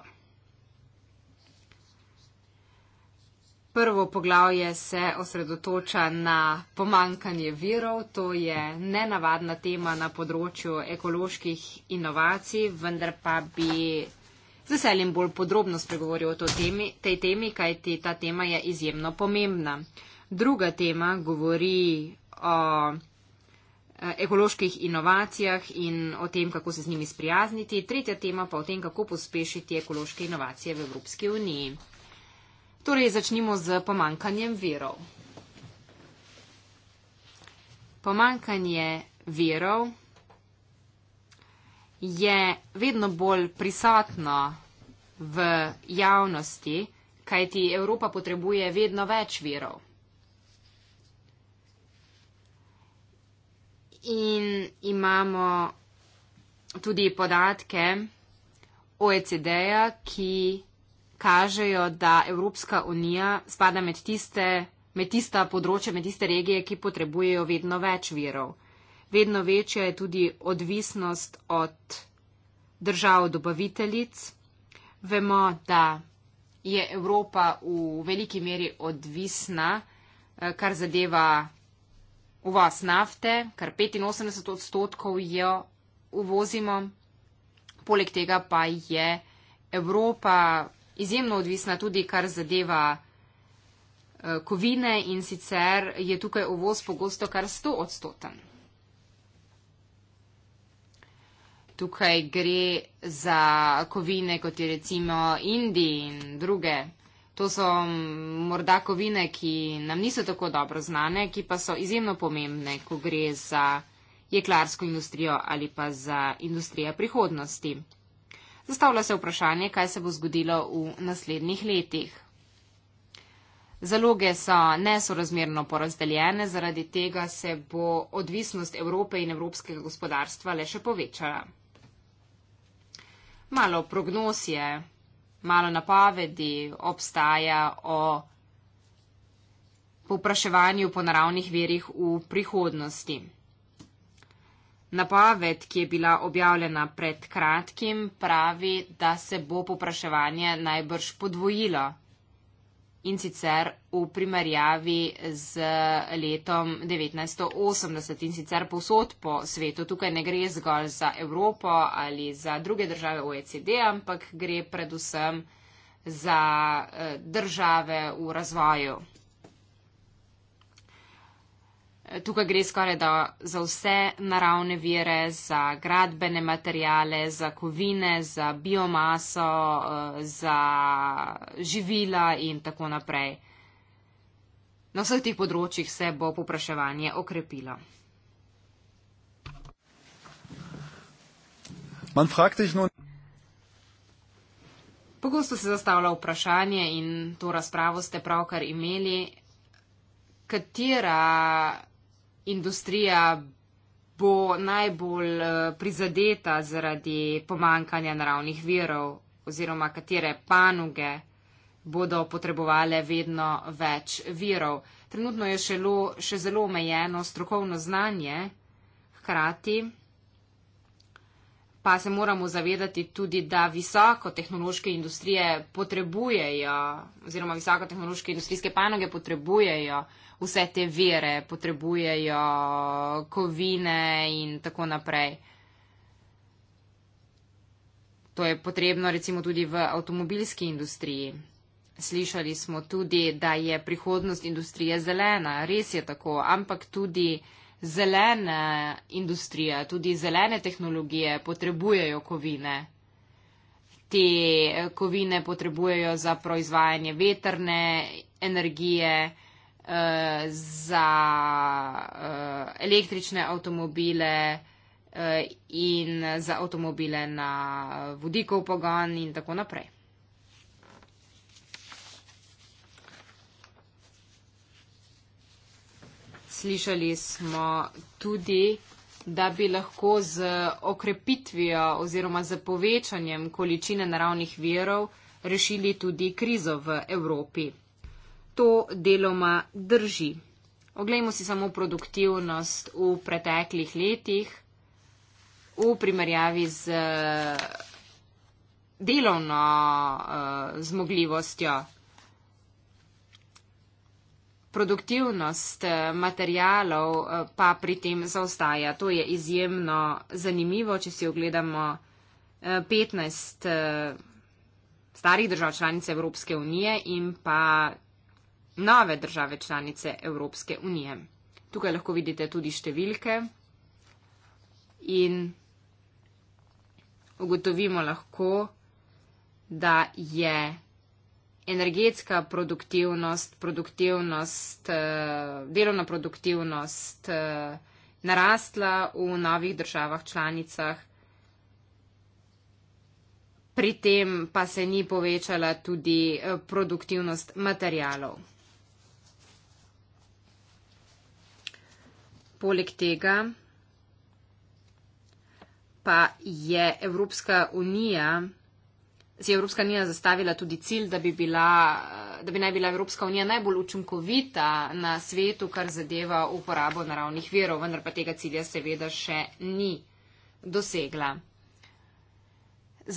Prvo poglavje se osredotoča na pomankanje virov, to je nenavadna tema na področju ekoloških inovacij, vendar pa bi z veseljem bolj podrobno spregovoril o temi, tej temi, kajti ta tema je izjemno pomembna. Druga tema govori o Eh, ekoloških inovacijah in o tem, kako se z njimi sprijazniti. Tretja tema pa o tem, kako pospešiti ekološke inovacije v Evropski uniji. Torej, začnimo z pomankanjem virov. Pomankanje virov je vedno bolj prisotno v javnosti, kajti Evropa potrebuje vedno več virov. in imamo tudi podatke OECD-ja, ki kažejo, da Evropska unija spada med tiste, med tista področja, med tiste regije, ki potrebujejo vedno več virov. Vedno večja je tudi odvisnost od držav dobaviteljic. Vemo, da je Evropa v veliki meri odvisna, eh, kar zadeva uvoz nafte, kar 85 odstotkov jo uvozimo. Poleg tega pa je Evropa izjemno odvisna tudi, kar zadeva eh, kovine in sicer je tukaj uvoz pogosto kar 100 odstoten. Tukaj gre za kovine, kot je recimo Indij in druge To so mm, morda kovine, ki nam niso tako dobro znane, ki pa so izjemno pomembne, ko gre za jeklarsko industrijo ali pa za industrijo prihodnosti. Zastavlja se vprašanje, kaj se bo zgodilo v naslednjih letih. Zaloge so nesorazmerno porazdeljene, zaradi tega se bo odvisnost Evrope in evropskega gospodarstva le še povečala. Malo prognoz je malo napovedi obstaja o popraševanju po naravnih verjih v prihodnosti. Napoved, ki je bila objavljena pred kratkim, pravi, da se bo popraševanje najbrž podvojilo in sicer v primerjavi z letom 1980 in sicer povsod po svetu. Tukaj ne gre zgolj za Evropo ali za druge države OECD, ampak gre predvsem za eh, države v razvoju tukaj gre skoraj da za vse naravne vire, za gradbene materijale, za kovine, za biomaso, eh, za živila in tako naprej. Na vseh tih področjih se bo popraševanje okrepilo. Pogosto se zastavlja vprašanje in to razpravo ste pravkar imeli, katera industrija bo najbolj eh, prizadeta zaradi pomankanja naravnih virov oziroma katere panoge bodo potrebovale vedno več virov. Trenutno je šelo, še zelo omejeno strokovno znanje, hkrati pa se moramo zavedati tudi, da visokotehnološke industrije potrebujejo oziroma visokotehnološke industrijske panoge potrebujejo uh, vse te vire, potrebujejo kovine in tako naprej. To je potrebno recimo tudi v avtomobilski industriji. Slišali smo tudi, da je prihodnost industrije zelena, res je tako, ampak tudi zelene industrije, tudi zelene tehnologije potrebujejo kovine. Te kovine potrebujejo za proizvajanje vetrne energije, za uh, električne avtomobile uh, in za avtomobile na vodikov pogon in tako naprej. Slišali smo tudi, da bi lahko z okrepitvijo oziroma z povečanjem količine naravnih virov rešili tudi krizo v Evropi to deloma drži. Oglejmo si samo produktivnost v preteklih letih v primerjavi z eh, delovno uh, zmogljivostjo. Produktivnost eh, materijalov pa pri tem zaostaja. To je izjemno zanimivo, če si ogledamo 15 starih držav članic Evropske unije in pa nove države članice Evropske unije. Tukaj lahko vidite tudi številke in ugotovimo lahko, da je energetska produktivnost, produktivnost eh, delovna produktivnost eh, narasla v novih državah članicah, pri tem pa se ni povečala tudi eh, produktivnost materialov. Poleg tega pa je Evropska unija, si je Evropska unija zastavila tudi cilj, da bi, bila, da bi naj bila Evropska unija najbolj učinkovita na svetu, kar zadeva uporabo naravnih verov, vendar pa tega cilja seveda še ni dosegla.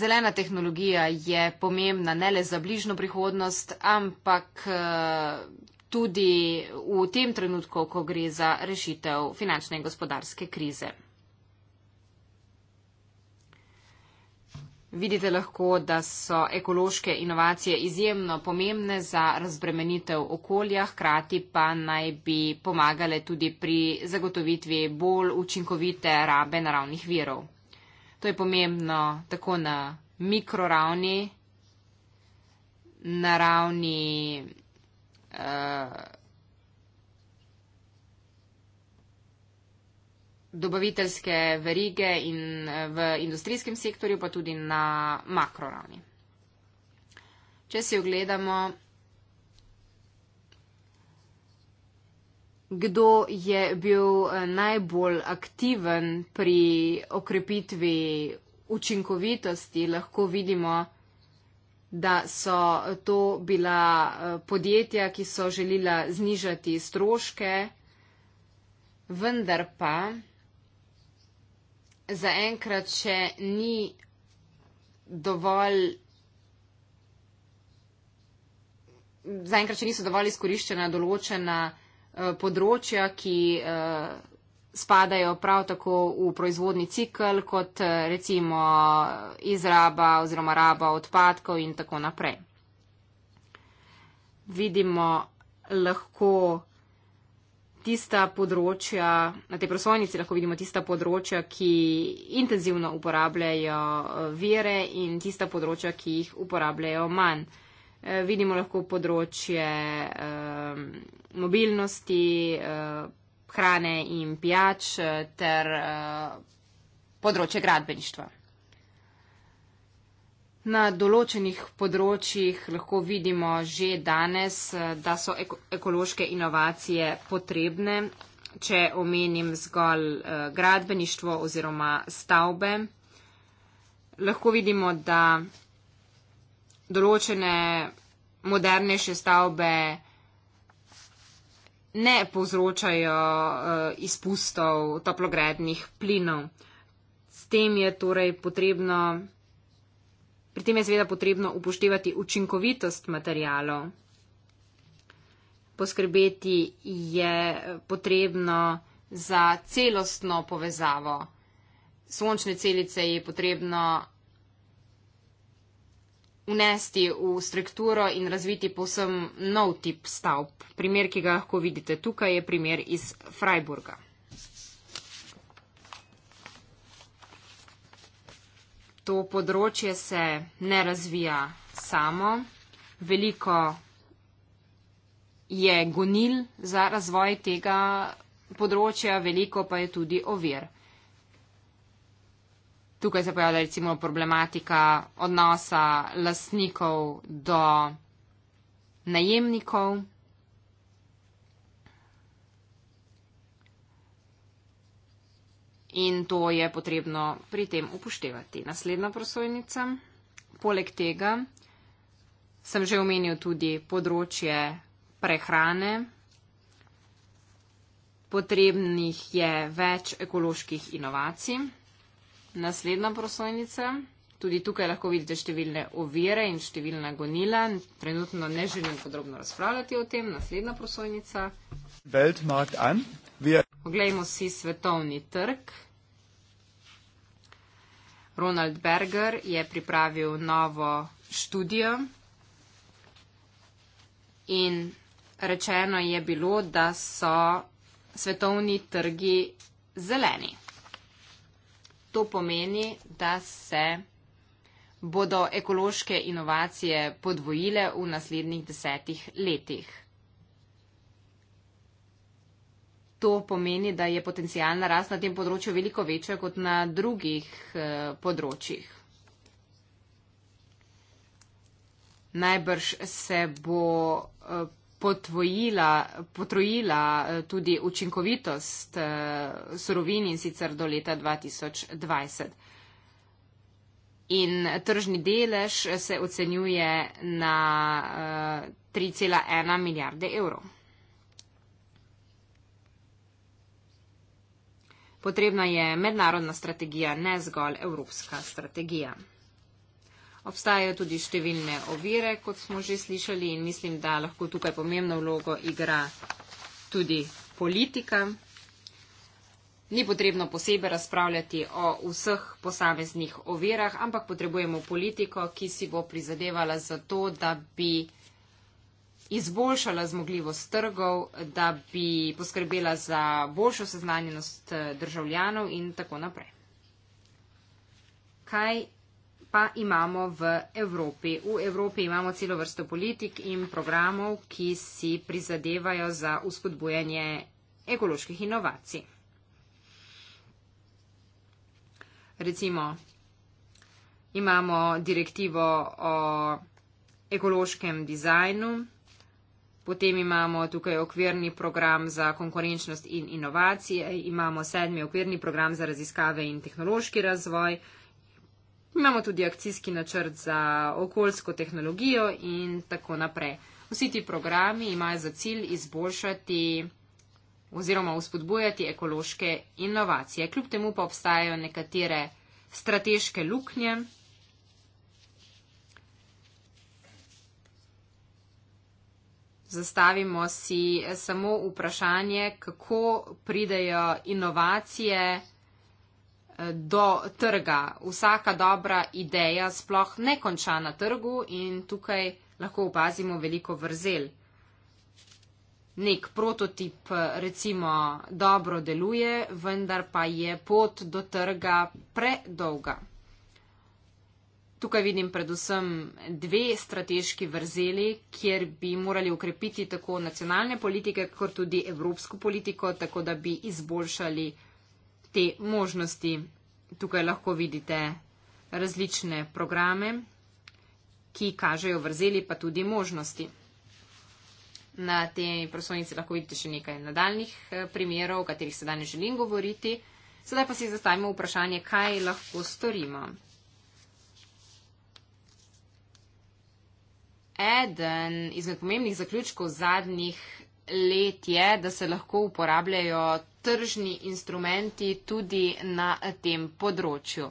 Zelena tehnologija je pomembna ne le za bližno prihodnost, ampak eh, tudi v tem trenutku, ko gre za rešitev finančne in gospodarske krize. Vidite lahko, da so ekološke inovacije izjemno pomembne za razbremenitev okolja, hkrati pa naj bi pomagale tudi pri zagotovitvi bolj učinkovite rabe naravnih virov. To je pomembno tako na mikroravni, na ravni Eh, dobaviteljske verige in eh, v industrijskem sektorju, pa tudi na makroravni. Če si ogledamo, kdo je bil eh, najbolj aktiven pri okrepitvi učinkovitosti, lahko vidimo, da so to bila eh, podjetja, ki so želela znižati stroške, vendar pa zaenkrat še ni dovolj. Zaenkrat še niso dovolj izkoriščena določena uh, področja, ki uh, spadajo prav tako v proizvodni cikl, kot eh, recimo izraba oziroma raba odpadkov in tako naprej. Vidimo lahko tista področja, na tej prosojnici lahko vidimo tista področja, ki intenzivno uporabljajo eh, vire in tista področja, ki jih uporabljajo manj. Eh, vidimo lahko področje eh, mobilnosti, eh, hrane in pijač eh, ter eh, področje gradbeništva. Na določenih področjih lahko vidimo že danes, eh, da so ekološke inovacije potrebne. Če omenim zgolj gradbeništvo oziroma stavbe, lahko vidimo, da določene modernejše stavbe ne povzročajo uh, izpustov toplogrednih plinov. S tem je torej potrebno, pri tem je seveda potrebno upoštevati učinkovitost materijalov. Poskrbeti je potrebno za celostno povezavo. Sončne celice je potrebno unesti v strukturo in razviti posem nov tip stavb. Primer, ki ga lahko vidite tukaj, je primer iz Freiburga. To področje se ne razvija samo, veliko je gonil za razvoj tega področja, veliko pa je tudi ovir tukaj se pojavlja recimo problematika odnosa lastnikov do najemnikov. In to je potrebno pri tem upoštevati. Naslednja prosojnica. Poleg tega sem že omenil tudi področje prehrane. Potrebnih je več ekoloških inovacij. Naslednja prosojnica. Tudi tukaj lahko vidite številne ovire in številna gonila. Trenutno ne želim podrobno razpravljati o tem. Naslednja prosojnica. Poglejmo si svetovni trg. Ronald Berger je pripravil novo študijo in rečeno je bilo, da so svetovni trgi zeleni. To pomeni, da se bodo ekološke inovacije podvojile v naslednjih desetih letih. To pomeni, da je potencijalna rast na tem področju veliko večja kot na drugih eh, področjih. Najbrž se bo eh, potvojila, potrojila eh, tudi učinkovitost eh, surovin in sicer do leta 2020. In tržni delež se ocenjuje na 3,1 eh, milijarde evrov. Potrebna je mednarodna strategija, ne zgolj evropska strategija. Obstajajo tudi številne ovire, kot smo že slišali in mislim, da lahko tukaj pomembno vlogo igra tudi politika. Ni potrebno posebej razpravljati o vseh posameznih ovirah, ampak potrebujemo politiko, ki si bo prizadevala za to, da bi izboljšala zmogljivost trgov, da bi poskrbela za boljšo seznanjenost eh, državljanov in tako naprej. Kaj pa imamo v Evropi. V Evropi imamo celo vrsto politik in programov, ki si prizadevajo za uspodbujanje ekoloških inovacij. Recimo, imamo direktivo o ekološkem dizajnu, potem imamo tukaj okvirni program za konkurenčnost in inovacije, imamo sedmi okvirni program za raziskave in tehnološki razvoj, uh, Imamo tudi akcijski načrt za okoljsko tehnologijo in tako naprej. Vsi ti programi imajo za cilj izboljšati oziroma uspodbujati ekološke inovacije. Kljub temu pa obstajajo nekatere strateške luknje. Zastavimo si samo vprašanje, kako pridejo inovacije do trga. Vsaka dobra ideja sploh ne konča na trgu in tukaj lahko opazimo veliko vrzel. Nek prototip recimo dobro deluje, vendar pa je pot do trga predolga. Tukaj vidim predvsem dve strateški vrzeli, kjer bi morali ukrepiti tako nacionalne politike, kot tudi evropsko politiko, tako da bi izboljšali te možnosti. Tukaj lahko vidite različne programe, ki kažejo vrzeli, pa tudi možnosti. Na tej prosovnici lahko vidite še nekaj nadaljnih eh, primerov, o katerih se danes želim govoriti. Sedaj pa si zastavimo vprašanje, kaj lahko storimo. Eden izmed pomembnih zaključkov zadnjih let je, da se lahko uporabljajo tržni instrumenti tudi na tem področju.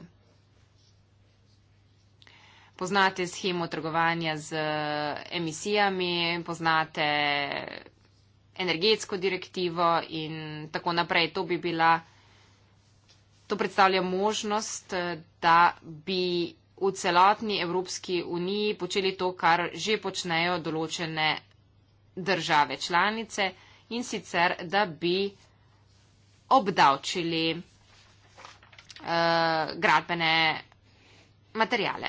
Poznate schemo trgovanja z emisijami, poznate energetsko direktivo in tako naprej. To bi bila, to predstavlja možnost, da bi v celotni Evropski uniji počeli to, kar že počnejo določene države članice in sicer, da bi obdavčili uh, gradbene materijale.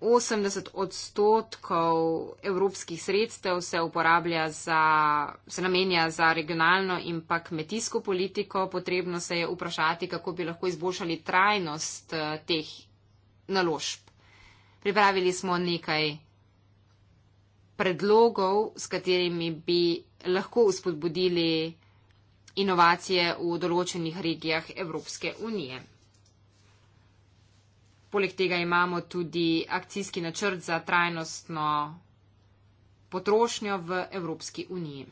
80 odstotkov evropskih sredstev se uporablja za, se namenja za regionalno in pa kmetijsko politiko. Potrebno se je vprašati, kako bi lahko izboljšali trajnost eh, teh naložb. Pripravili smo nekaj predlogov, s katerimi bi lahko uspodbudili inovacije v določenih regijah Evropske unije. Poleg tega imamo tudi akcijski načrt za trajnostno potrošnjo v Evropski uniji.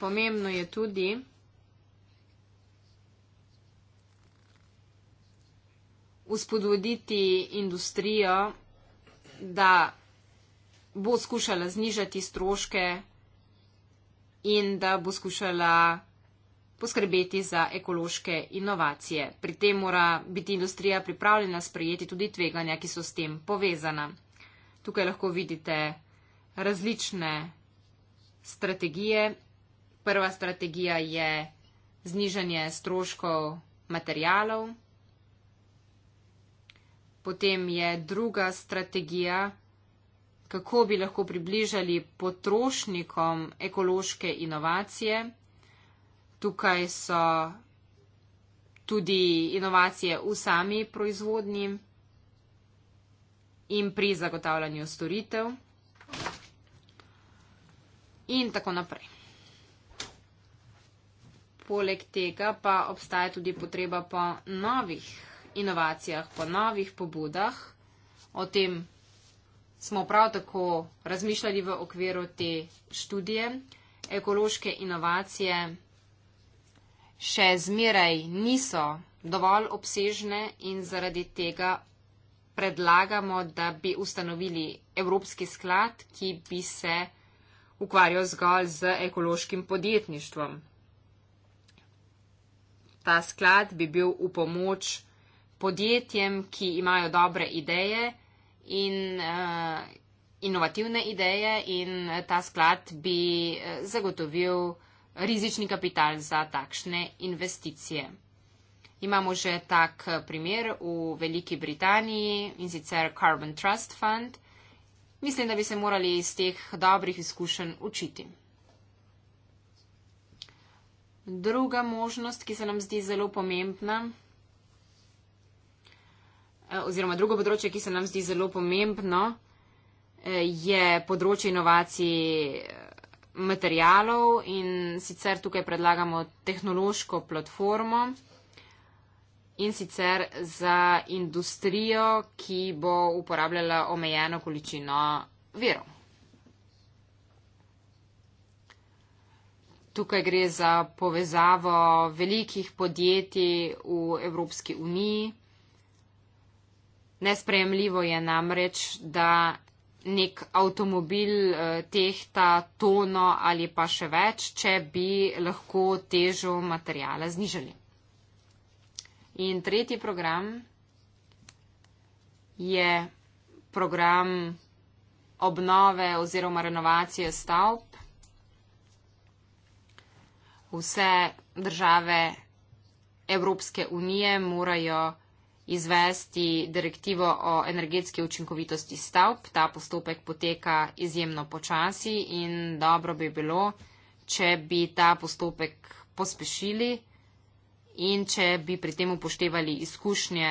Pomembno je tudi, uspodvoditi industrijo, da bo skušala znižati stroške in da bo skušala poskrbeti za ekološke inovacije. Pri tem mora biti industrija pripravljena sprejeti tudi tveganja, ki so s tem povezana. Tukaj lahko vidite različne strategije. Prva strategija je znižanje stroškov materialov. Potem je druga strategija, kako bi lahko približali potrošnikom ekološke inovacije. Tukaj so tudi inovacije v sami proizvodnji in pri zagotavljanju storitev in tako naprej. Poleg tega pa obstaja tudi potreba po novih inovacijah, po novih pobudah. O tem smo prav tako razmišljali v okviru te študije. Ekološke inovacije še zmeraj niso dovolj obsežne in zaradi tega predlagamo, da bi ustanovili Evropski sklad, ki bi se ukvarjal zgolj z ekološkim podjetništvom. Ta sklad bi bil v pomoč podjetjem, ki imajo dobre ideje, in uh, inovativne ideje in ta sklad bi eh, zagotovil rizični kapital za takšne investicije. Imamo že tak eh, primer v Veliki Britaniji in sicer Carbon Trust Fund. Mislim, da bi se morali iz teh dobrih izkušenj učiti. Druga možnost, ki se nam zdi zelo pomembna, Eh, oziroma drugo področje, ki se nam zdi zelo pomembno, eh, je področje inovacij eh, materijalov in sicer tukaj predlagamo tehnološko platformo in sicer za industrijo, ki bo uporabljala omejeno količino verov. Tukaj gre za povezavo velikih podjetij v Evropski uniji. Nesprejemljivo je namreč, da nek avtomobil eh, tehta tono ali pa še več, če bi lahko težo materijala znižali. In tretji program je program obnove oziroma renovacije stavb. Vse države Evropske unije morajo izvesti direktivo o energetski učinkovitosti stavb. Ta postopek poteka izjemno počasi in dobro bi bilo, če bi ta postopek pospešili in če bi pri tem upoštevali izkušnje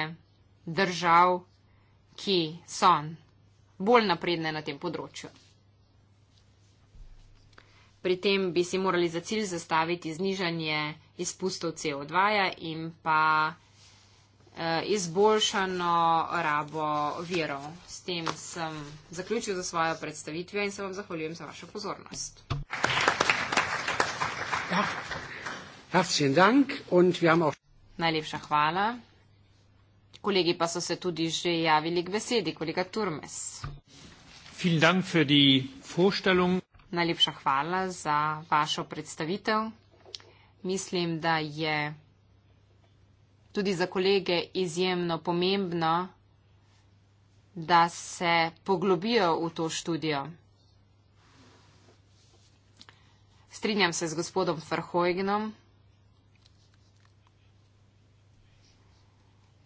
držav, ki so bolj napredne na tem področju. Pri tem bi si morali za cilj zastaviti znižanje izpustov CO2 ja in pa Eh, izboljšano rabo virov. S tem sem zaključil za svojo predstavitvijo in se vam zahvaljujem za vašo pozornost. Ja, Najlepša hvala. Kolegi pa so se tudi že javili k besedi. Kolega Turmes. Najlepša hvala za vašo predstavitev. Mislim, da je tudi za kolege izjemno pomembno, da se poglobijo v to študijo. Strinjam se z gospodom Ferhojgnom,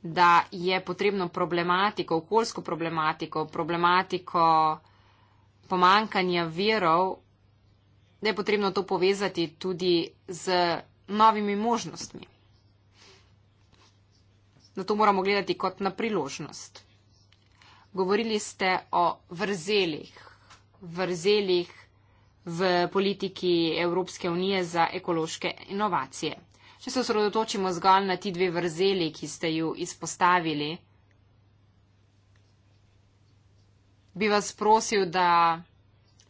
da je potrebno problematiko, okoljsko problematiko, problematiko pomankanja verov, da je potrebno to povezati tudi z novimi možnostmi. Na to moramo gledati kot na priložnost. Govorili ste o vrzelih, vrzelih v politiki Evropske unije za ekološke inovacije. Če se osredotočimo zgolj na ti dve vrzeli, ki ste ju izpostavili, bi vas prosil, da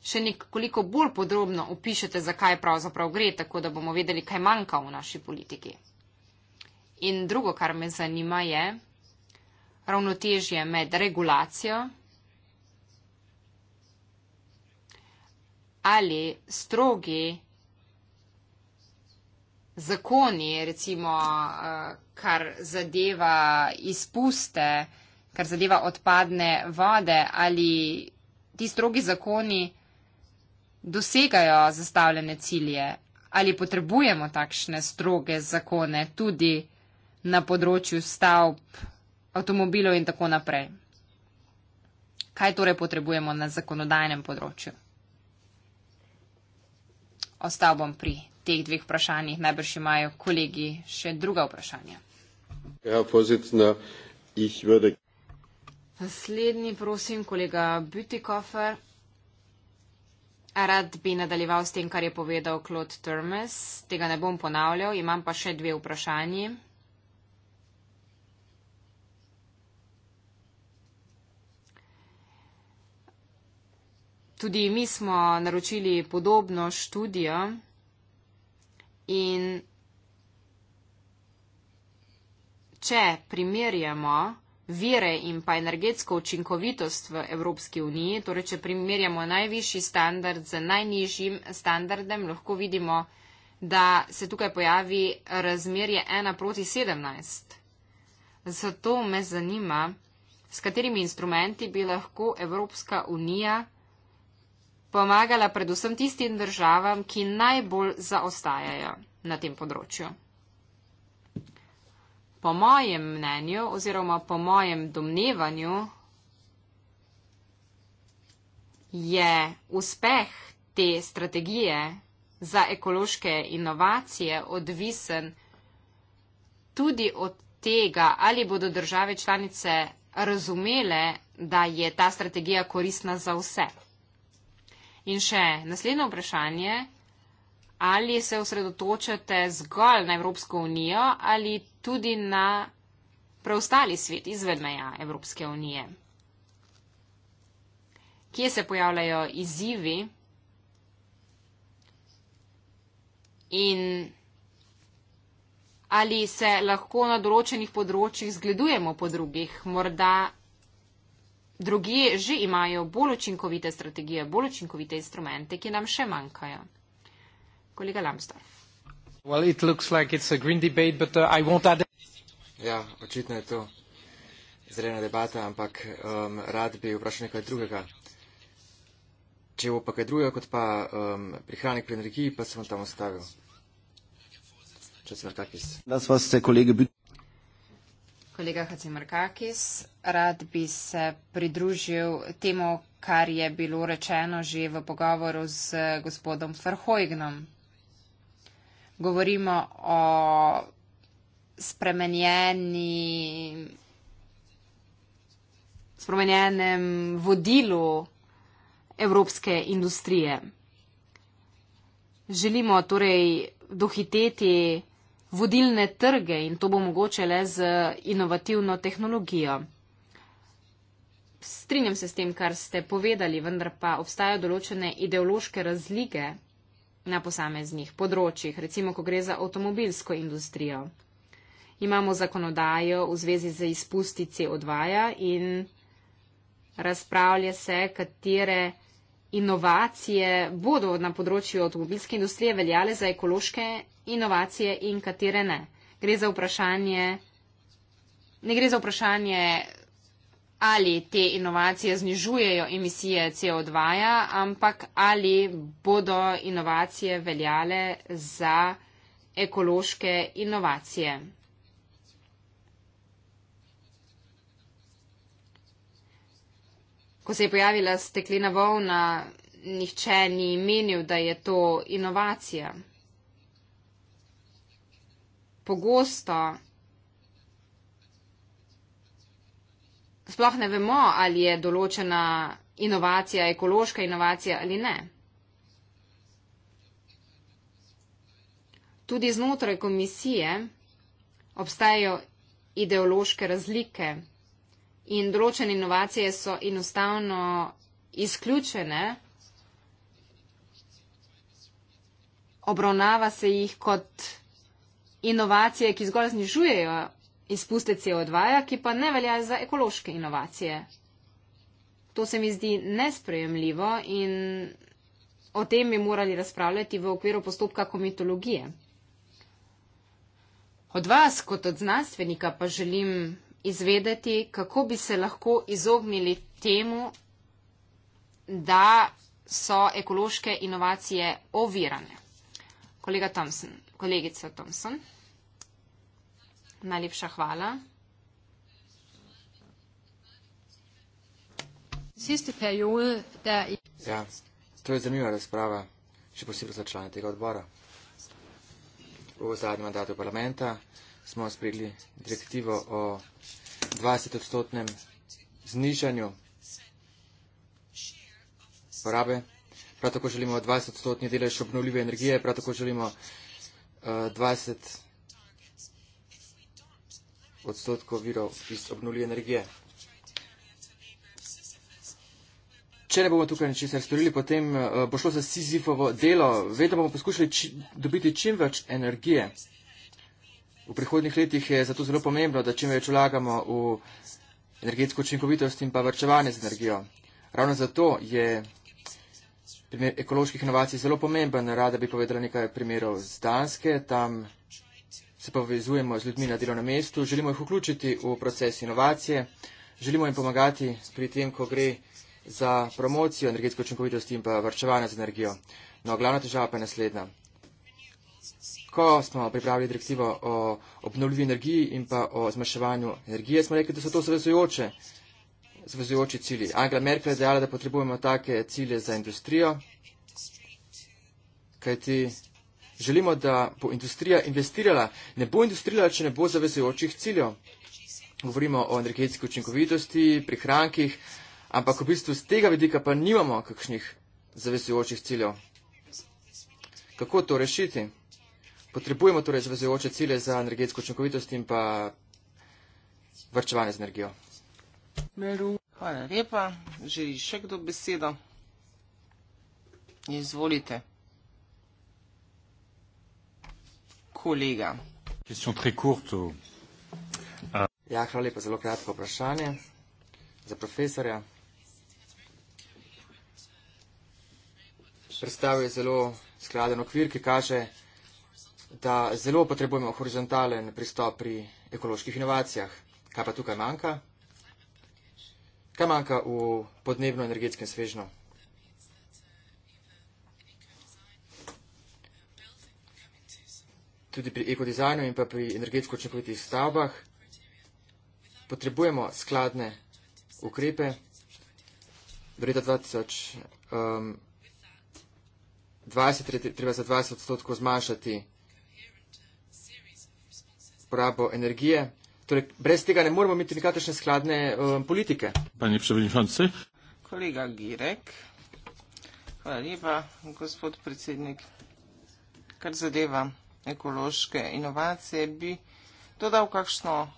še nekoliko bolj podrobno opišete, zakaj pravzaprav gre, tako da bomo vedeli, kaj manjka v naši politiki. In drugo, kar me zanima, je ravnotežje med regulacijo ali strogi zakoni, recimo, eh, kar zadeva izpuste, kar zadeva odpadne vode ali ti strogi zakoni dosegajo zastavljene cilje ali potrebujemo takšne stroge zakone tudi na področju stavb, avtomobilov in tako naprej. Kaj torej potrebujemo na zakonodajnem področju? Ostal bom pri teh dveh vprašanjih. Najbrž imajo kolegi še druga vprašanja. Ja, Naslednji, prosim, kolega Butikofer. Rad bi nadaljeval s tem, kar je povedal Claude Termes. Tega ne bom ponavljal. Imam pa še dve vprašanji. tudi mi smo naročili podobno študijo in če primerjamo vire in pa energetsko učinkovitost v Evropski uniji, torej če primerjamo najvišji standard z najnižjim standardem, lahko vidimo, da se tukaj pojavi razmerje 1 proti 17. Zato me zanima, s katerimi instrumenti bi lahko Evropska unija pomagala predvsem tistim državam, ki najbolj zaostajajo na tem področju. Po mojem mnenju oziroma po mojem domnevanju je uspeh te strategije za ekološke inovacije odvisen tudi od tega, ali bodo države članice razumele, da je ta strategija koristna za vse. In še naslednje vprašanje. Ali se osredotočate zgolj na Evropsko unijo ali tudi na preostali svet izven meja Evropske unije? Kje se pojavljajo izzivi in ali se lahko na določenih področjih zgledujemo po drugih, morda Drugi že imajo bolj učinkovite strategije, bolj učinkovite instrumente, ki nam še manjkajo. Kolega Lambsdorff. Well, like uh, ja, očitno je to zrena debata, ampak um, rad bi vprašal nekaj drugega. Če bo pa kaj drugega kot pa um, prihranek pri energiji, pa sem tam ostavil. Če se vrtakis. Kolega Hacimrkakis, rad bi se pridružil temu, kar je bilo rečeno že v pogovoru z gospodom Ferhojgnom. Govorimo o spremenjeni, spremenjenem vodilu evropske industrije. Želimo torej dohiteti vodilne trge in to bo mogoče le z inovativno tehnologijo. Strinjam se s tem, kar ste povedali, vendar pa obstajajo določene ideološke razlike na posameznih področjih, recimo, ko gre za avtomobilsko industrijo. Imamo zakonodajo v zvezi z izpusti CO2 ja, in razpravlja se, katere inovacije bodo na področju avtomobilske industrije veljale za ekološke inovacije in katere ne. Gre za vprašanje, ne gre za vprašanje, ali te inovacije znižujejo emisije CO2, ampak ali bodo inovacije veljale za ekološke inovacije. Ko se je pojavila steklena volna, nihče ni menil, da je to inovacija pogosto sploh ne vemo, ali je določena inovacija, ekološka inovacija ali ne. Tudi znotraj komisije obstajajo ideološke razlike in določene inovacije so enostavno izključene. Obravnava se jih kot inovacije, ki zgolj znižujejo izpuste CO2, ja, ki pa ne veljajo za ekološke inovacije. To se mi zdi nesprejemljivo in o tem bi morali razpravljati v okviru postopka komitologije. Od vas kot od znanstvenika pa želim izvedeti, kako bi se lahko izognili temu, da so ekološke inovacije ovirane. Kolega Thompson, kolegica Thompson. Najlepša hvala. Ja, to je zanimiva razprava, še posebej za člane tega odbora. V zadnjem mandatu parlamenta smo sprejeli direktivo o 20-odstotnem znižanju porabe. Prav tako želimo 20-odstotni delež obnovljive energije, prav tako želimo uh, eh, 20 odstotkov virov iz obnulje energije. Če ne bomo tukaj ničesar storili, potem eh, bo šlo za Sizifovo delo. Vedno bomo poskušali či, dobiti čim več energije. V prihodnih letih je zato zelo pomembno, da čim več vlagamo v energetsko učinkovitost in pa vrčevanje z energijo. Ravno zato je primer ekoloških inovacij zelo pomemben. Rada bi povedala nekaj primerov z Danske. Tam se povezujemo z ljudmi na delovnem mestu, želimo jih vključiti v proces inovacije, želimo jim pomagati pri tem, ko gre za promocijo energetske učinkovitosti in pa vrčevanje z energijo. No, glavna težava pa je naslednja. Ko smo pripravili direktivo o obnovljivi energiji in pa o zmanjševanju energije, smo rekli, da so to zvezujoče, zvezujoči cilji. Angela Merkel je dejala, da potrebujemo take cilje za industrijo, kajti Želimo, da bo industrija investirala. Ne bo industrija, če ne bo zavezujočih ciljev. Govorimo o energetski učinkovitosti, prihrankih, ampak v bistvu z tega vidika pa nimamo kakšnih zavezujočih ciljev. Kako to rešiti? Potrebujemo torej zavezujoče cilje za energetsko učinkovitost in pa vrčevanje z energijo. Hvala lepa. Želi še kdo besedo? Izvolite. kolega. Ja, hvala lepa, zelo kratko vprašanje za profesorja. Predstavil je zelo skladen okvir, ki kaže, da zelo potrebujemo horizontalen pristop pri ekoloških inovacijah. Kaj pa tukaj manjka? Kaj manjka v podnebno-energetskem svežnju? tudi pri ekodizajnu in pa pri energetsko učinkovitih stavbah. Potrebujemo skladne ukrepe do leta 2020, um, treba za 20 odstotkov zmanjšati porabo energije. Torej, brez tega ne moremo imeti nikakršne skladne um, politike. Pani predsednica. Kolega Girek. Hvala lepa, gospod predsednik. Kar zadeva ekološke inovacije, bi dodal kakšno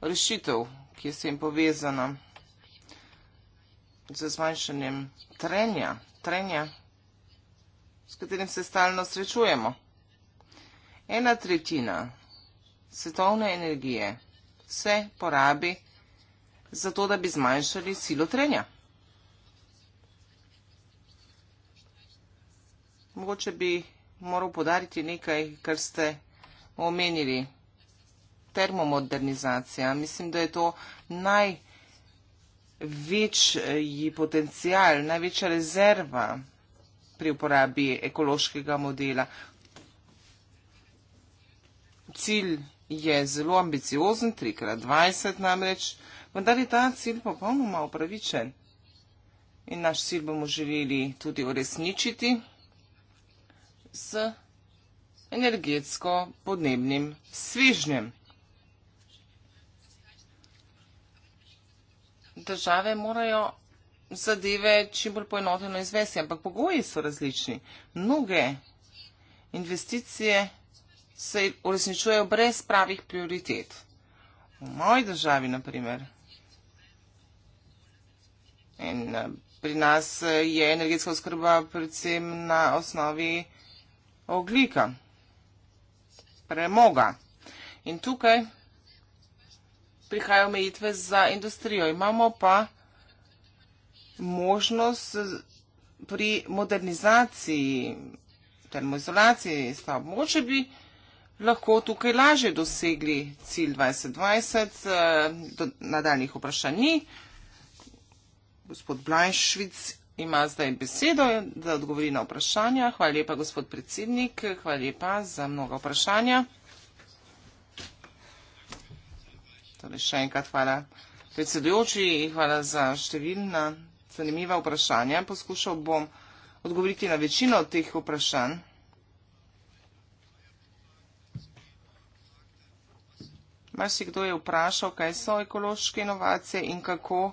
rešitev, ki je s tem povezana z zmanjšanjem trenja, trenja, s katerim se stalno srečujemo. Ena tretjina svetovne energije se porabi za to, da bi zmanjšali silo trenja. Mogoče bi moral podariti nekaj, kar ste omenili. Termomodernizacija. Mislim, da je to največji potencial, največja rezerva pri uporabi ekološkega modela. Cilj je zelo ambiciozen, 3x20 namreč, vendar je ta cilj popolnoma upravičen. In naš cilj bomo želeli tudi uresničiti s energetsko-podnebnim svežnjem. Države morajo zadeve čim bolj poenoteno izvesti, ampak pogoji so različni. Mnoge investicije se uresničujejo brez pravih prioritet. V moji državi, na primer, in eh, pri nas eh, je energetska oskrba predvsem na osnovi oglika, premoga. In tukaj prihajajo omejitve za industrijo. Imamo pa možnost pri modernizaciji termoizolacije stavb. Mogoče bi lahko tukaj lažje dosegli cilj 2020, eh, do nadaljnih vprašanj ni. Gospod Blajšvic ima zdaj besedo, da odgovori na vprašanja. Hvala lepa, gospod predsednik. Hvala lepa za mnoga vprašanja. Torej še enkrat hvala predsedujoči in hvala za številna zanimiva vprašanja. Poskušal bom odgovoriti na večino teh vprašanj. Marsikdo je vprašal, kaj so ekološke inovacije in kako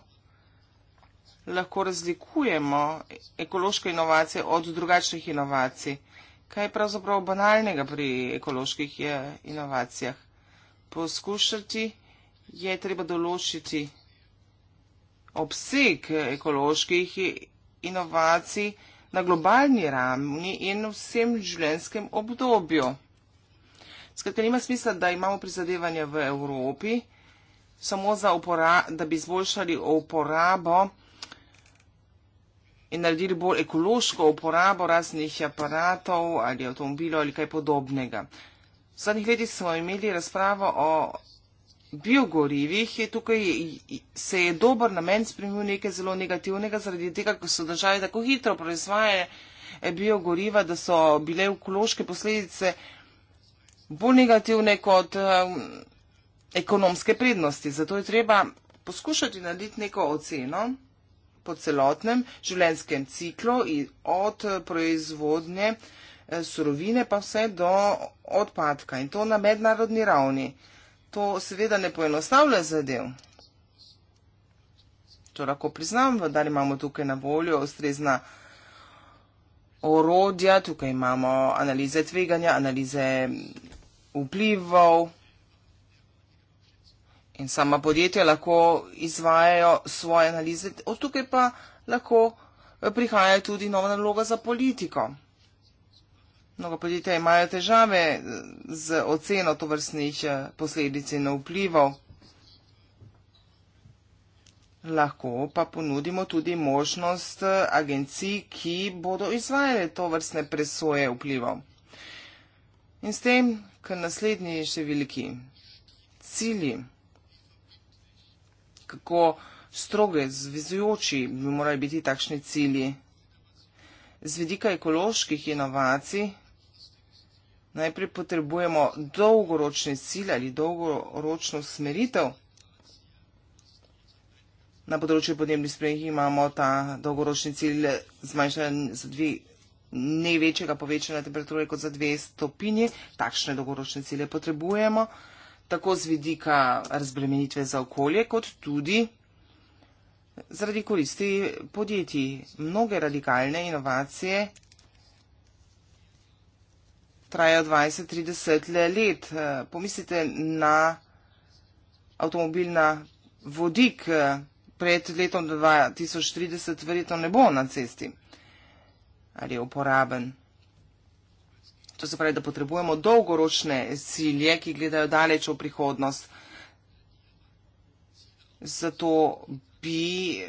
lahko razlikujemo ekološke inovacije od drugačnih inovacij. Kaj je pravzaprav banalnega pri ekoloških inovacijah? Poskušati je treba določiti obseg ekoloških inovacij na globalni ravni in v vsem življenjskem obdobju. Skratka, nima smisla, da imamo prizadevanja v Evropi, samo za upora, da bi izboljšali uporabo in naredili bolj ekološko uporabo raznih aparatov ali avtomobilov ali kaj podobnega. V zadnjih letih smo imeli razpravo o biogorivih, tukaj se je dober namen spremenil nekaj zelo negativnega, zaradi tega, ko so države tako hitro proizvajale biogoriva, da so bile ekološke posledice bolj negativne kot um, ekonomske prednosti. Zato je treba poskušati narediti neko oceno po celotnem življenskem ciklu od proizvodnje eh, surovine pa vse do odpadka in to na mednarodni ravni. To seveda ne poenostavlja zadev. To lahko priznam, da imamo tukaj na voljo ustrezna orodja, tukaj imamo analize tveganja, analize vplivov in sama podjetja lahko izvajajo svoje analize, od tukaj pa lahko eh, prihaja tudi nova naloga za politiko. Mnogo podjetja imajo težave eh, z oceno tovrstnih eh, posledic in vplivov. Lahko pa ponudimo tudi možnost agencij, ki bodo izvajale to vrstne presoje vplivov. In s tem k naslednji še veliki cilji kako stroge, zvezujoči bi morali biti takšni cilji. Z vidika ekoloških inovacij najprej potrebujemo dolgoročni cilj ali dolgoročno smeritev. Na področju podnebnih sprememb imamo ta dolgoročni cilj zmanjšanja za dve največjega povečanja temperature kot za dve stopinji. Takšne dolgoročne cilje potrebujemo tako z vidika razbremenitve za okolje, kot tudi zaradi koristi podjetij. Mnoge radikalne inovacije trajajo 20-30 let. Pomislite na avtomobil na vodik pred letom 2030, verjetno ne bo na cesti ali je uporaben. To se pravi, da potrebujemo dolgoročne cilje, ki gledajo daleč v prihodnost. Zato bi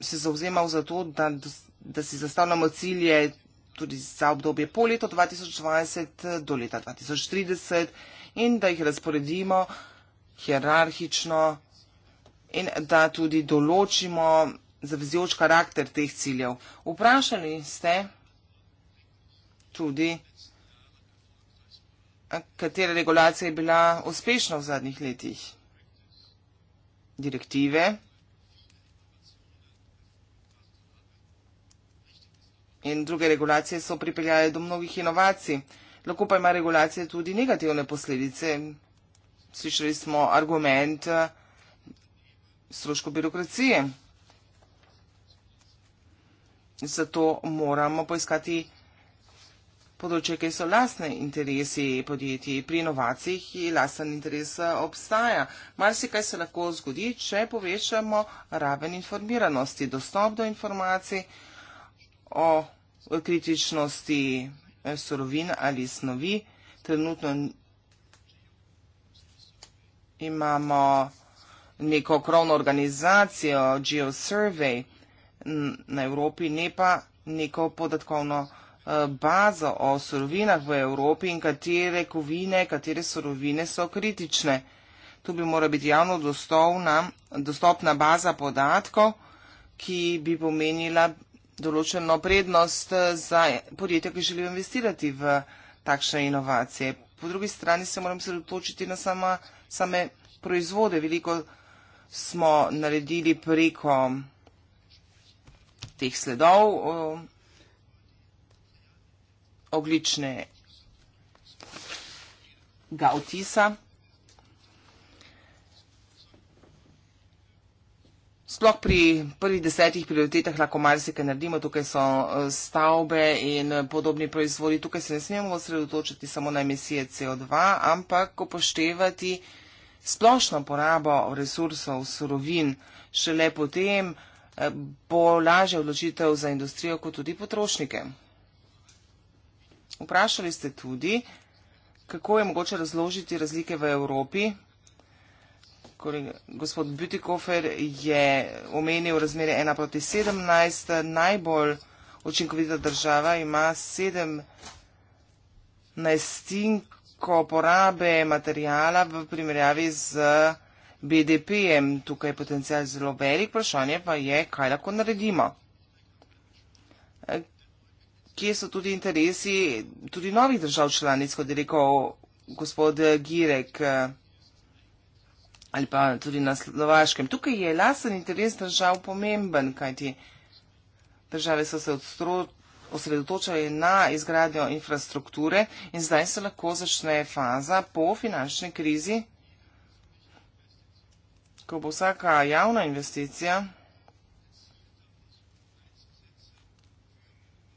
se zauzemal za to, da, da si zastavljamo cilje tudi za obdobje po leto 2020 do leta 2030 in da jih razporedimo hierarhično in da tudi določimo zavezujoč karakter teh ciljev. Vprašali ste tudi, katera regulacija je bila uspešna v zadnjih letih. Direktive. In druge regulacije so pripeljale do mnogih inovacij. Lahko pa ima regulacija tudi negativne posledice. Slišali smo argument eh, stroško birokracije. Zato moramo poiskati področje, kjer so lastne interesi podjetij. Pri inovacijah je lasten interes eh, obstaja. Mar si kaj se lahko zgodi, če povečamo raven informiranosti, dostop do informacij o kritičnosti eh, surovin ali snovi. Trenutno imamo neko krovno organizacijo, Geosurvey na Evropi, ne pa neko podatkovno organizacijo. Eh, bazo o surovinah v Evropi in katere kovine, katere surovine so kritične. Tu bi mora biti javno dostopna, dostopna baza podatkov, ki bi pomenila določeno prednost eh, za podjetja, ki želijo investirati v takšne inovacije. Po drugi strani se moramo sredotočiti na sama, same proizvode. Veliko smo naredili preko teh sledov, ogličnega vtisa. Sploh pri prvih desetih prioritetah lahko marsikaj naredimo, tukaj so eh, stavbe in podobni proizvodi, tukaj se ne smemo osredotočiti samo na emisije CO2, ampak upoštevati splošno porabo resursov, surovin, šele potem eh, bo lažja odločitev za industrijo kot tudi potrošnike. Vprašali ste tudi, kako je mogoče razložiti razlike v Evropi. Gospod Butikofer je omenil razmere 1 proti 17. Najbolj učinkovita država ima 7 najstinko porabe materijala v primerjavi z BDP-jem. Tukaj je potencial zelo velik, vprašanje pa je, kaj lahko naredimo kje so tudi interesi tudi novih držav članic, kot je rekel gospod Girek eh, ali pa tudi na Slovaškem. Tukaj je lasen interes držav pomemben, kajti države so se osredotočale na izgradnjo infrastrukture in zdaj se lahko začne faza po finančni krizi, ko bo vsaka javna investicija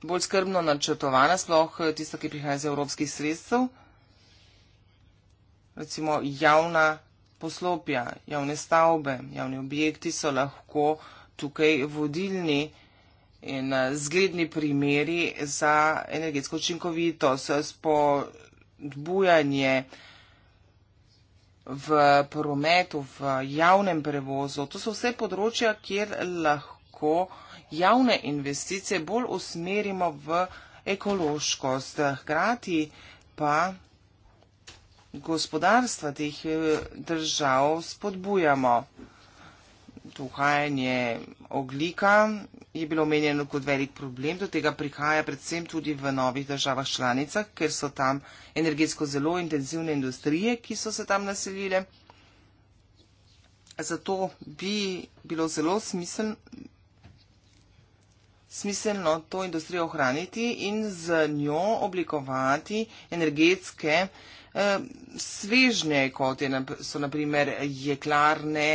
bolj skrbno načrtovana, sploh eh, tista, ki prihaja iz evropskih sredstev. Recimo javna poslopja, javne stavbe, javni objekti so lahko tukaj vodilni in eh, zgledni primeri za energetsko učinkovitost, spodbujanje v prometu, v javnem prevozu. To so vse področja, kjer lahko javne investicije bolj usmerimo v ekološkost. Hkrati pa gospodarstva teh eh, držav spodbujamo. Tuhajanje oglika je bilo menjeno kot velik problem, do tega prihaja predvsem tudi v novih državah članicah, ker so tam energetsko zelo intenzivne industrije, ki so se tam naselile. Zato bi bilo zelo smiselno, smiselno to industrijo ohraniti in z njo oblikovati energetske eh, svežnje, kot je, so naprimer jeklarne,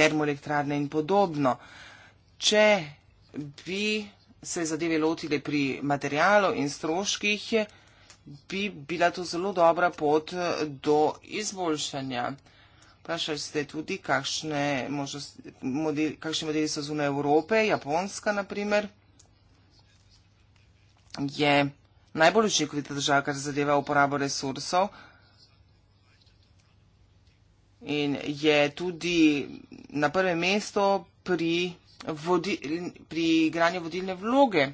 termoelektrarne in podobno. Če bi se zadeve lotili pri materialu in stroških, bi bila to zelo dobra pot eh, do izboljšanja. Vprašali ste tudi, kakšne modeli, kakšni modeli so zunaj Evrope. Japonska, na primer, je najbolj učinkovita država, kar zadeva uporabo resursov. In je tudi na prvem mestu pri, vodi, pri igranju vodilne vloge.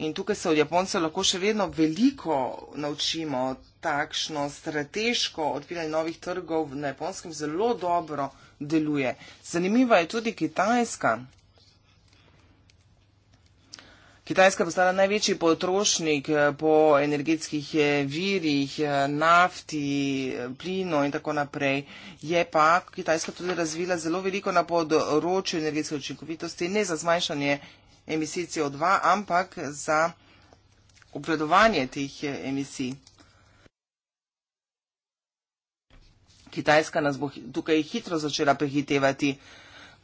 In tukaj se od Japonca lahko še vedno veliko naučimo, takšno strateško odpiranje novih trgov na Japonskem zelo dobro deluje. Zanimiva je tudi Kitajska. Kitajska je postala največji potrošnik eh, po energetskih eh, virih, eh, nafti, plino in tako naprej. Je pa Kitajska tudi razvila zelo veliko na področju energetske učinkovitosti, ne za zmanjšanje emisij CO2, ampak za obvladovanje teh eh, emisij. Kitajska nas bo tukaj hitro začela prehitevati.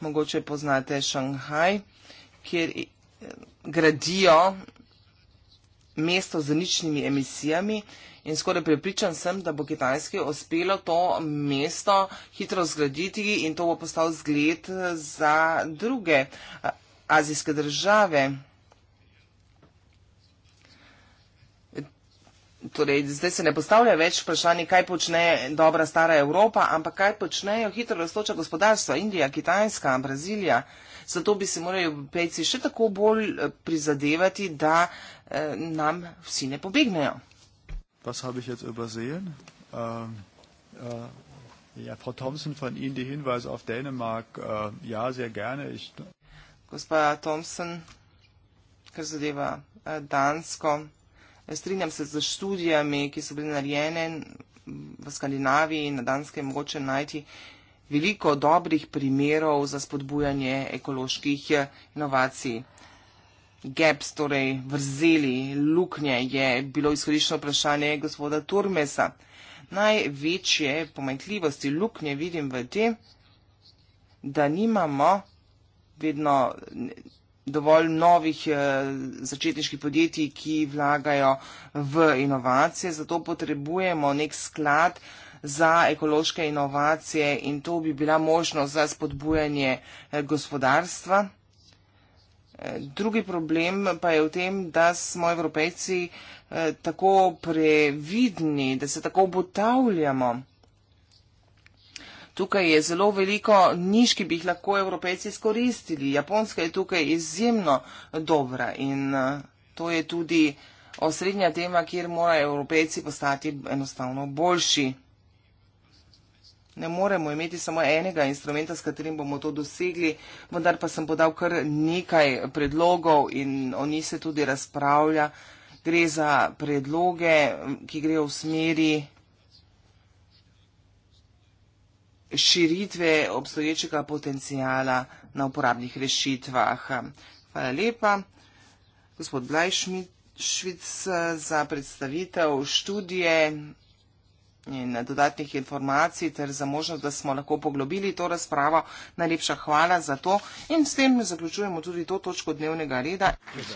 Mogoče poznate Šanghaj, kjer eh, gradijo mesto z ničnimi emisijami in skoraj prepričan sem, da bo Kitajski uspelo to mesto hitro zgraditi in to bo postal zgled eh, za druge azijske države. Torej, zdaj se ne postavlja več vprašanje, kaj počne dobra stara Evropa, ampak kaj počnejo hitro raztoča gospodarstva Indija, Kitajska, Brazilija. Zato bi se morali pejci še tako bolj eh, prizadevati, da eh, nam vsi ne pobegnejo. Was habe ich jetzt übersehen? Ähm, äh, ja, Frau Thompson von Ihnen die Hinweise auf Dänemark. Äh, ja, sehr gerne. Ich gospa Thompson, kar zadeva eh, Dansko. Eh, strinjam se z študijami, ki so bile narejene v Skandinaviji in na Danske mogoče najti veliko dobrih primerov za spodbujanje ekoloških eh, inovacij. Gaps, torej vrzeli, luknje je bilo izhodišno vprašanje gospoda Turmesa. Največje pomanjkljivosti luknje vidim v tem, da nimamo vedno dovolj novih eh, začetniških podjetij, ki vlagajo v inovacije, zato potrebujemo nek sklad za ekološke inovacije in to bi bila možnost za spodbujanje eh, gospodarstva. Eh, drugi problem pa je v tem, da smo evropejci eh, tako previdni, da se tako obotavljamo. Tukaj je zelo veliko niž, ki bi jih lahko evropejci izkoristili. Japonska je tukaj izjemno dobra in eh, to je tudi osrednja tema, kjer morajo evropejci postati enostavno boljši. Ne moremo imeti samo enega instrumenta, s katerim bomo to dosegli, vendar pa sem podal kar nekaj predlogov in o njih se tudi razpravlja. Gre za predloge, ki grejo v smeri. širitve obstoječega potencijala na uporabnih rešitvah. Hvala lepa, gospod Blajšvic, za predstavitev študije in dodatnih informacij ter za možnost, da smo lahko poglobili to razpravo. Najlepša hvala za to in s tem zaključujemo tudi to točko dnevnega reda. Hvala.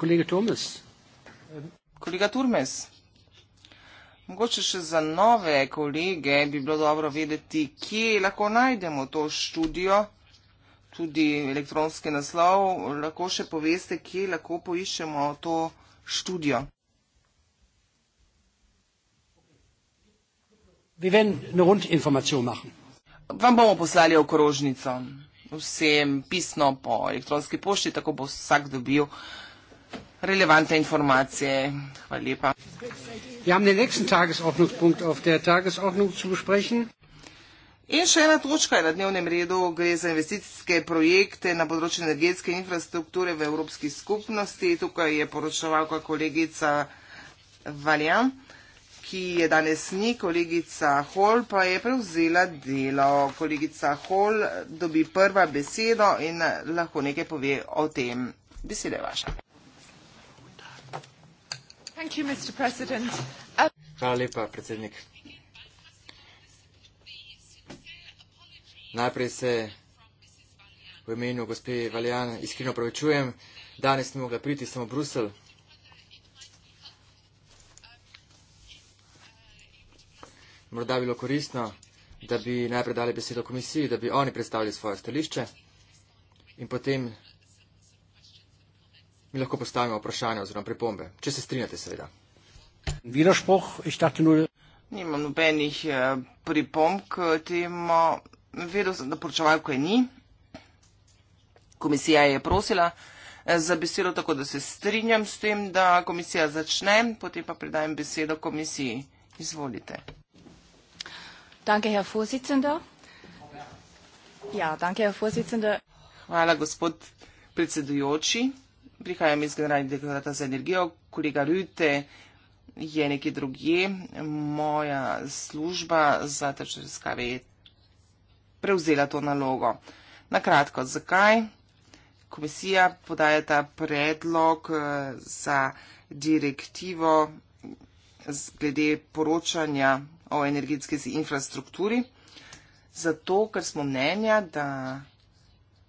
Kolega Tomas. Kolega Turmes, mogoče še za nove kolege bi bilo dobro vedeti, kje lahko najdemo to študijo, tudi elektronski naslov. Lahko še poveste, kje lahko poiščemo to študijo. Vam bomo poslali okrožnico vsem pisno po elektronski pošti, tako bo vsak dobil relevante Informationen. Hvala lepa. Wir haben den nächsten Tagesordnungspunkt auf der Tagesordnung zu besprechen. In še ena točka je na dnevnem redu, gre za investicijske projekte na področju energetske infrastrukture v Evropski skupnosti. Tukaj je poročevalka kolegica Valjan, ki je danes ni, kolegica Hol pa je prevzela delo. Kolegica Hol dobi prva besedo in lahko nekaj pove o tem. Beseda je vaša. Hvala lepa, predsednik. Najprej se v imenu gospe Valjan iskreno pravičujem. Danes ne mogla priti, sem v Brusel. Morda bilo koristno, da bi najprej dali besedo komisiji, da bi oni predstavili svoje stališče in potem mi lahko postavimo vprašanje oziroma pripombe, če se strinjate seveda. Widerspruch, ich dachte nur. Nimam nobenih eh, pripomb k temu. Vedel sem, da poročevalko je ni. Komisija je prosila eh, za besedo, tako da se strinjam s tem, da komisija začne, potem pa predajem besedo komisiji. Izvolite. Danke, Herr Vorsitzender. Ja, danke, Herr Vorsitzender. Hvala, gospod predsedujoči prihajam iz Generalnega direktorata za energijo, kolega Rute je nekje drugje. Moja služba za tržne raziskave je prevzela to nalogo. Na kratko, zakaj? Komisija podaja ta predlog eh, za direktivo glede poročanja o energetski infrastrukturi, zato ker smo mnenja, da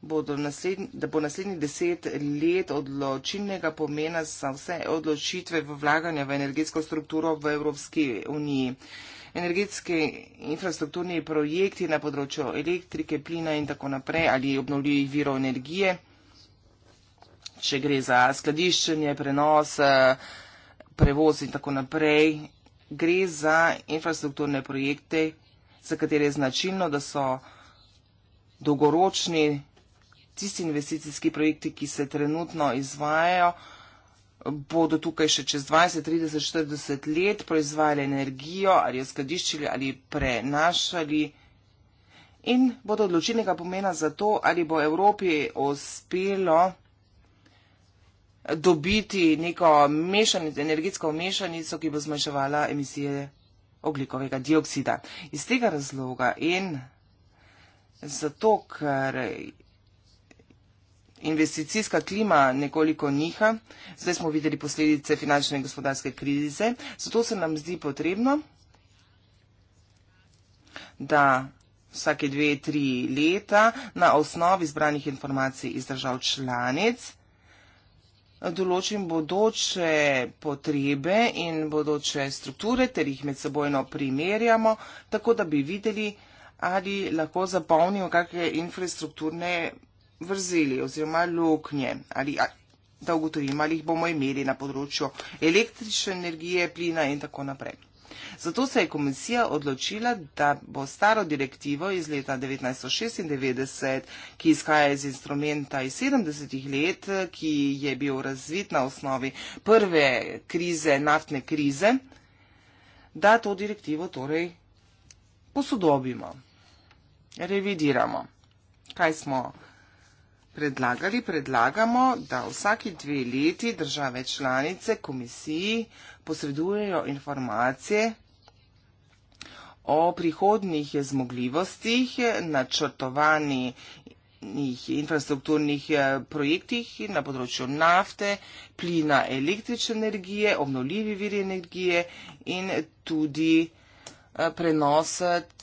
da bo naslednjih deset let odločilnega pomena za vse odločitve v vlaganje v energetsko strukturo v Evropski uniji. Energetski infrastrukturni projekti na področju elektrike, plina in tako naprej ali obnovljivih virov energije, če gre za skladiščenje, prenos, eh, prevoz in tako naprej, gre za infrastrukturne projekte, za katere je značilno, da so dolgoročni projekti, tisti investicijski projekti, ki se trenutno izvajajo, bodo tukaj še čez 20, 30, 40 let proizvajali energijo ali jo skladiščili ali prenašali in bodo odločilnega pomena za to, ali bo Evropi uspelo dobiti neko mešanico, energetsko mešanico, ki bo zmanjševala emisije oglikovega dioksida. Iz tega razloga in zato, ker investicijska klima nekoliko niha, zdaj smo videli posledice finančne in gospodarske krize, zato se nam zdi potrebno, da vsake dve, tri leta na osnovi zbranih informacij iz držav članic določim bodoče potrebe in bodoče strukture, ter jih med sebojno primerjamo, tako da bi videli, ali lahko zapolnijo kakšne infrastrukturne potrebe vrzeli oziroma luknje, ali, da ugotovimo, ali jih bomo imeli na področju električne energije, plina in tako naprej. Zato se je komisija odločila, da bo staro direktivo iz leta 1996, ki izhaja iz instrumenta iz 70-ih let, ki je bil razvit na osnovi prve krize, naftne krize, da to direktivo torej posodobimo, revidiramo. Kaj smo? predlagali, predlagamo, da vsaki dve leti države članice komisiji posredujejo informacije o prihodnih zmogljivostih, načrtovanih infrastrukturnih eh, projektih na področju nafte, plina, električne energije, obnovljivi viri energije in tudi eh, prenos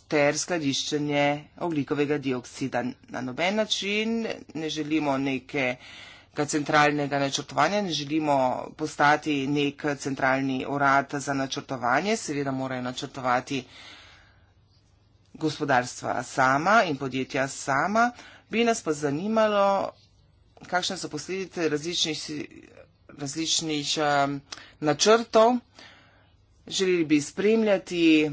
ter skladiščenje oglikovega dioksida. Na noben način ne želimo neke centralnega načrtovanja, ne želimo postati nek centralni urad za načrtovanje, seveda morajo načrtovati gospodarstva sama in podjetja sama. Bi nas pa zanimalo, kakšne so posledice različnih, različnih um, načrtov. Želeli bi spremljati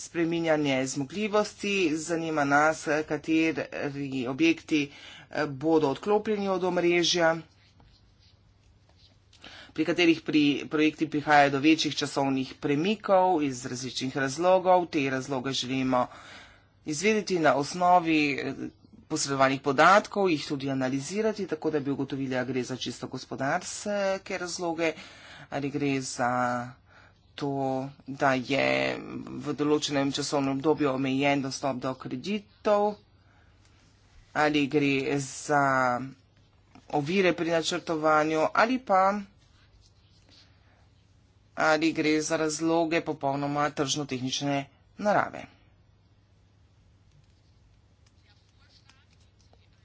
spreminjanje zmogljivosti, zanima nas, kateri objekti eh, bodo odklopljeni od omrežja, pri katerih pri projekti prihaja do večjih časovnih premikov iz različnih razlogov. Te razloge želimo izvedeti na osnovi eh, posredovanih podatkov, jih tudi analizirati, tako da bi ugotovili, a gre za čisto gospodarske razloge, ali gre za to, da je v določenem časovnem obdobju omejen dostop do kreditov, ali gre za ovire pri načrtovanju, ali pa ali gre za razloge popolnoma tržno-tehnične narave.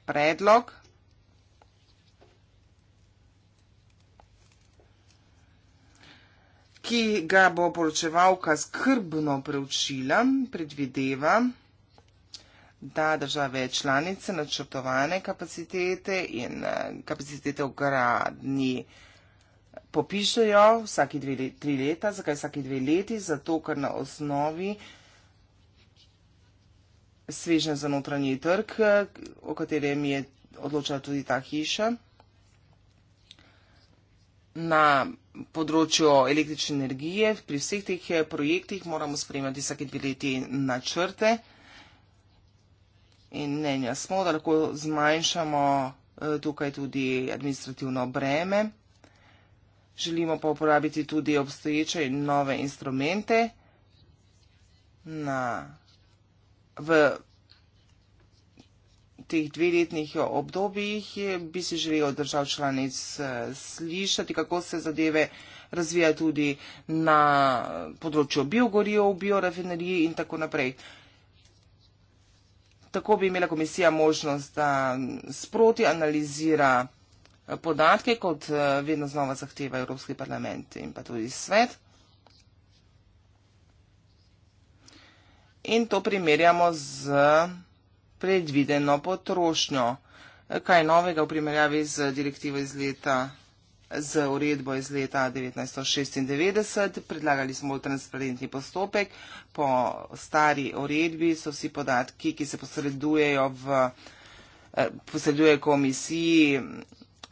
Predlog ki ga bo poročevalka skrbno preučila, predvideva, da države članice načrtovane kapacitete in eh, kapacitete v gradni popišajo vsaki dve, tri leta. Zakaj vsaki dve leti? Zato, ker na osnovi svežen za notranji trg, eh, o katerem je odločala tudi ta hiša na področju električne energije, pri vseh teh eh, projektih moramo spremljati vsake dve leti načrte in mnenja smo, da lahko zmanjšamo eh, tukaj tudi administrativno breme. Želimo pa uporabiti tudi obstoječe in nove instrumente v projektu, teh dveletnih obdobjih bi si želel držav članic eh, slišati, kako se zadeve razvija tudi na področju biogorijev, biorafineriji in tako naprej. Tako bi imela komisija možnost, da sproti analizira eh, podatke, kot eh, vedno znova zahteva Evropski parlament in pa tudi svet. In to primerjamo z predvideno potrošnjo. Kaj novega v primerjavi z direktivo iz leta, z uredbo iz leta 1996, predlagali smo bolj transparentni postopek. Po stari uredbi so vsi podatki, ki se posredujejo v eh, posreduje komisiji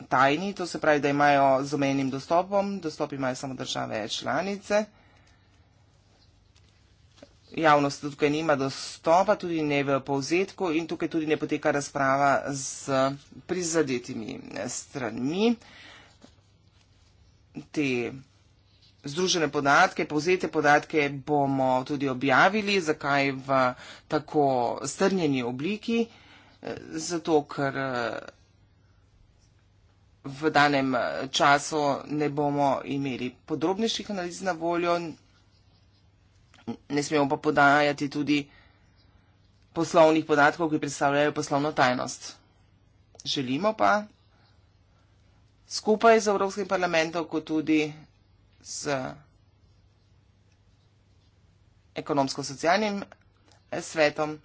tajni, to se pravi, da imajo z omenim dostopom, dostop imajo samo države članice javnost tukaj nima dostopa, tudi ne v povzetku in tukaj tudi ne poteka razprava z prizadetimi stranmi. Te združene podatke, povzete podatke bomo tudi objavili, zakaj v tako strnjeni obliki, zato ker v danem času ne bomo imeli podrobnejših analiz na voljo ne smemo pa podajati tudi poslovnih podatkov, ki predstavljajo poslovno tajnost. Želimo pa skupaj z Evropskim parlamentom, kot tudi z ekonomsko-socialnim eh, svetom,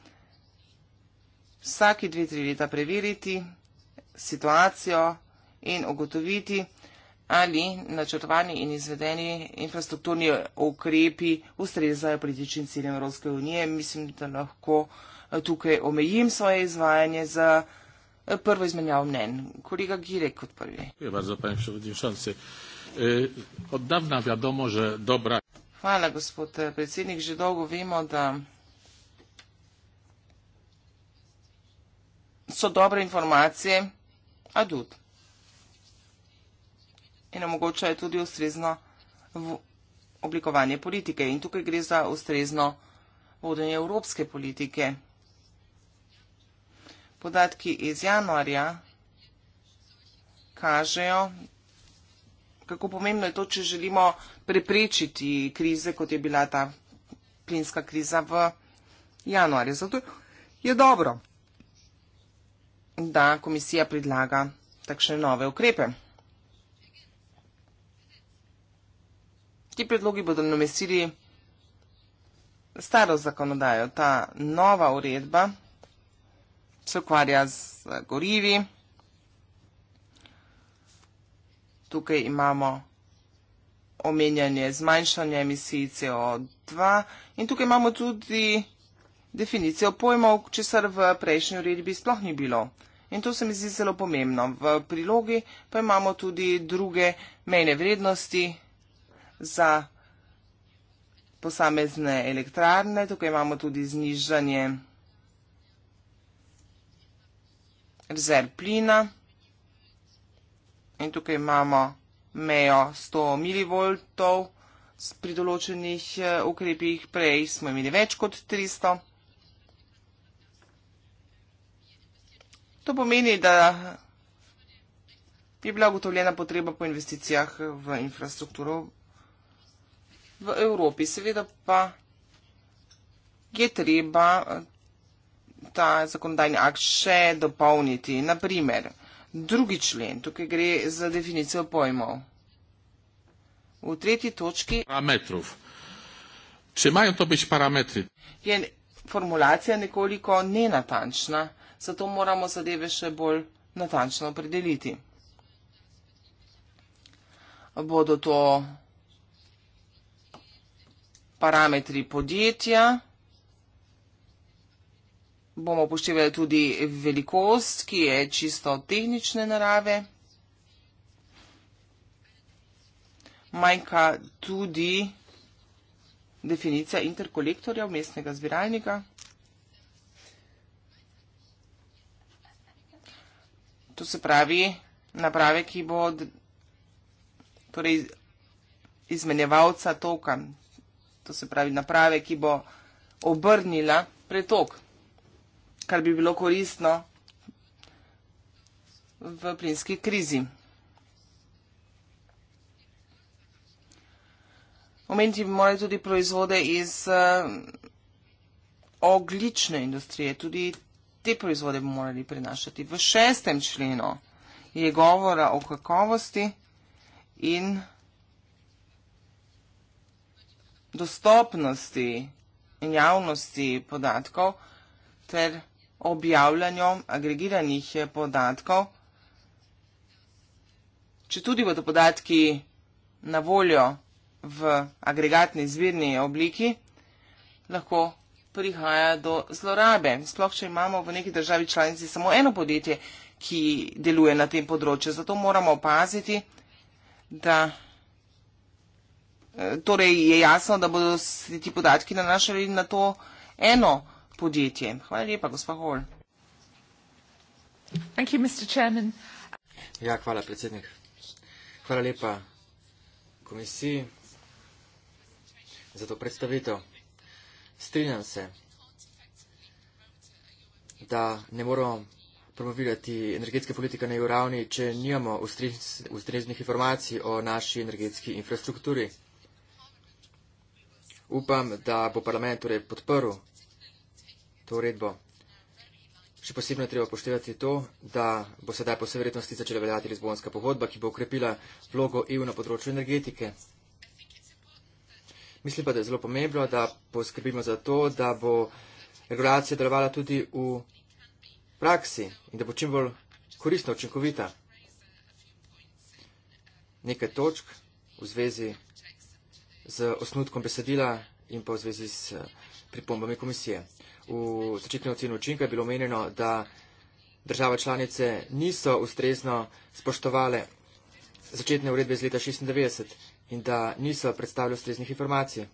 vsaki dve, tri leta preveriti situacijo in ugotoviti, ali načrtovani in izvedeni infrastrukturni ukrepi ustrezajo političnim ciljem Evropske unije. Mislim, da lahko eh, tukaj omejim svoje izvajanje za eh, prvo izmenjavo mnen. Kolega Girek kot prvi. Eh, Hvala, gospod predsednik. Že dolgo vemo, da so dobre informacije adut in omogočajo tudi ustrezno oblikovanje politike. In tukaj gre za ustrezno vodenje evropske politike. Podatki iz januarja kažejo, kako pomembno je to, če želimo preprečiti krize, kot je bila ta plinska kriza v januarju. Zato je dobro, da komisija predlaga takšne nove ukrepe. Ti predlogi bodo namestili staro zakonodajo. Ta nova uredba se ukvarja z gorivi. Tukaj imamo omenjanje zmanjšanja emisij CO2 in tukaj imamo tudi definicijo pojmov, česar v prejšnji uredbi sploh ni bilo. In to se mi zdi zelo pomembno. V prilogi pa imamo tudi druge mejne vrednosti za posamezne elektrarne. Tukaj imamo tudi znižanje rezerv plina. In tukaj imamo mejo 100 mV pri določenih eh, ukrepih. Prej smo imeli več kot 300. To pomeni, da je bila ugotovljena potreba po investicijah v infrastrukturo v Evropi. Seveda pa je treba eh, ta zakonodajni akt še dopolniti. Naprimer, drugi člen, tukaj gre za definicijo pojmov. V tretji točki parametrov. Če imajo to biti parametri. Je formulacija nekoliko nenatančna, zato moramo zadeve še bolj natančno opredeliti. Bodo to parametri podjetja. Bomo upoštevali tudi velikost, ki je čisto tehnične narave. Manjka tudi definicija interkolektorja vmesnega zbiralnika. To se pravi naprave, ki bo torej, izmenjevalca tokan to se pravi naprave, ki bo obrnila pretok, kar bi bilo koristno v plinski krizi. Omeniti bi morali tudi proizvode iz eh, oglične industrije, tudi te proizvode bi morali prenašati. V šestem členu je govora o kakovosti in proizvode dostopnosti in javnosti podatkov ter objavljanju agregiranih podatkov, če tudi bodo podatki na voljo v agregatni zvirni obliki, lahko prihaja do zlorabe. Sploh, če imamo v neki državi članici samo eno podjetje, ki deluje na tem področju. Zato moramo opaziti, da Eh, torej je jasno, da bodo ti podatki nanašali na to eno podjetje. Hvala lepa, gospa Hol. Thank you, Mr. Chairman. Ja, hvala, predsednik. Hvala lepa komisiji za to predstavitev. Strinjam se, da ne moramo promovirati energetske politike na EU ravni, če nimamo ustreznih informacij o naši energetski infrastrukturi upam, da bo parlament torej podprl to uredbo. Še posebno je treba poštevati to, da bo sedaj po vsej verjetnosti začela veljati Lizbonska pogodba, ki bo ukrepila vlogo EU na področju energetike. Mislim pa, da je zelo pomembno, da poskrbimo za to, da bo regulacija delovala tudi v praksi in da bo čim bolj koristna, učinkovita. Nekaj točk v zvezi z osnutkom besedila in pa v zvezi s eh, pripombami komisije. V začetni oceni učinka je bilo omenjeno, da države članice niso ustrezno spoštovale začetne uredbe iz leta 96 in da niso predstavili ustreznih informacij.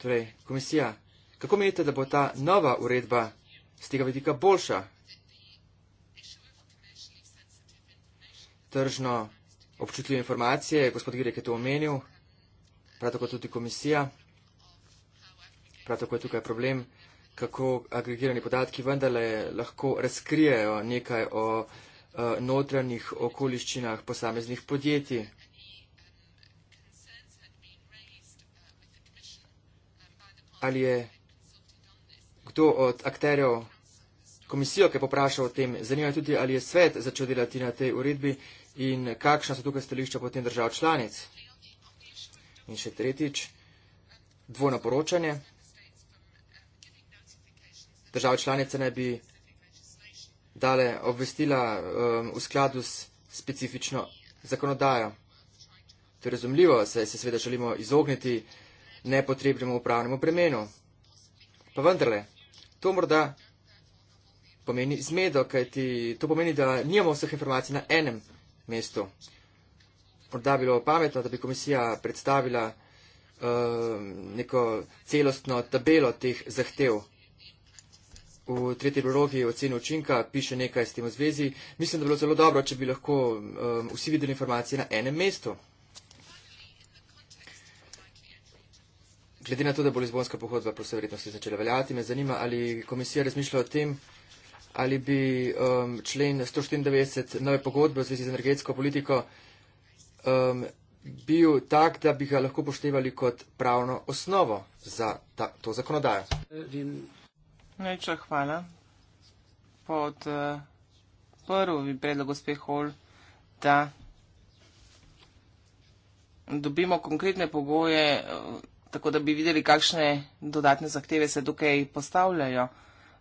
Torej, komisija, kako menite, da bo ta nova uredba z tega vidika boljša? Tržno občutljive informacije, gospod Girek je to omenil, prav tako tudi komisija, prav tako je tukaj problem, kako agregirani podatki vendarle lahko razkrijejo nekaj o eh, notranjih okoliščinah posameznih podjetij. Ali je kdo od akterjev komisijo, ki je poprašal o tem, zanima tudi, ali je svet začel delati na tej uredbi in kakšna so tukaj stališča potem držav članic. In še tretjič, dvojno poročanje. Države članice naj bi dale obvestila um, v skladu s specifično zakonodajo. To je razumljivo, saj se seveda želimo izogniti nepotrebnemu upravnemu bremenu. Pa vendarle, to morda pomeni zmedo, kajti to pomeni, da nimamo vseh informacij na enem mesto. Morda bi bilo pametno, da bi komisija predstavila uh, neko celostno tabelo teh zahtev. V tretji prologi oceni učinka piše nekaj s tem v zvezi. Mislim, da bi bilo zelo dobro, če bi lahko um, vsi videli informacije na enem mestu. Glede na to, da bo Lizbonska pohodba po vse vrednosti začela veljati, me zanima, ali komisija razmišlja o tem, ali bi um, člen 194 nove pogodbe v zvezi z energetsko politiko um, bil tak, da bi ga lahko poštevali kot pravno osnovo za ta, to zakonodajo. Najlepša hvala. Pod uh, eh, prvi predlog uspehol, da dobimo konkretne pogoje, uh, tako da bi videli, kakšne dodatne zahteve se tukaj postavljajo. Uh,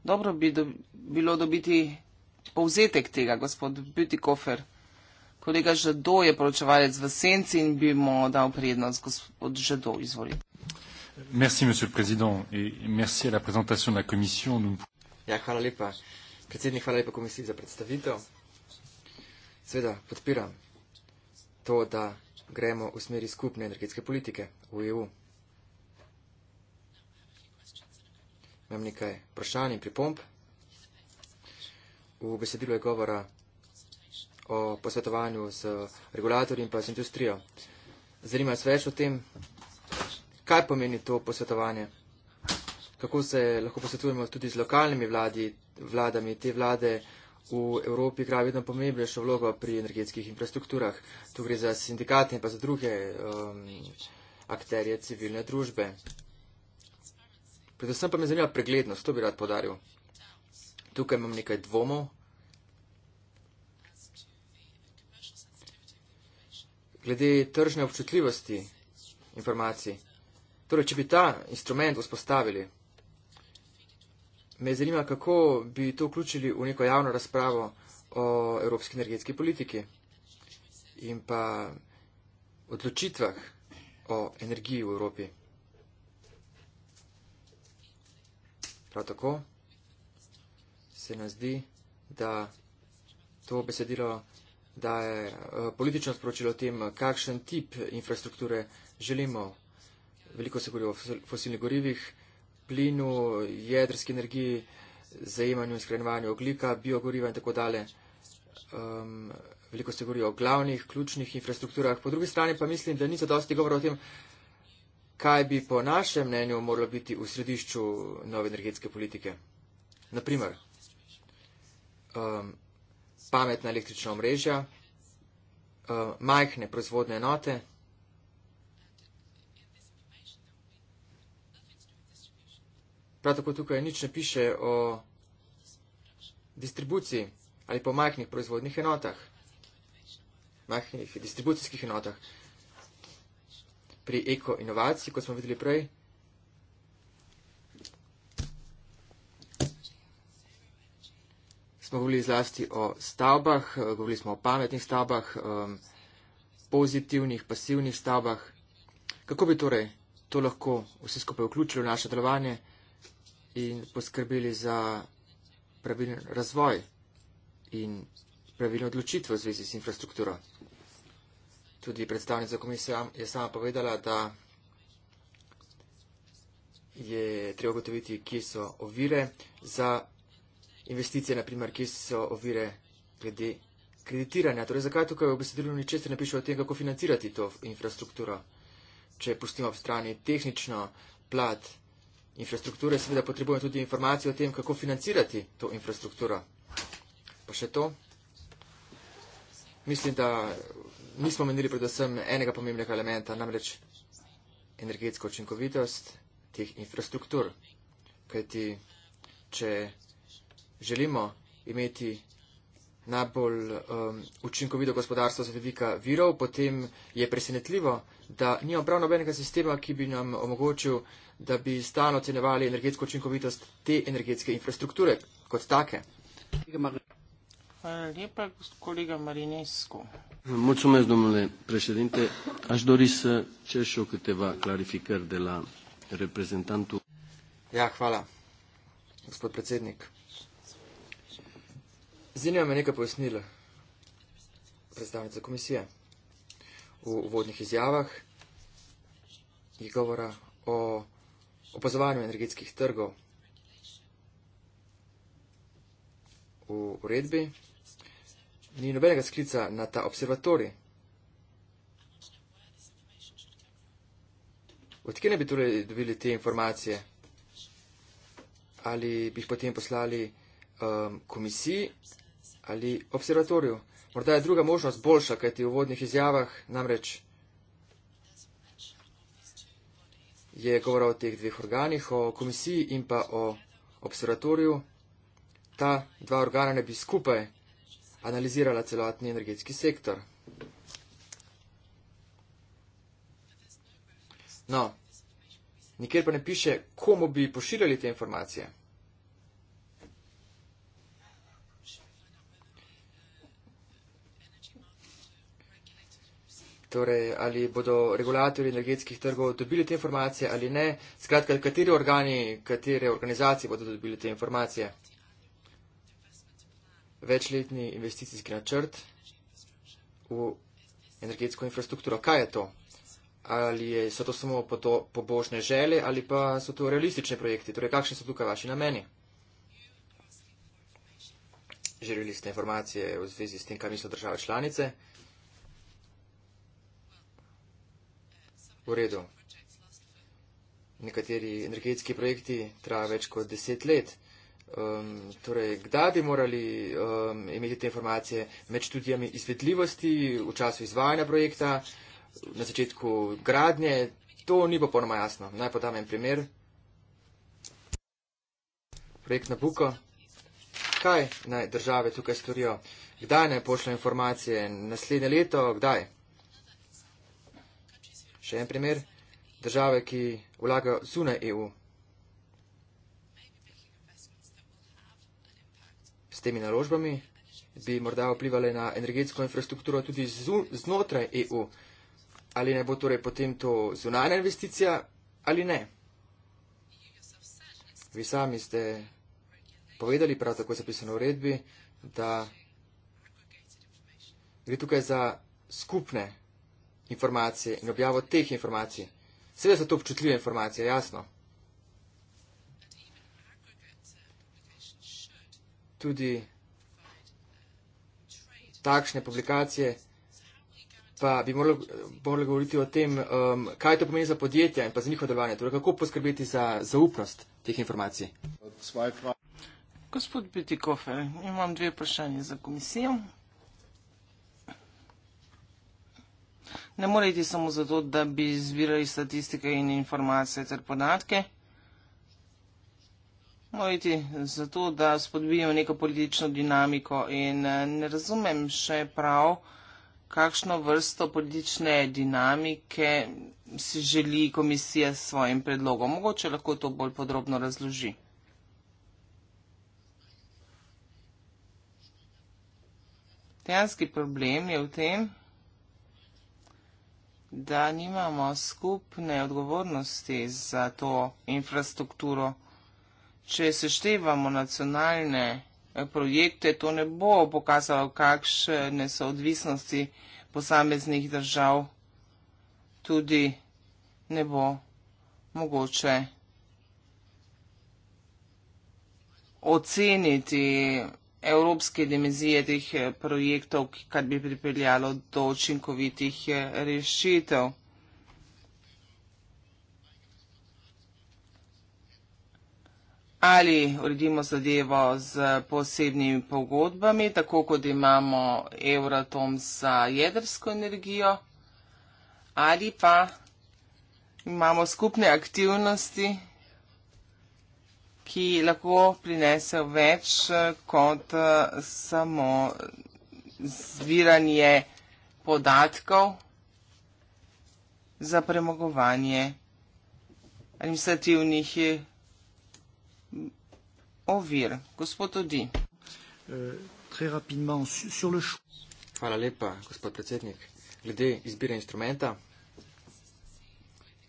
Dobro bi do, bilo dobiti povzetek tega, gospod Bütikofer. Kolega Žado je poročevalec v senci in bi mu dal prednost, gospod Žado, izvoli. Merci, monsieur le président, et merci à la présentation de la commission. Nous... Ja, hvala lepa. Predsednik, hvala lepa komisiji za predstavitev. Sveda, podpiram to, da gremo v smeri skupne energetske politike v EU. imam nekaj vprašanj in pripomp. V besedilu je govora o posvetovanju z regulatorjem in pa z industrijo. Zanima se več o tem, kaj pomeni to posvetovanje, kako se lahko posvetujemo tudi z lokalnimi vladi, vladami. Te vlade v Evropi igrajo vedno pomembnejšo vlogo pri energetskih infrastrukturah. Tu gre za sindikate in pa za druge um, akterje civilne družbe. Predvsem pa me zanima preglednost, to bi rad podaril. Tukaj imam nekaj dvomov. Glede tržne občutljivosti informacij. Torej, če bi ta instrument vzpostavili, me zanima, kako bi to vključili v neko javno razpravo o evropski energetski politiki in pa odločitvah o energiji v Evropi. Prav tako se nas zdi, da to besedilo daje eh, politično sporočilo o tem, kakšen tip infrastrukture želimo. Veliko se govori o fosilnih gorivih, plinu, jedrski energiji, zajemanju in skrajnovanju oglika, biogoriva in tako dalje. Um, veliko se govori o glavnih, ključnih infrastrukturah. Po drugi strani pa mislim, da ni zadosti govora o tem, kaj bi po našem mnenju moralo biti v središču nove energetske politike. Naprimer, um, pametna električna omrežja, um, majhne proizvodne enote, prav tako tukaj nič ne piše o distribuciji ali po majhnih proizvodnih enotah, majhnih distribucijskih enotah pri ekoinovaciji, kot smo videli prej. Smo govorili zlasti o stavbah, eh, govorili smo o pametnih stavbah, eh, pozitivnih, pasivnih stavbah. Kako bi torej to lahko vse skupaj vključili v naše delovanje in poskrbeli za pravilen razvoj in pravilno odločitev v zvezi s infrastrukturo? Tudi predstavnica komisije je sama povedala, da je treba ugotoviti, kje so ovire za investicije, naprimer, kje so ovire glede kreditiranja. Torej, zakaj tukaj v besedilu ničesar ne piše o tem, kako financirati to infrastrukturo? Če pustimo ob strani tehnično plat infrastrukture, seveda potrebujemo tudi informacijo o tem, kako financirati to infrastrukturo. Pa še to. Mislim, da nismo menili predvsem enega pomembnega elementa, namreč energetsko očinkovitost teh infrastruktur. Kajti, če želimo imeti najbolj um, učinkovito gospodarstvo z vidika virov, potem je presenetljivo, da nima prav nobenega sistema, ki bi nam omogočil, da bi stalno ocenjevali energetsko učinkovitost te energetske infrastrukture kot take. Hvala lepa, kolega Marinescu. Mulțumesc, domnule președinte. Aș dori să cer și eu câteva clarificări de la reprezentantul. Ia, hvala, gospod predsednik. Zanima me nekaj pojasnil predstavnica komisije. V uvodnih izjavah je govora o opazovanju energetskih trgov v uredbi, ni nobenega sklica na ta observatori. Od kje ne bi torej dobili te informacije? Ali bi jih potem poslali um, komisiji ali observatoriju? Morda je druga možnost boljša, kajti v vodnih izjavah namreč je govora o teh dveh organih, o komisiji in pa o observatoriju. Ta dva organa ne bi skupaj analizirala celotni energetski sektor. No, nikjer pa ne piše, komu bi pošiljali te informacije. Torej, ali bodo regulatorji energetskih trgov dobili te informacije ali ne, skratka, kateri organi, katere organizacije bodo dobili te informacije večletni investicijski načrt v energetsko infrastrukturo. Kaj je to? Ali je, so to samo pobožne po žele ali pa so to realistične projekti? Torej, kakšni so tukaj vaši nameni? Želeli ste informacije v zvezi s tem, kaj mislijo države članice? V redu. Nekateri energetski projekti trajajo več kot deset let. Um, torej, kdaj bi morali um, imeti te informacije med študijami izvedljivosti, v času izvajanja projekta, na začetku gradnje, to ni popolnoma jasno. Naj podam en primer. Projekt na Buko. Kaj naj države tukaj storijo? Kdaj naj pošlo informacije? Naslednje leto? Kdaj? Še en primer. Države, ki vlagajo zunaj EU. temi naložbami bi morda vplivali na energetsko infrastrukturo tudi znotraj EU. Ali ne bo torej potem to zunanja investicija ali ne? Vi sami ste povedali, prav tako zapisano v redbi, da gre tukaj za skupne informacije in objavo teh informacij. Seveda so to občutljive informacije, jasno. tudi takšne publikacije, pa bi morali govoriti o tem, um, kaj to pomeni za podjetja in pa za njihovo delovanje, torej kako poskrbeti za zaupnost teh informacij. Gospod Bitikofer, imam dve vprašanje za komisijo. Ne more iti samo zato, da bi zbirali statistike in informacije ter podatke. Mojiti zato, da spodbijo neko politično dinamiko in eh, ne razumem še prav, kakšno vrsto politične dinamike si želi komisija s svojim predlogom. Mogoče lahko to bolj podrobno razloži. Tejanski problem je v tem, da nimamo skupne odgovornosti za to infrastrukturo če seštevamo nacionalne eh, projekte, to ne bo pokazalo, kakšne so odvisnosti posameznih držav. Tudi ne bo mogoče oceniti evropske dimenzije teh eh, projektov, kar bi pripeljalo do učinkovitih eh, rešitev. ali uredimo zadevo z posebnimi pogodbami, tako kot imamo Euratom za jedrsko energijo, ali pa imamo skupne aktivnosti, ki lahko prinesejo več kot eh, samo zbiranje podatkov za premagovanje administrativnih ovir. Gospod Tudi. Eh, Hvala lepa, gospod predsednik. Glede izbire instrumenta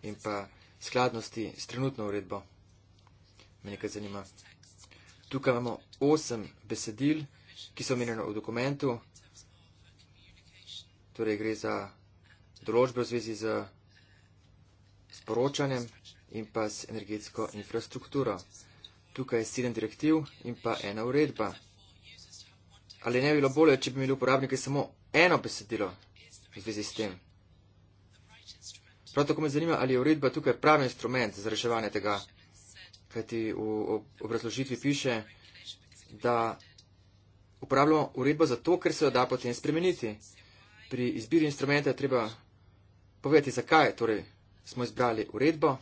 in pa skladnosti s trenutno uredbo, me nekaj zanima. Tukaj imamo osem besedil, ki so omenjene v dokumentu. Torej gre za določbe v zvezi z sporočanjem in pa s energetsko infrastrukturo. Tukaj je sedem direktiv in pa ena uredba. Ali ne bi bilo bolje, če bi imeli uporabniki samo eno besedilo v zvezi s tem? Prav tako me zanima, ali je uredba tukaj pravi instrument za reševanje tega, kajti v obrazložitvi piše, da uporabljamo uredbo zato, ker se jo da potem spremeniti. Pri izbiri instrumenta je treba povedati, zakaj torej smo izbrali uredbo.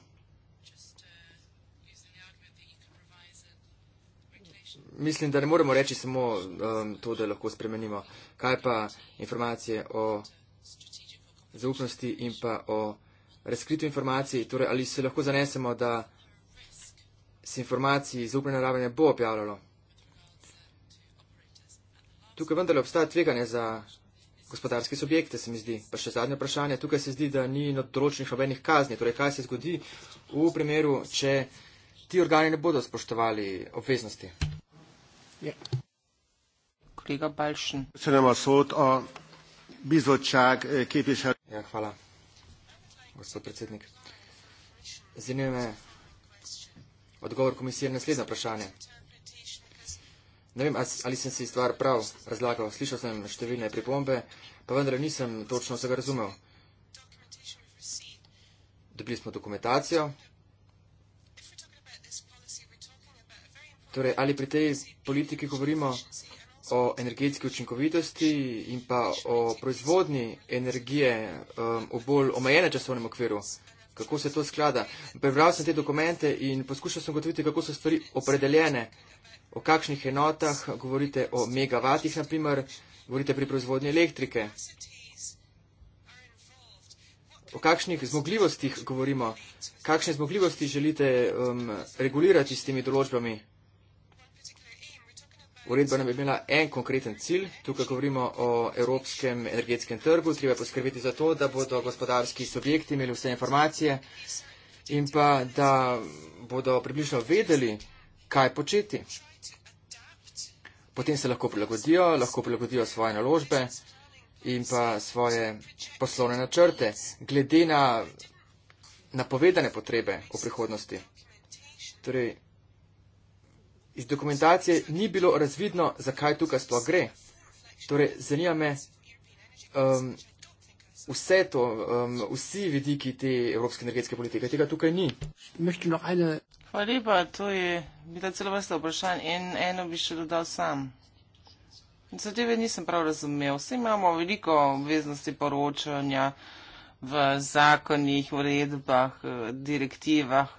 mislim, da ne moremo reči samo um, to, da lahko spremenimo. Kaj pa informacije o zaupnosti in pa o razkritju informacij, torej ali se lahko zanesemo, da se informacije iz upne naravne bo objavljalo. Tukaj vendarle obstaja tveganje za gospodarske subjekte, se mi zdi. Pa še zadnje vprašanje. Tukaj se zdi, da ni določenih nobenih kazni. Torej, kaj se zgodi v primeru, če ti organi ne bodo spoštovali obveznosti? köszönöm a szót a bizottság eh, képviselő ja, hvala. Gospod predsednik. Zanima me odgovor komisije na naslednje vprašanje. Ne vem, ali sem si stvar prav razlagal. Slišal sem številne pripombe, pa vendar nisem točno vsega razumel. Dobili smo dokumentacijo, Torej, ali pri tej politiki govorimo o energetski učinkovitosti in pa o proizvodni energije um, v bolj omejenem časovnem okviru, kako se to sklada. Prebral sem te dokumente in poskušal sem gotoviti, kako so stvari opredeljene, o kakšnih enotah, govorite o megavatih, naprimer, govorite pri proizvodni elektrike. O kakšnih zmogljivostih govorimo, kakšne zmogljivosti želite um, regulirati s temi določbami. Uredba nam je imela en konkreten cilj. Tukaj govorimo o evropskem energetskem trgu. Treba poskrbeti za to, da bodo gospodarski subjekti imeli vse informacije in pa da bodo približno vedeli, kaj početi. Potem se lahko prilagodijo, lahko prilagodijo svoje naložbe in pa svoje poslovne načrte, glede na napovedane potrebe v prihodnosti. Torej, Iz dokumentacije ni bilo razvidno, zakaj tukaj sploh gre. Torej, zanima me um, vse to, um, vsi vidiki te evropske energetske politike. Tega tukaj ni. Hvala lepa, to je bila celo vrsta vprašanj in eno bi še dodal sam. Zadeve nisem prav razumel. Vsi imamo veliko obveznosti poročanja v zakonih, uredbah, direktivah.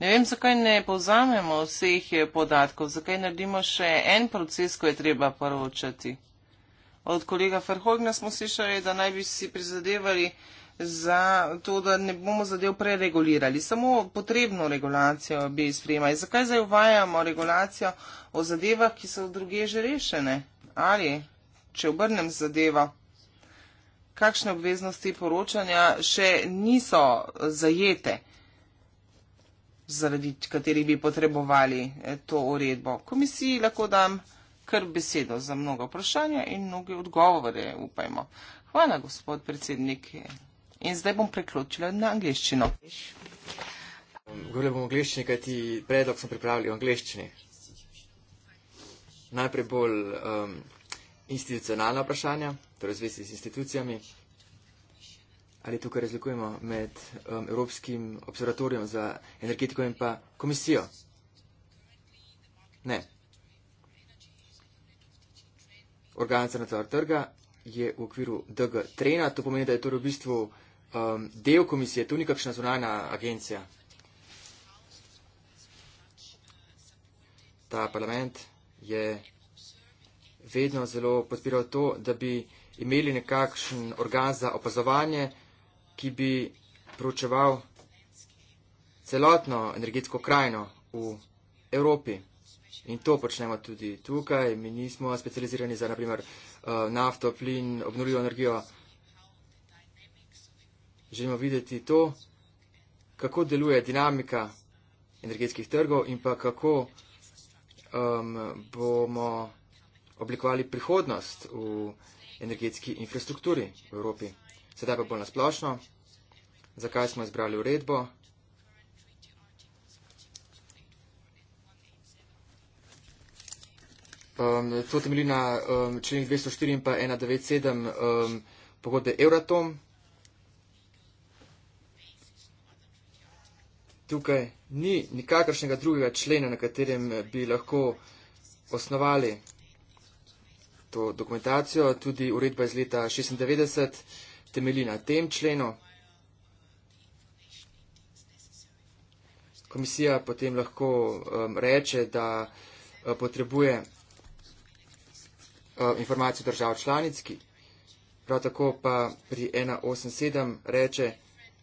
Ne vem, zakaj ne povzamemo vseh eh, podatkov, zakaj naredimo še en proces, ko je treba poročati. Od kolega Ferhogna smo slišali, da naj bi si prizadevali za to, da ne bomo zadev preregulirali. Samo potrebno regulacijo bi sprejemali. Zakaj zdaj uvajamo regulacijo o zadevah, ki so druge že rešene? Ali, če obrnem zadevo, kakšne obveznosti poročanja še niso zajete? zaradi katerih bi potrebovali eh, to uredbo. Komisiji lahko dam kar besedo za mnoga vprašanja in mnoge odgovore, upajmo. Hvala, gospod predsednik. In zdaj bom preklopila na angliščino. Govorila bom o angliščini, kaj ti predlog sem pripravila v angliščini. Najprej bolj um, institucionalna vprašanja, torej zvesti z institucijami ali tukaj razlikujemo med um, Evropskim observatorijem za energetiko in pa komisijo? Ne. Organ za nadzor trga je v okviru DG Trena, to pomeni, da je to torej v bistvu um, del komisije, to ni kakšna zunanja agencija. Ta parlament je vedno zelo podpiral to, da bi imeli nekakšen organ za opazovanje ki bi pročeval celotno energetsko krajino v Evropi. In to počnemo tudi tukaj. Mi nismo specializirani za, naprimer, eh, nafto, plin, obnovljivo energijo. Želimo videti to, kako deluje dinamika energetskih trgov in pa kako um, bomo oblikovali prihodnost v energetski infrastrukturi v Evropi. Sedaj pa bolj nasplošno, zakaj smo izbrali uredbo. Um, to temelji na um, členih 204 in pa 197 um, pogodbe Euratom. Tukaj ni nikakršnega drugega člena, na katerem bi lahko osnovali to dokumentacijo. Tudi uredba iz leta 96 temelji na tem členu. Komisija potem lahko um, reče, da uh, potrebuje uh, informacijo držav članicki, prav tako pa pri 187 reče,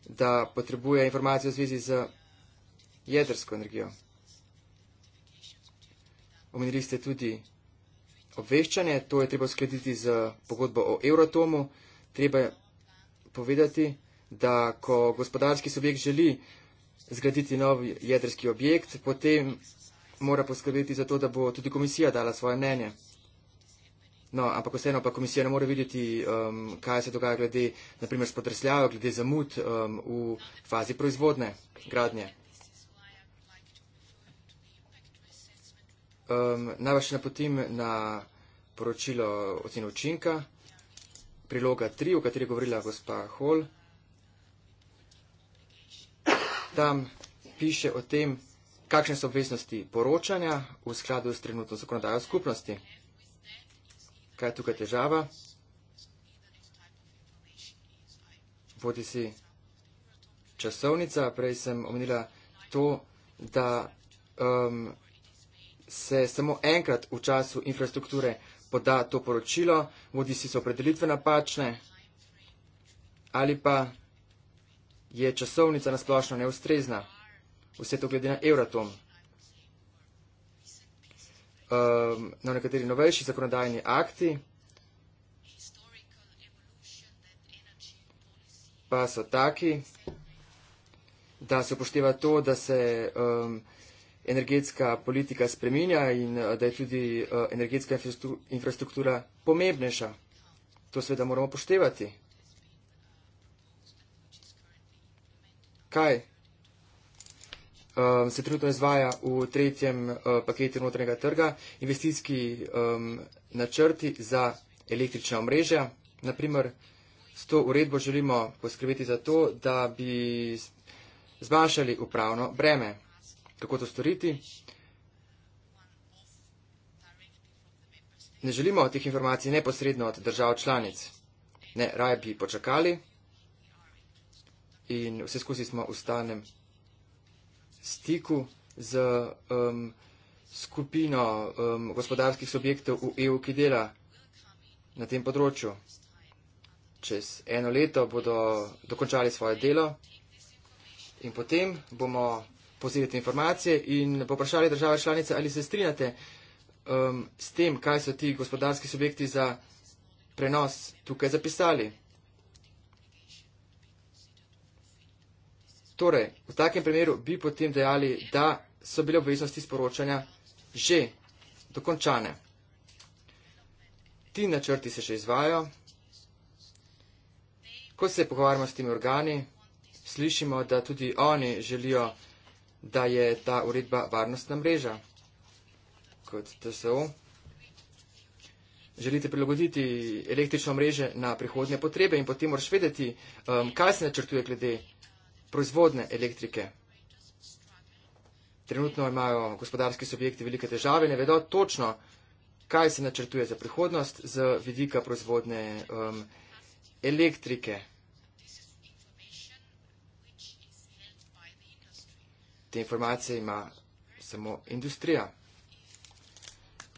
da potrebuje informacijo v zvezi z jedrsko energijo. Omenili ste tudi obveščanje, to je treba uskladiti z pogodbo o Euratomu, treba povedati, da ko gospodarski subjekt želi zgraditi nov jedrski objekt, potem mora poskrbeti za to, da bo tudi komisija dala svoje mnenje. No, ampak vseeno pa komisija ne more videti, um, kaj se dogaja glede, naprimer, spodresljajo, glede zamud um, v fazi proizvodne gradnje. Um, Najvaš napotim na poročilo ocene učinka priloga 3, o kateri je govorila gospa Hol. Tam piše o tem, kakšne so obveznosti poročanja v skladu s trenutno zakonodajo skupnosti. Kaj je tukaj težava? Bodi si časovnica, prej sem omenila to, da um, se samo enkrat v času infrastrukture poda to poročilo, bodi si so predelitve napačne ali pa je časovnica nasplošno neustrezna. Vse to glede na Euratom. Um, ehm, na no, nekateri novejši zakonodajni akti pa so taki, da se upošteva to, da se um, energetska politika spreminja in eh, da je tudi eh, energetska infrastruktura pomembnejša. To seveda moramo poštevati. Kaj eh, se trenutno izvaja v tretjem paketu notranjega trga? Investicijski načrti za električna omrežja. Naprimer, s to uredbo želimo poskrbeti za to, da bi zmanjšali upravno breme kako to storiti. Ne želimo teh informacij neposredno od držav članic. Ne, raje bi počakali in vse skozi smo v stanem stiku z um, skupino um, gospodarskih subjektov v EU, ki dela na tem področju. Čez eno leto bodo dokončali svoje delo in potem bomo posedete informacije in poprašali države članice, ali se strinjate um, s tem, kaj so ti gospodarski subjekti za prenos tukaj zapisali. Torej, v takem primeru bi potem dejali, da so bile obveznosti sporočanja že dokončane. Ti načrti se še izvajo. Ko se pogovarjamo s temi organi, slišimo, da tudi oni želijo da je ta uredba varnostna mreža. Kot TSO želite prilagoditi električno mreže na prihodne potrebe in potem morate vedeti, um, kaj se načrtuje glede proizvodne elektrike. Trenutno imajo gospodarski subjekti velike težave, ne vedo točno, kaj se načrtuje za prihodnost z vidika proizvodne um, elektrike. te informacije ima samo industrija.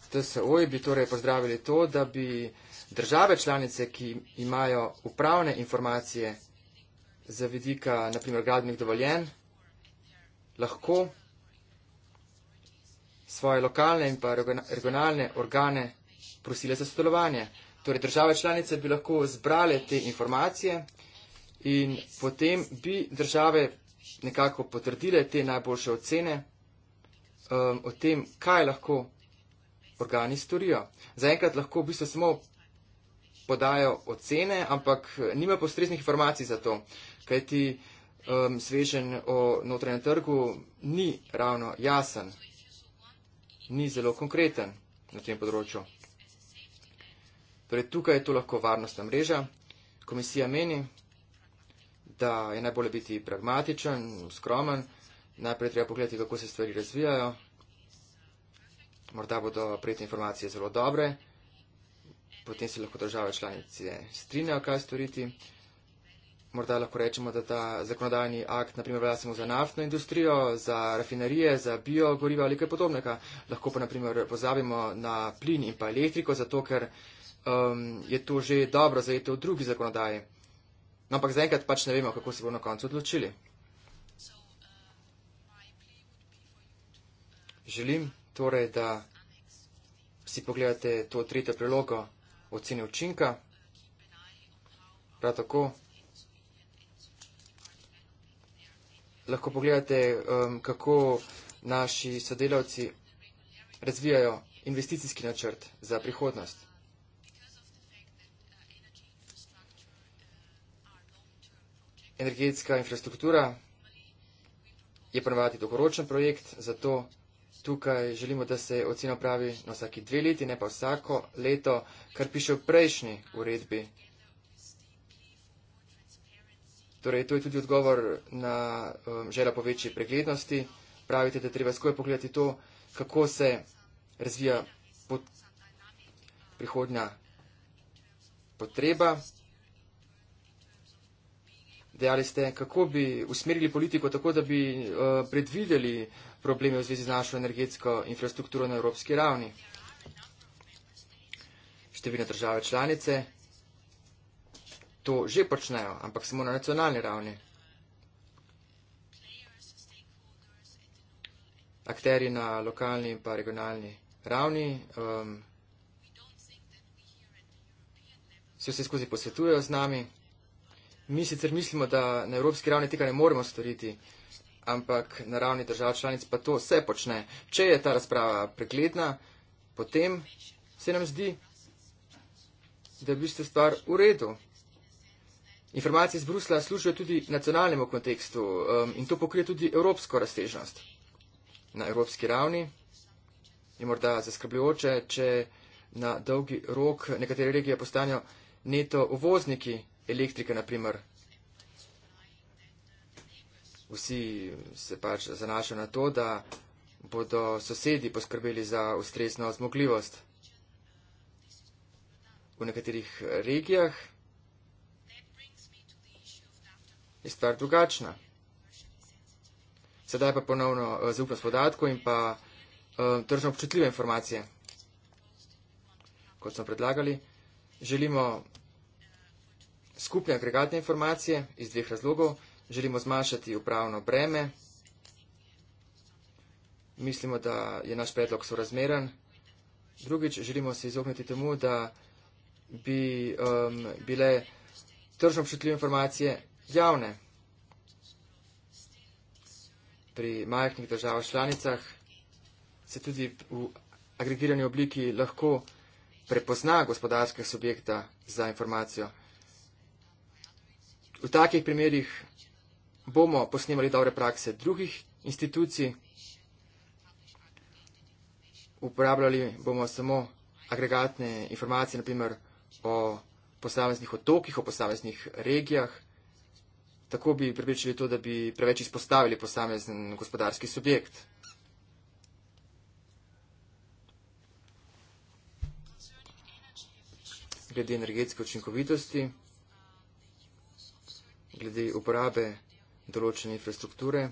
TSO-ji bi torej pozdravili to, da bi države članice, ki imajo upravne informacije za vidika, naprimer, gradnih dovoljen, lahko svoje lokalne in pa regionalne organe prosile za sodelovanje. Torej, države članice bi lahko zbrale te informacije in potem bi države nekako potrdile te najboljše ocene um, o tem, kaj lahko organi storijo. Zaenkrat lahko v bistvu samo podajo ocene, ampak nima postreznih informacij za to, kajti um, svežen o notranjem trgu ni ravno jasen, ni zelo konkreten na tem področju. Torej, tukaj je to lahko varnostna mreža. Komisija meni, da je najbolje biti pragmatičen, skromen, najprej treba pogledati, kako se stvari razvijajo. Morda bodo prejete informacije zelo dobre, potem se lahko države članice strinjajo, kaj storiti. Morda lahko rečemo, da ta zakonodajni akt, naprimer, velja samo za naftno industrijo, za rafinerije, za biogoriva ali kaj podobnega. Lahko pa, naprimer, pozabimo na plin in pa elektriko, zato ker um, je to že dobro zajeto v drugi zakonodaji. Ampak zaenkrat pač ne vemo, kako se bomo na koncu odločili. Želim torej, da si pogledate to tretjo prilogo ocene učinka. Prav tako lahko pogledate, um, kako naši sodelavci razvijajo investicijski načrt za prihodnost. energetska infrastruktura je ponovati dolgoročen projekt, zato tukaj želimo, da se ocena pravi na vsaki dve leti, ne pa vsako leto, kar piše v prejšnji uredbi. Torej, to je tudi odgovor na um, žela po večji preglednosti. Pravite, da treba skupaj pogledati to, kako se razvija pot prihodnja potreba dejali ste, kako bi usmerili politiko tako, da bi uh, predvideli probleme v zvezi z našo energetsko infrastrukturo na evropski ravni. Številne države članice to že počnejo, ampak samo na nacionalni ravni. Akteri na lokalni in pa regionalni ravni um, se vse skozi posvetujejo z nami. Mi sicer mislimo, da na evropski ravni tega ne moremo storiti, ampak na ravni držav članic pa to vse počne. Če je ta razprava pregledna, potem se nam zdi, da bi ste stvar v redu. Informacije iz Brusla služijo tudi nacionalnemu kontekstu um, in to pokrije tudi evropsko razsežnost. Na evropski ravni je morda zaskrbljujoče, če na dolgi rok nekatere regije postanjo neto uvozniki elektrike, naprimer. Vsi se pač zanašajo na to, da bodo sosedi poskrbeli za ustrezno zmogljivost. V nekaterih regijah je stvar drugačna. Sedaj pa ponovno eh, zaupnost podatkov in pa eh, tržno občutljive informacije. Kot smo predlagali, želimo skupne agregatne informacije iz dveh razlogov. Želimo zmanjšati upravno breme. Mislimo, da je naš predlog sorazmeren. Drugič, želimo se izogniti temu, da bi um, bile tržno občutljive informacije javne. Pri majhnih državah članicah se tudi v agregirani obliki lahko prepozna gospodarskega subjekta za informacijo v takih primerjih bomo posnemali dobre prakse drugih institucij, uporabljali bomo samo agregatne informacije, naprimer o posameznih otokih, o posameznih regijah. Tako bi pripričali to, da bi preveč izpostavili posamezen gospodarski subjekt. Glede energetske učinkovitosti glede uporabe določene infrastrukture.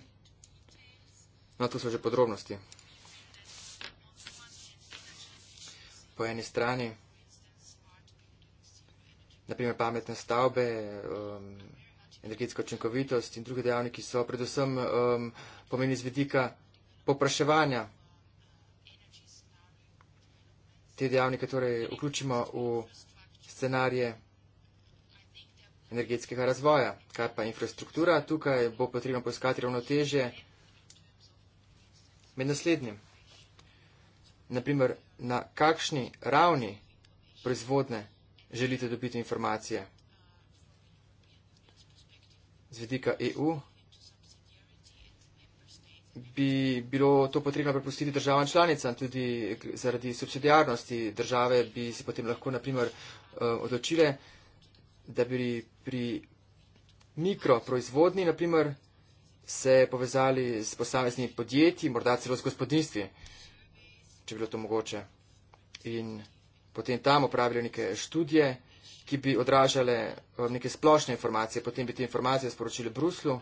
No, tu so že podrobnosti. Po eni strani, naprimer pametne stavbe, um, energetska očinkovitost in druge dejavniki so predvsem um, pomeni z vidika popraševanja. Te dejavnike torej vključimo v scenarije energetskega razvoja. Kaj pa infrastruktura? Tukaj bo potrebno poiskati ravnotežje med naslednjim. Naprimer, na kakšni ravni proizvodne želite dobiti informacije? Z vidika EU bi bilo to potrebno prepustiti državam članicam, tudi zaradi subsidijarnosti države bi se potem lahko, naprimer, eh, odločile, da bi pri mikroproizvodni, naprimer, se povezali s posameznimi podjetji, morda celo z gospodinstvi, če bilo to mogoče. In potem tam opravili neke študije, ki bi odražale eh, neke splošne informacije, potem bi te informacije sporočili Bruslu.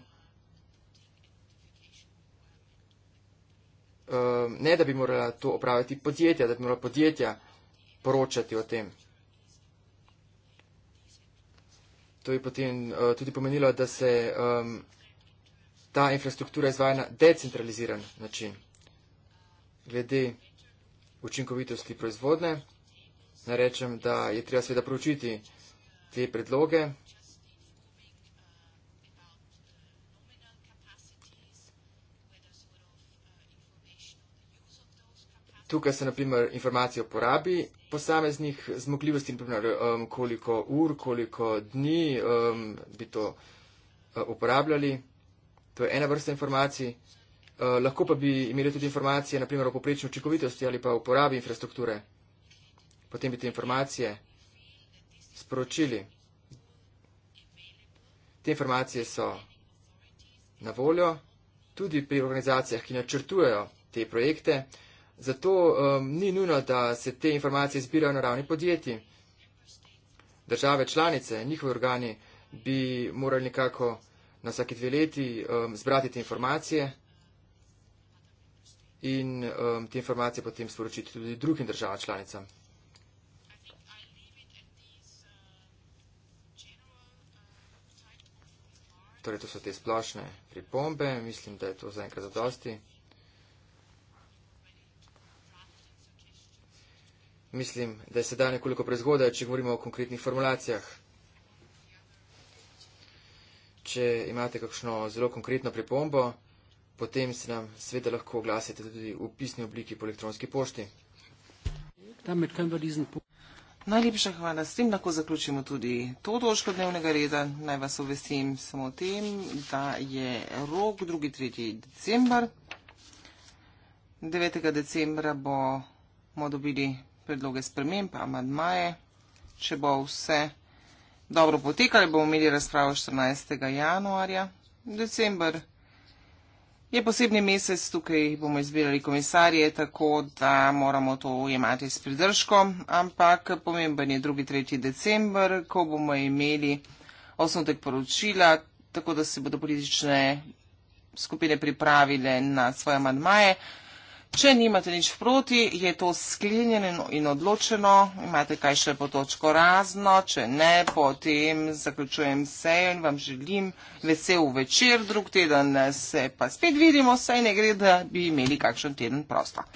Eh, ne, da bi morala to opraviti podjetja, da bi morala podjetja poročati o tem. To je potem uh, tudi pomenilo, da se um, ta infrastruktura izvaja na decentraliziran način. Glede učinkovitosti proizvodne, narečem, da je treba sveda pročiti te predloge. tukaj se, na primer, informacije o porabi posameznih zmogljivosti, naprimer, um, koliko ur, koliko dni um, bi to uh, uporabljali. To je ena vrsta informacij. Uh, lahko pa bi imeli tudi informacije, naprimer, o poprečni učinkovitosti ali pa o uporabi infrastrukture. Potem bi te informacije sporočili. Te informacije so na voljo tudi pri organizacijah, ki načrtujejo te projekte. Uh, Zato um, ni nujno, da se te informacije zbirajo na ravni podjetij. Države članice, njihovi organi bi morali nekako na vsake dve leti um, zbrati te informacije in um, te informacije potem sporočiti tudi drugim državam članicam. Torej, to so te splošne pripombe. Mislim, da je to zaenkrat zadosti. Mislim, da je sedaj nekoliko prezgodaj, če govorimo o konkretnih formulacijah. Če imate kakšno zelo konkretno pripombo, potem se nam sveda lahko oglasite tudi v pisni obliki po elektronski pošti. Najlepša hvala. S tem lahko zaključimo tudi to točko dnevnega reda. Naj vas obvestim samo o tem, da je rok 2.3. decembar. 9. decembra bomo dobili predloge sprememb, amadmaje. Če bo vse dobro potekalo, bomo imeli razpravo 14. januarja. December je posebni mesec, tukaj bomo izbirali komisarje, tako da moramo to jemati s pridržkom, ampak pomemben je 2.3. december, ko bomo imeli osnotek poročila, tako da se bodo politične skupine pripravile na svoje manjmaje. Če nimate nič proti, je to sklenjeno in odločeno. Imate kaj še po točko razno, če ne, potem zaključujem sejo in vam želim vesel večer, drug teden se pa spet vidimo, sej ne gre, da bi imeli kakšen teden prosto.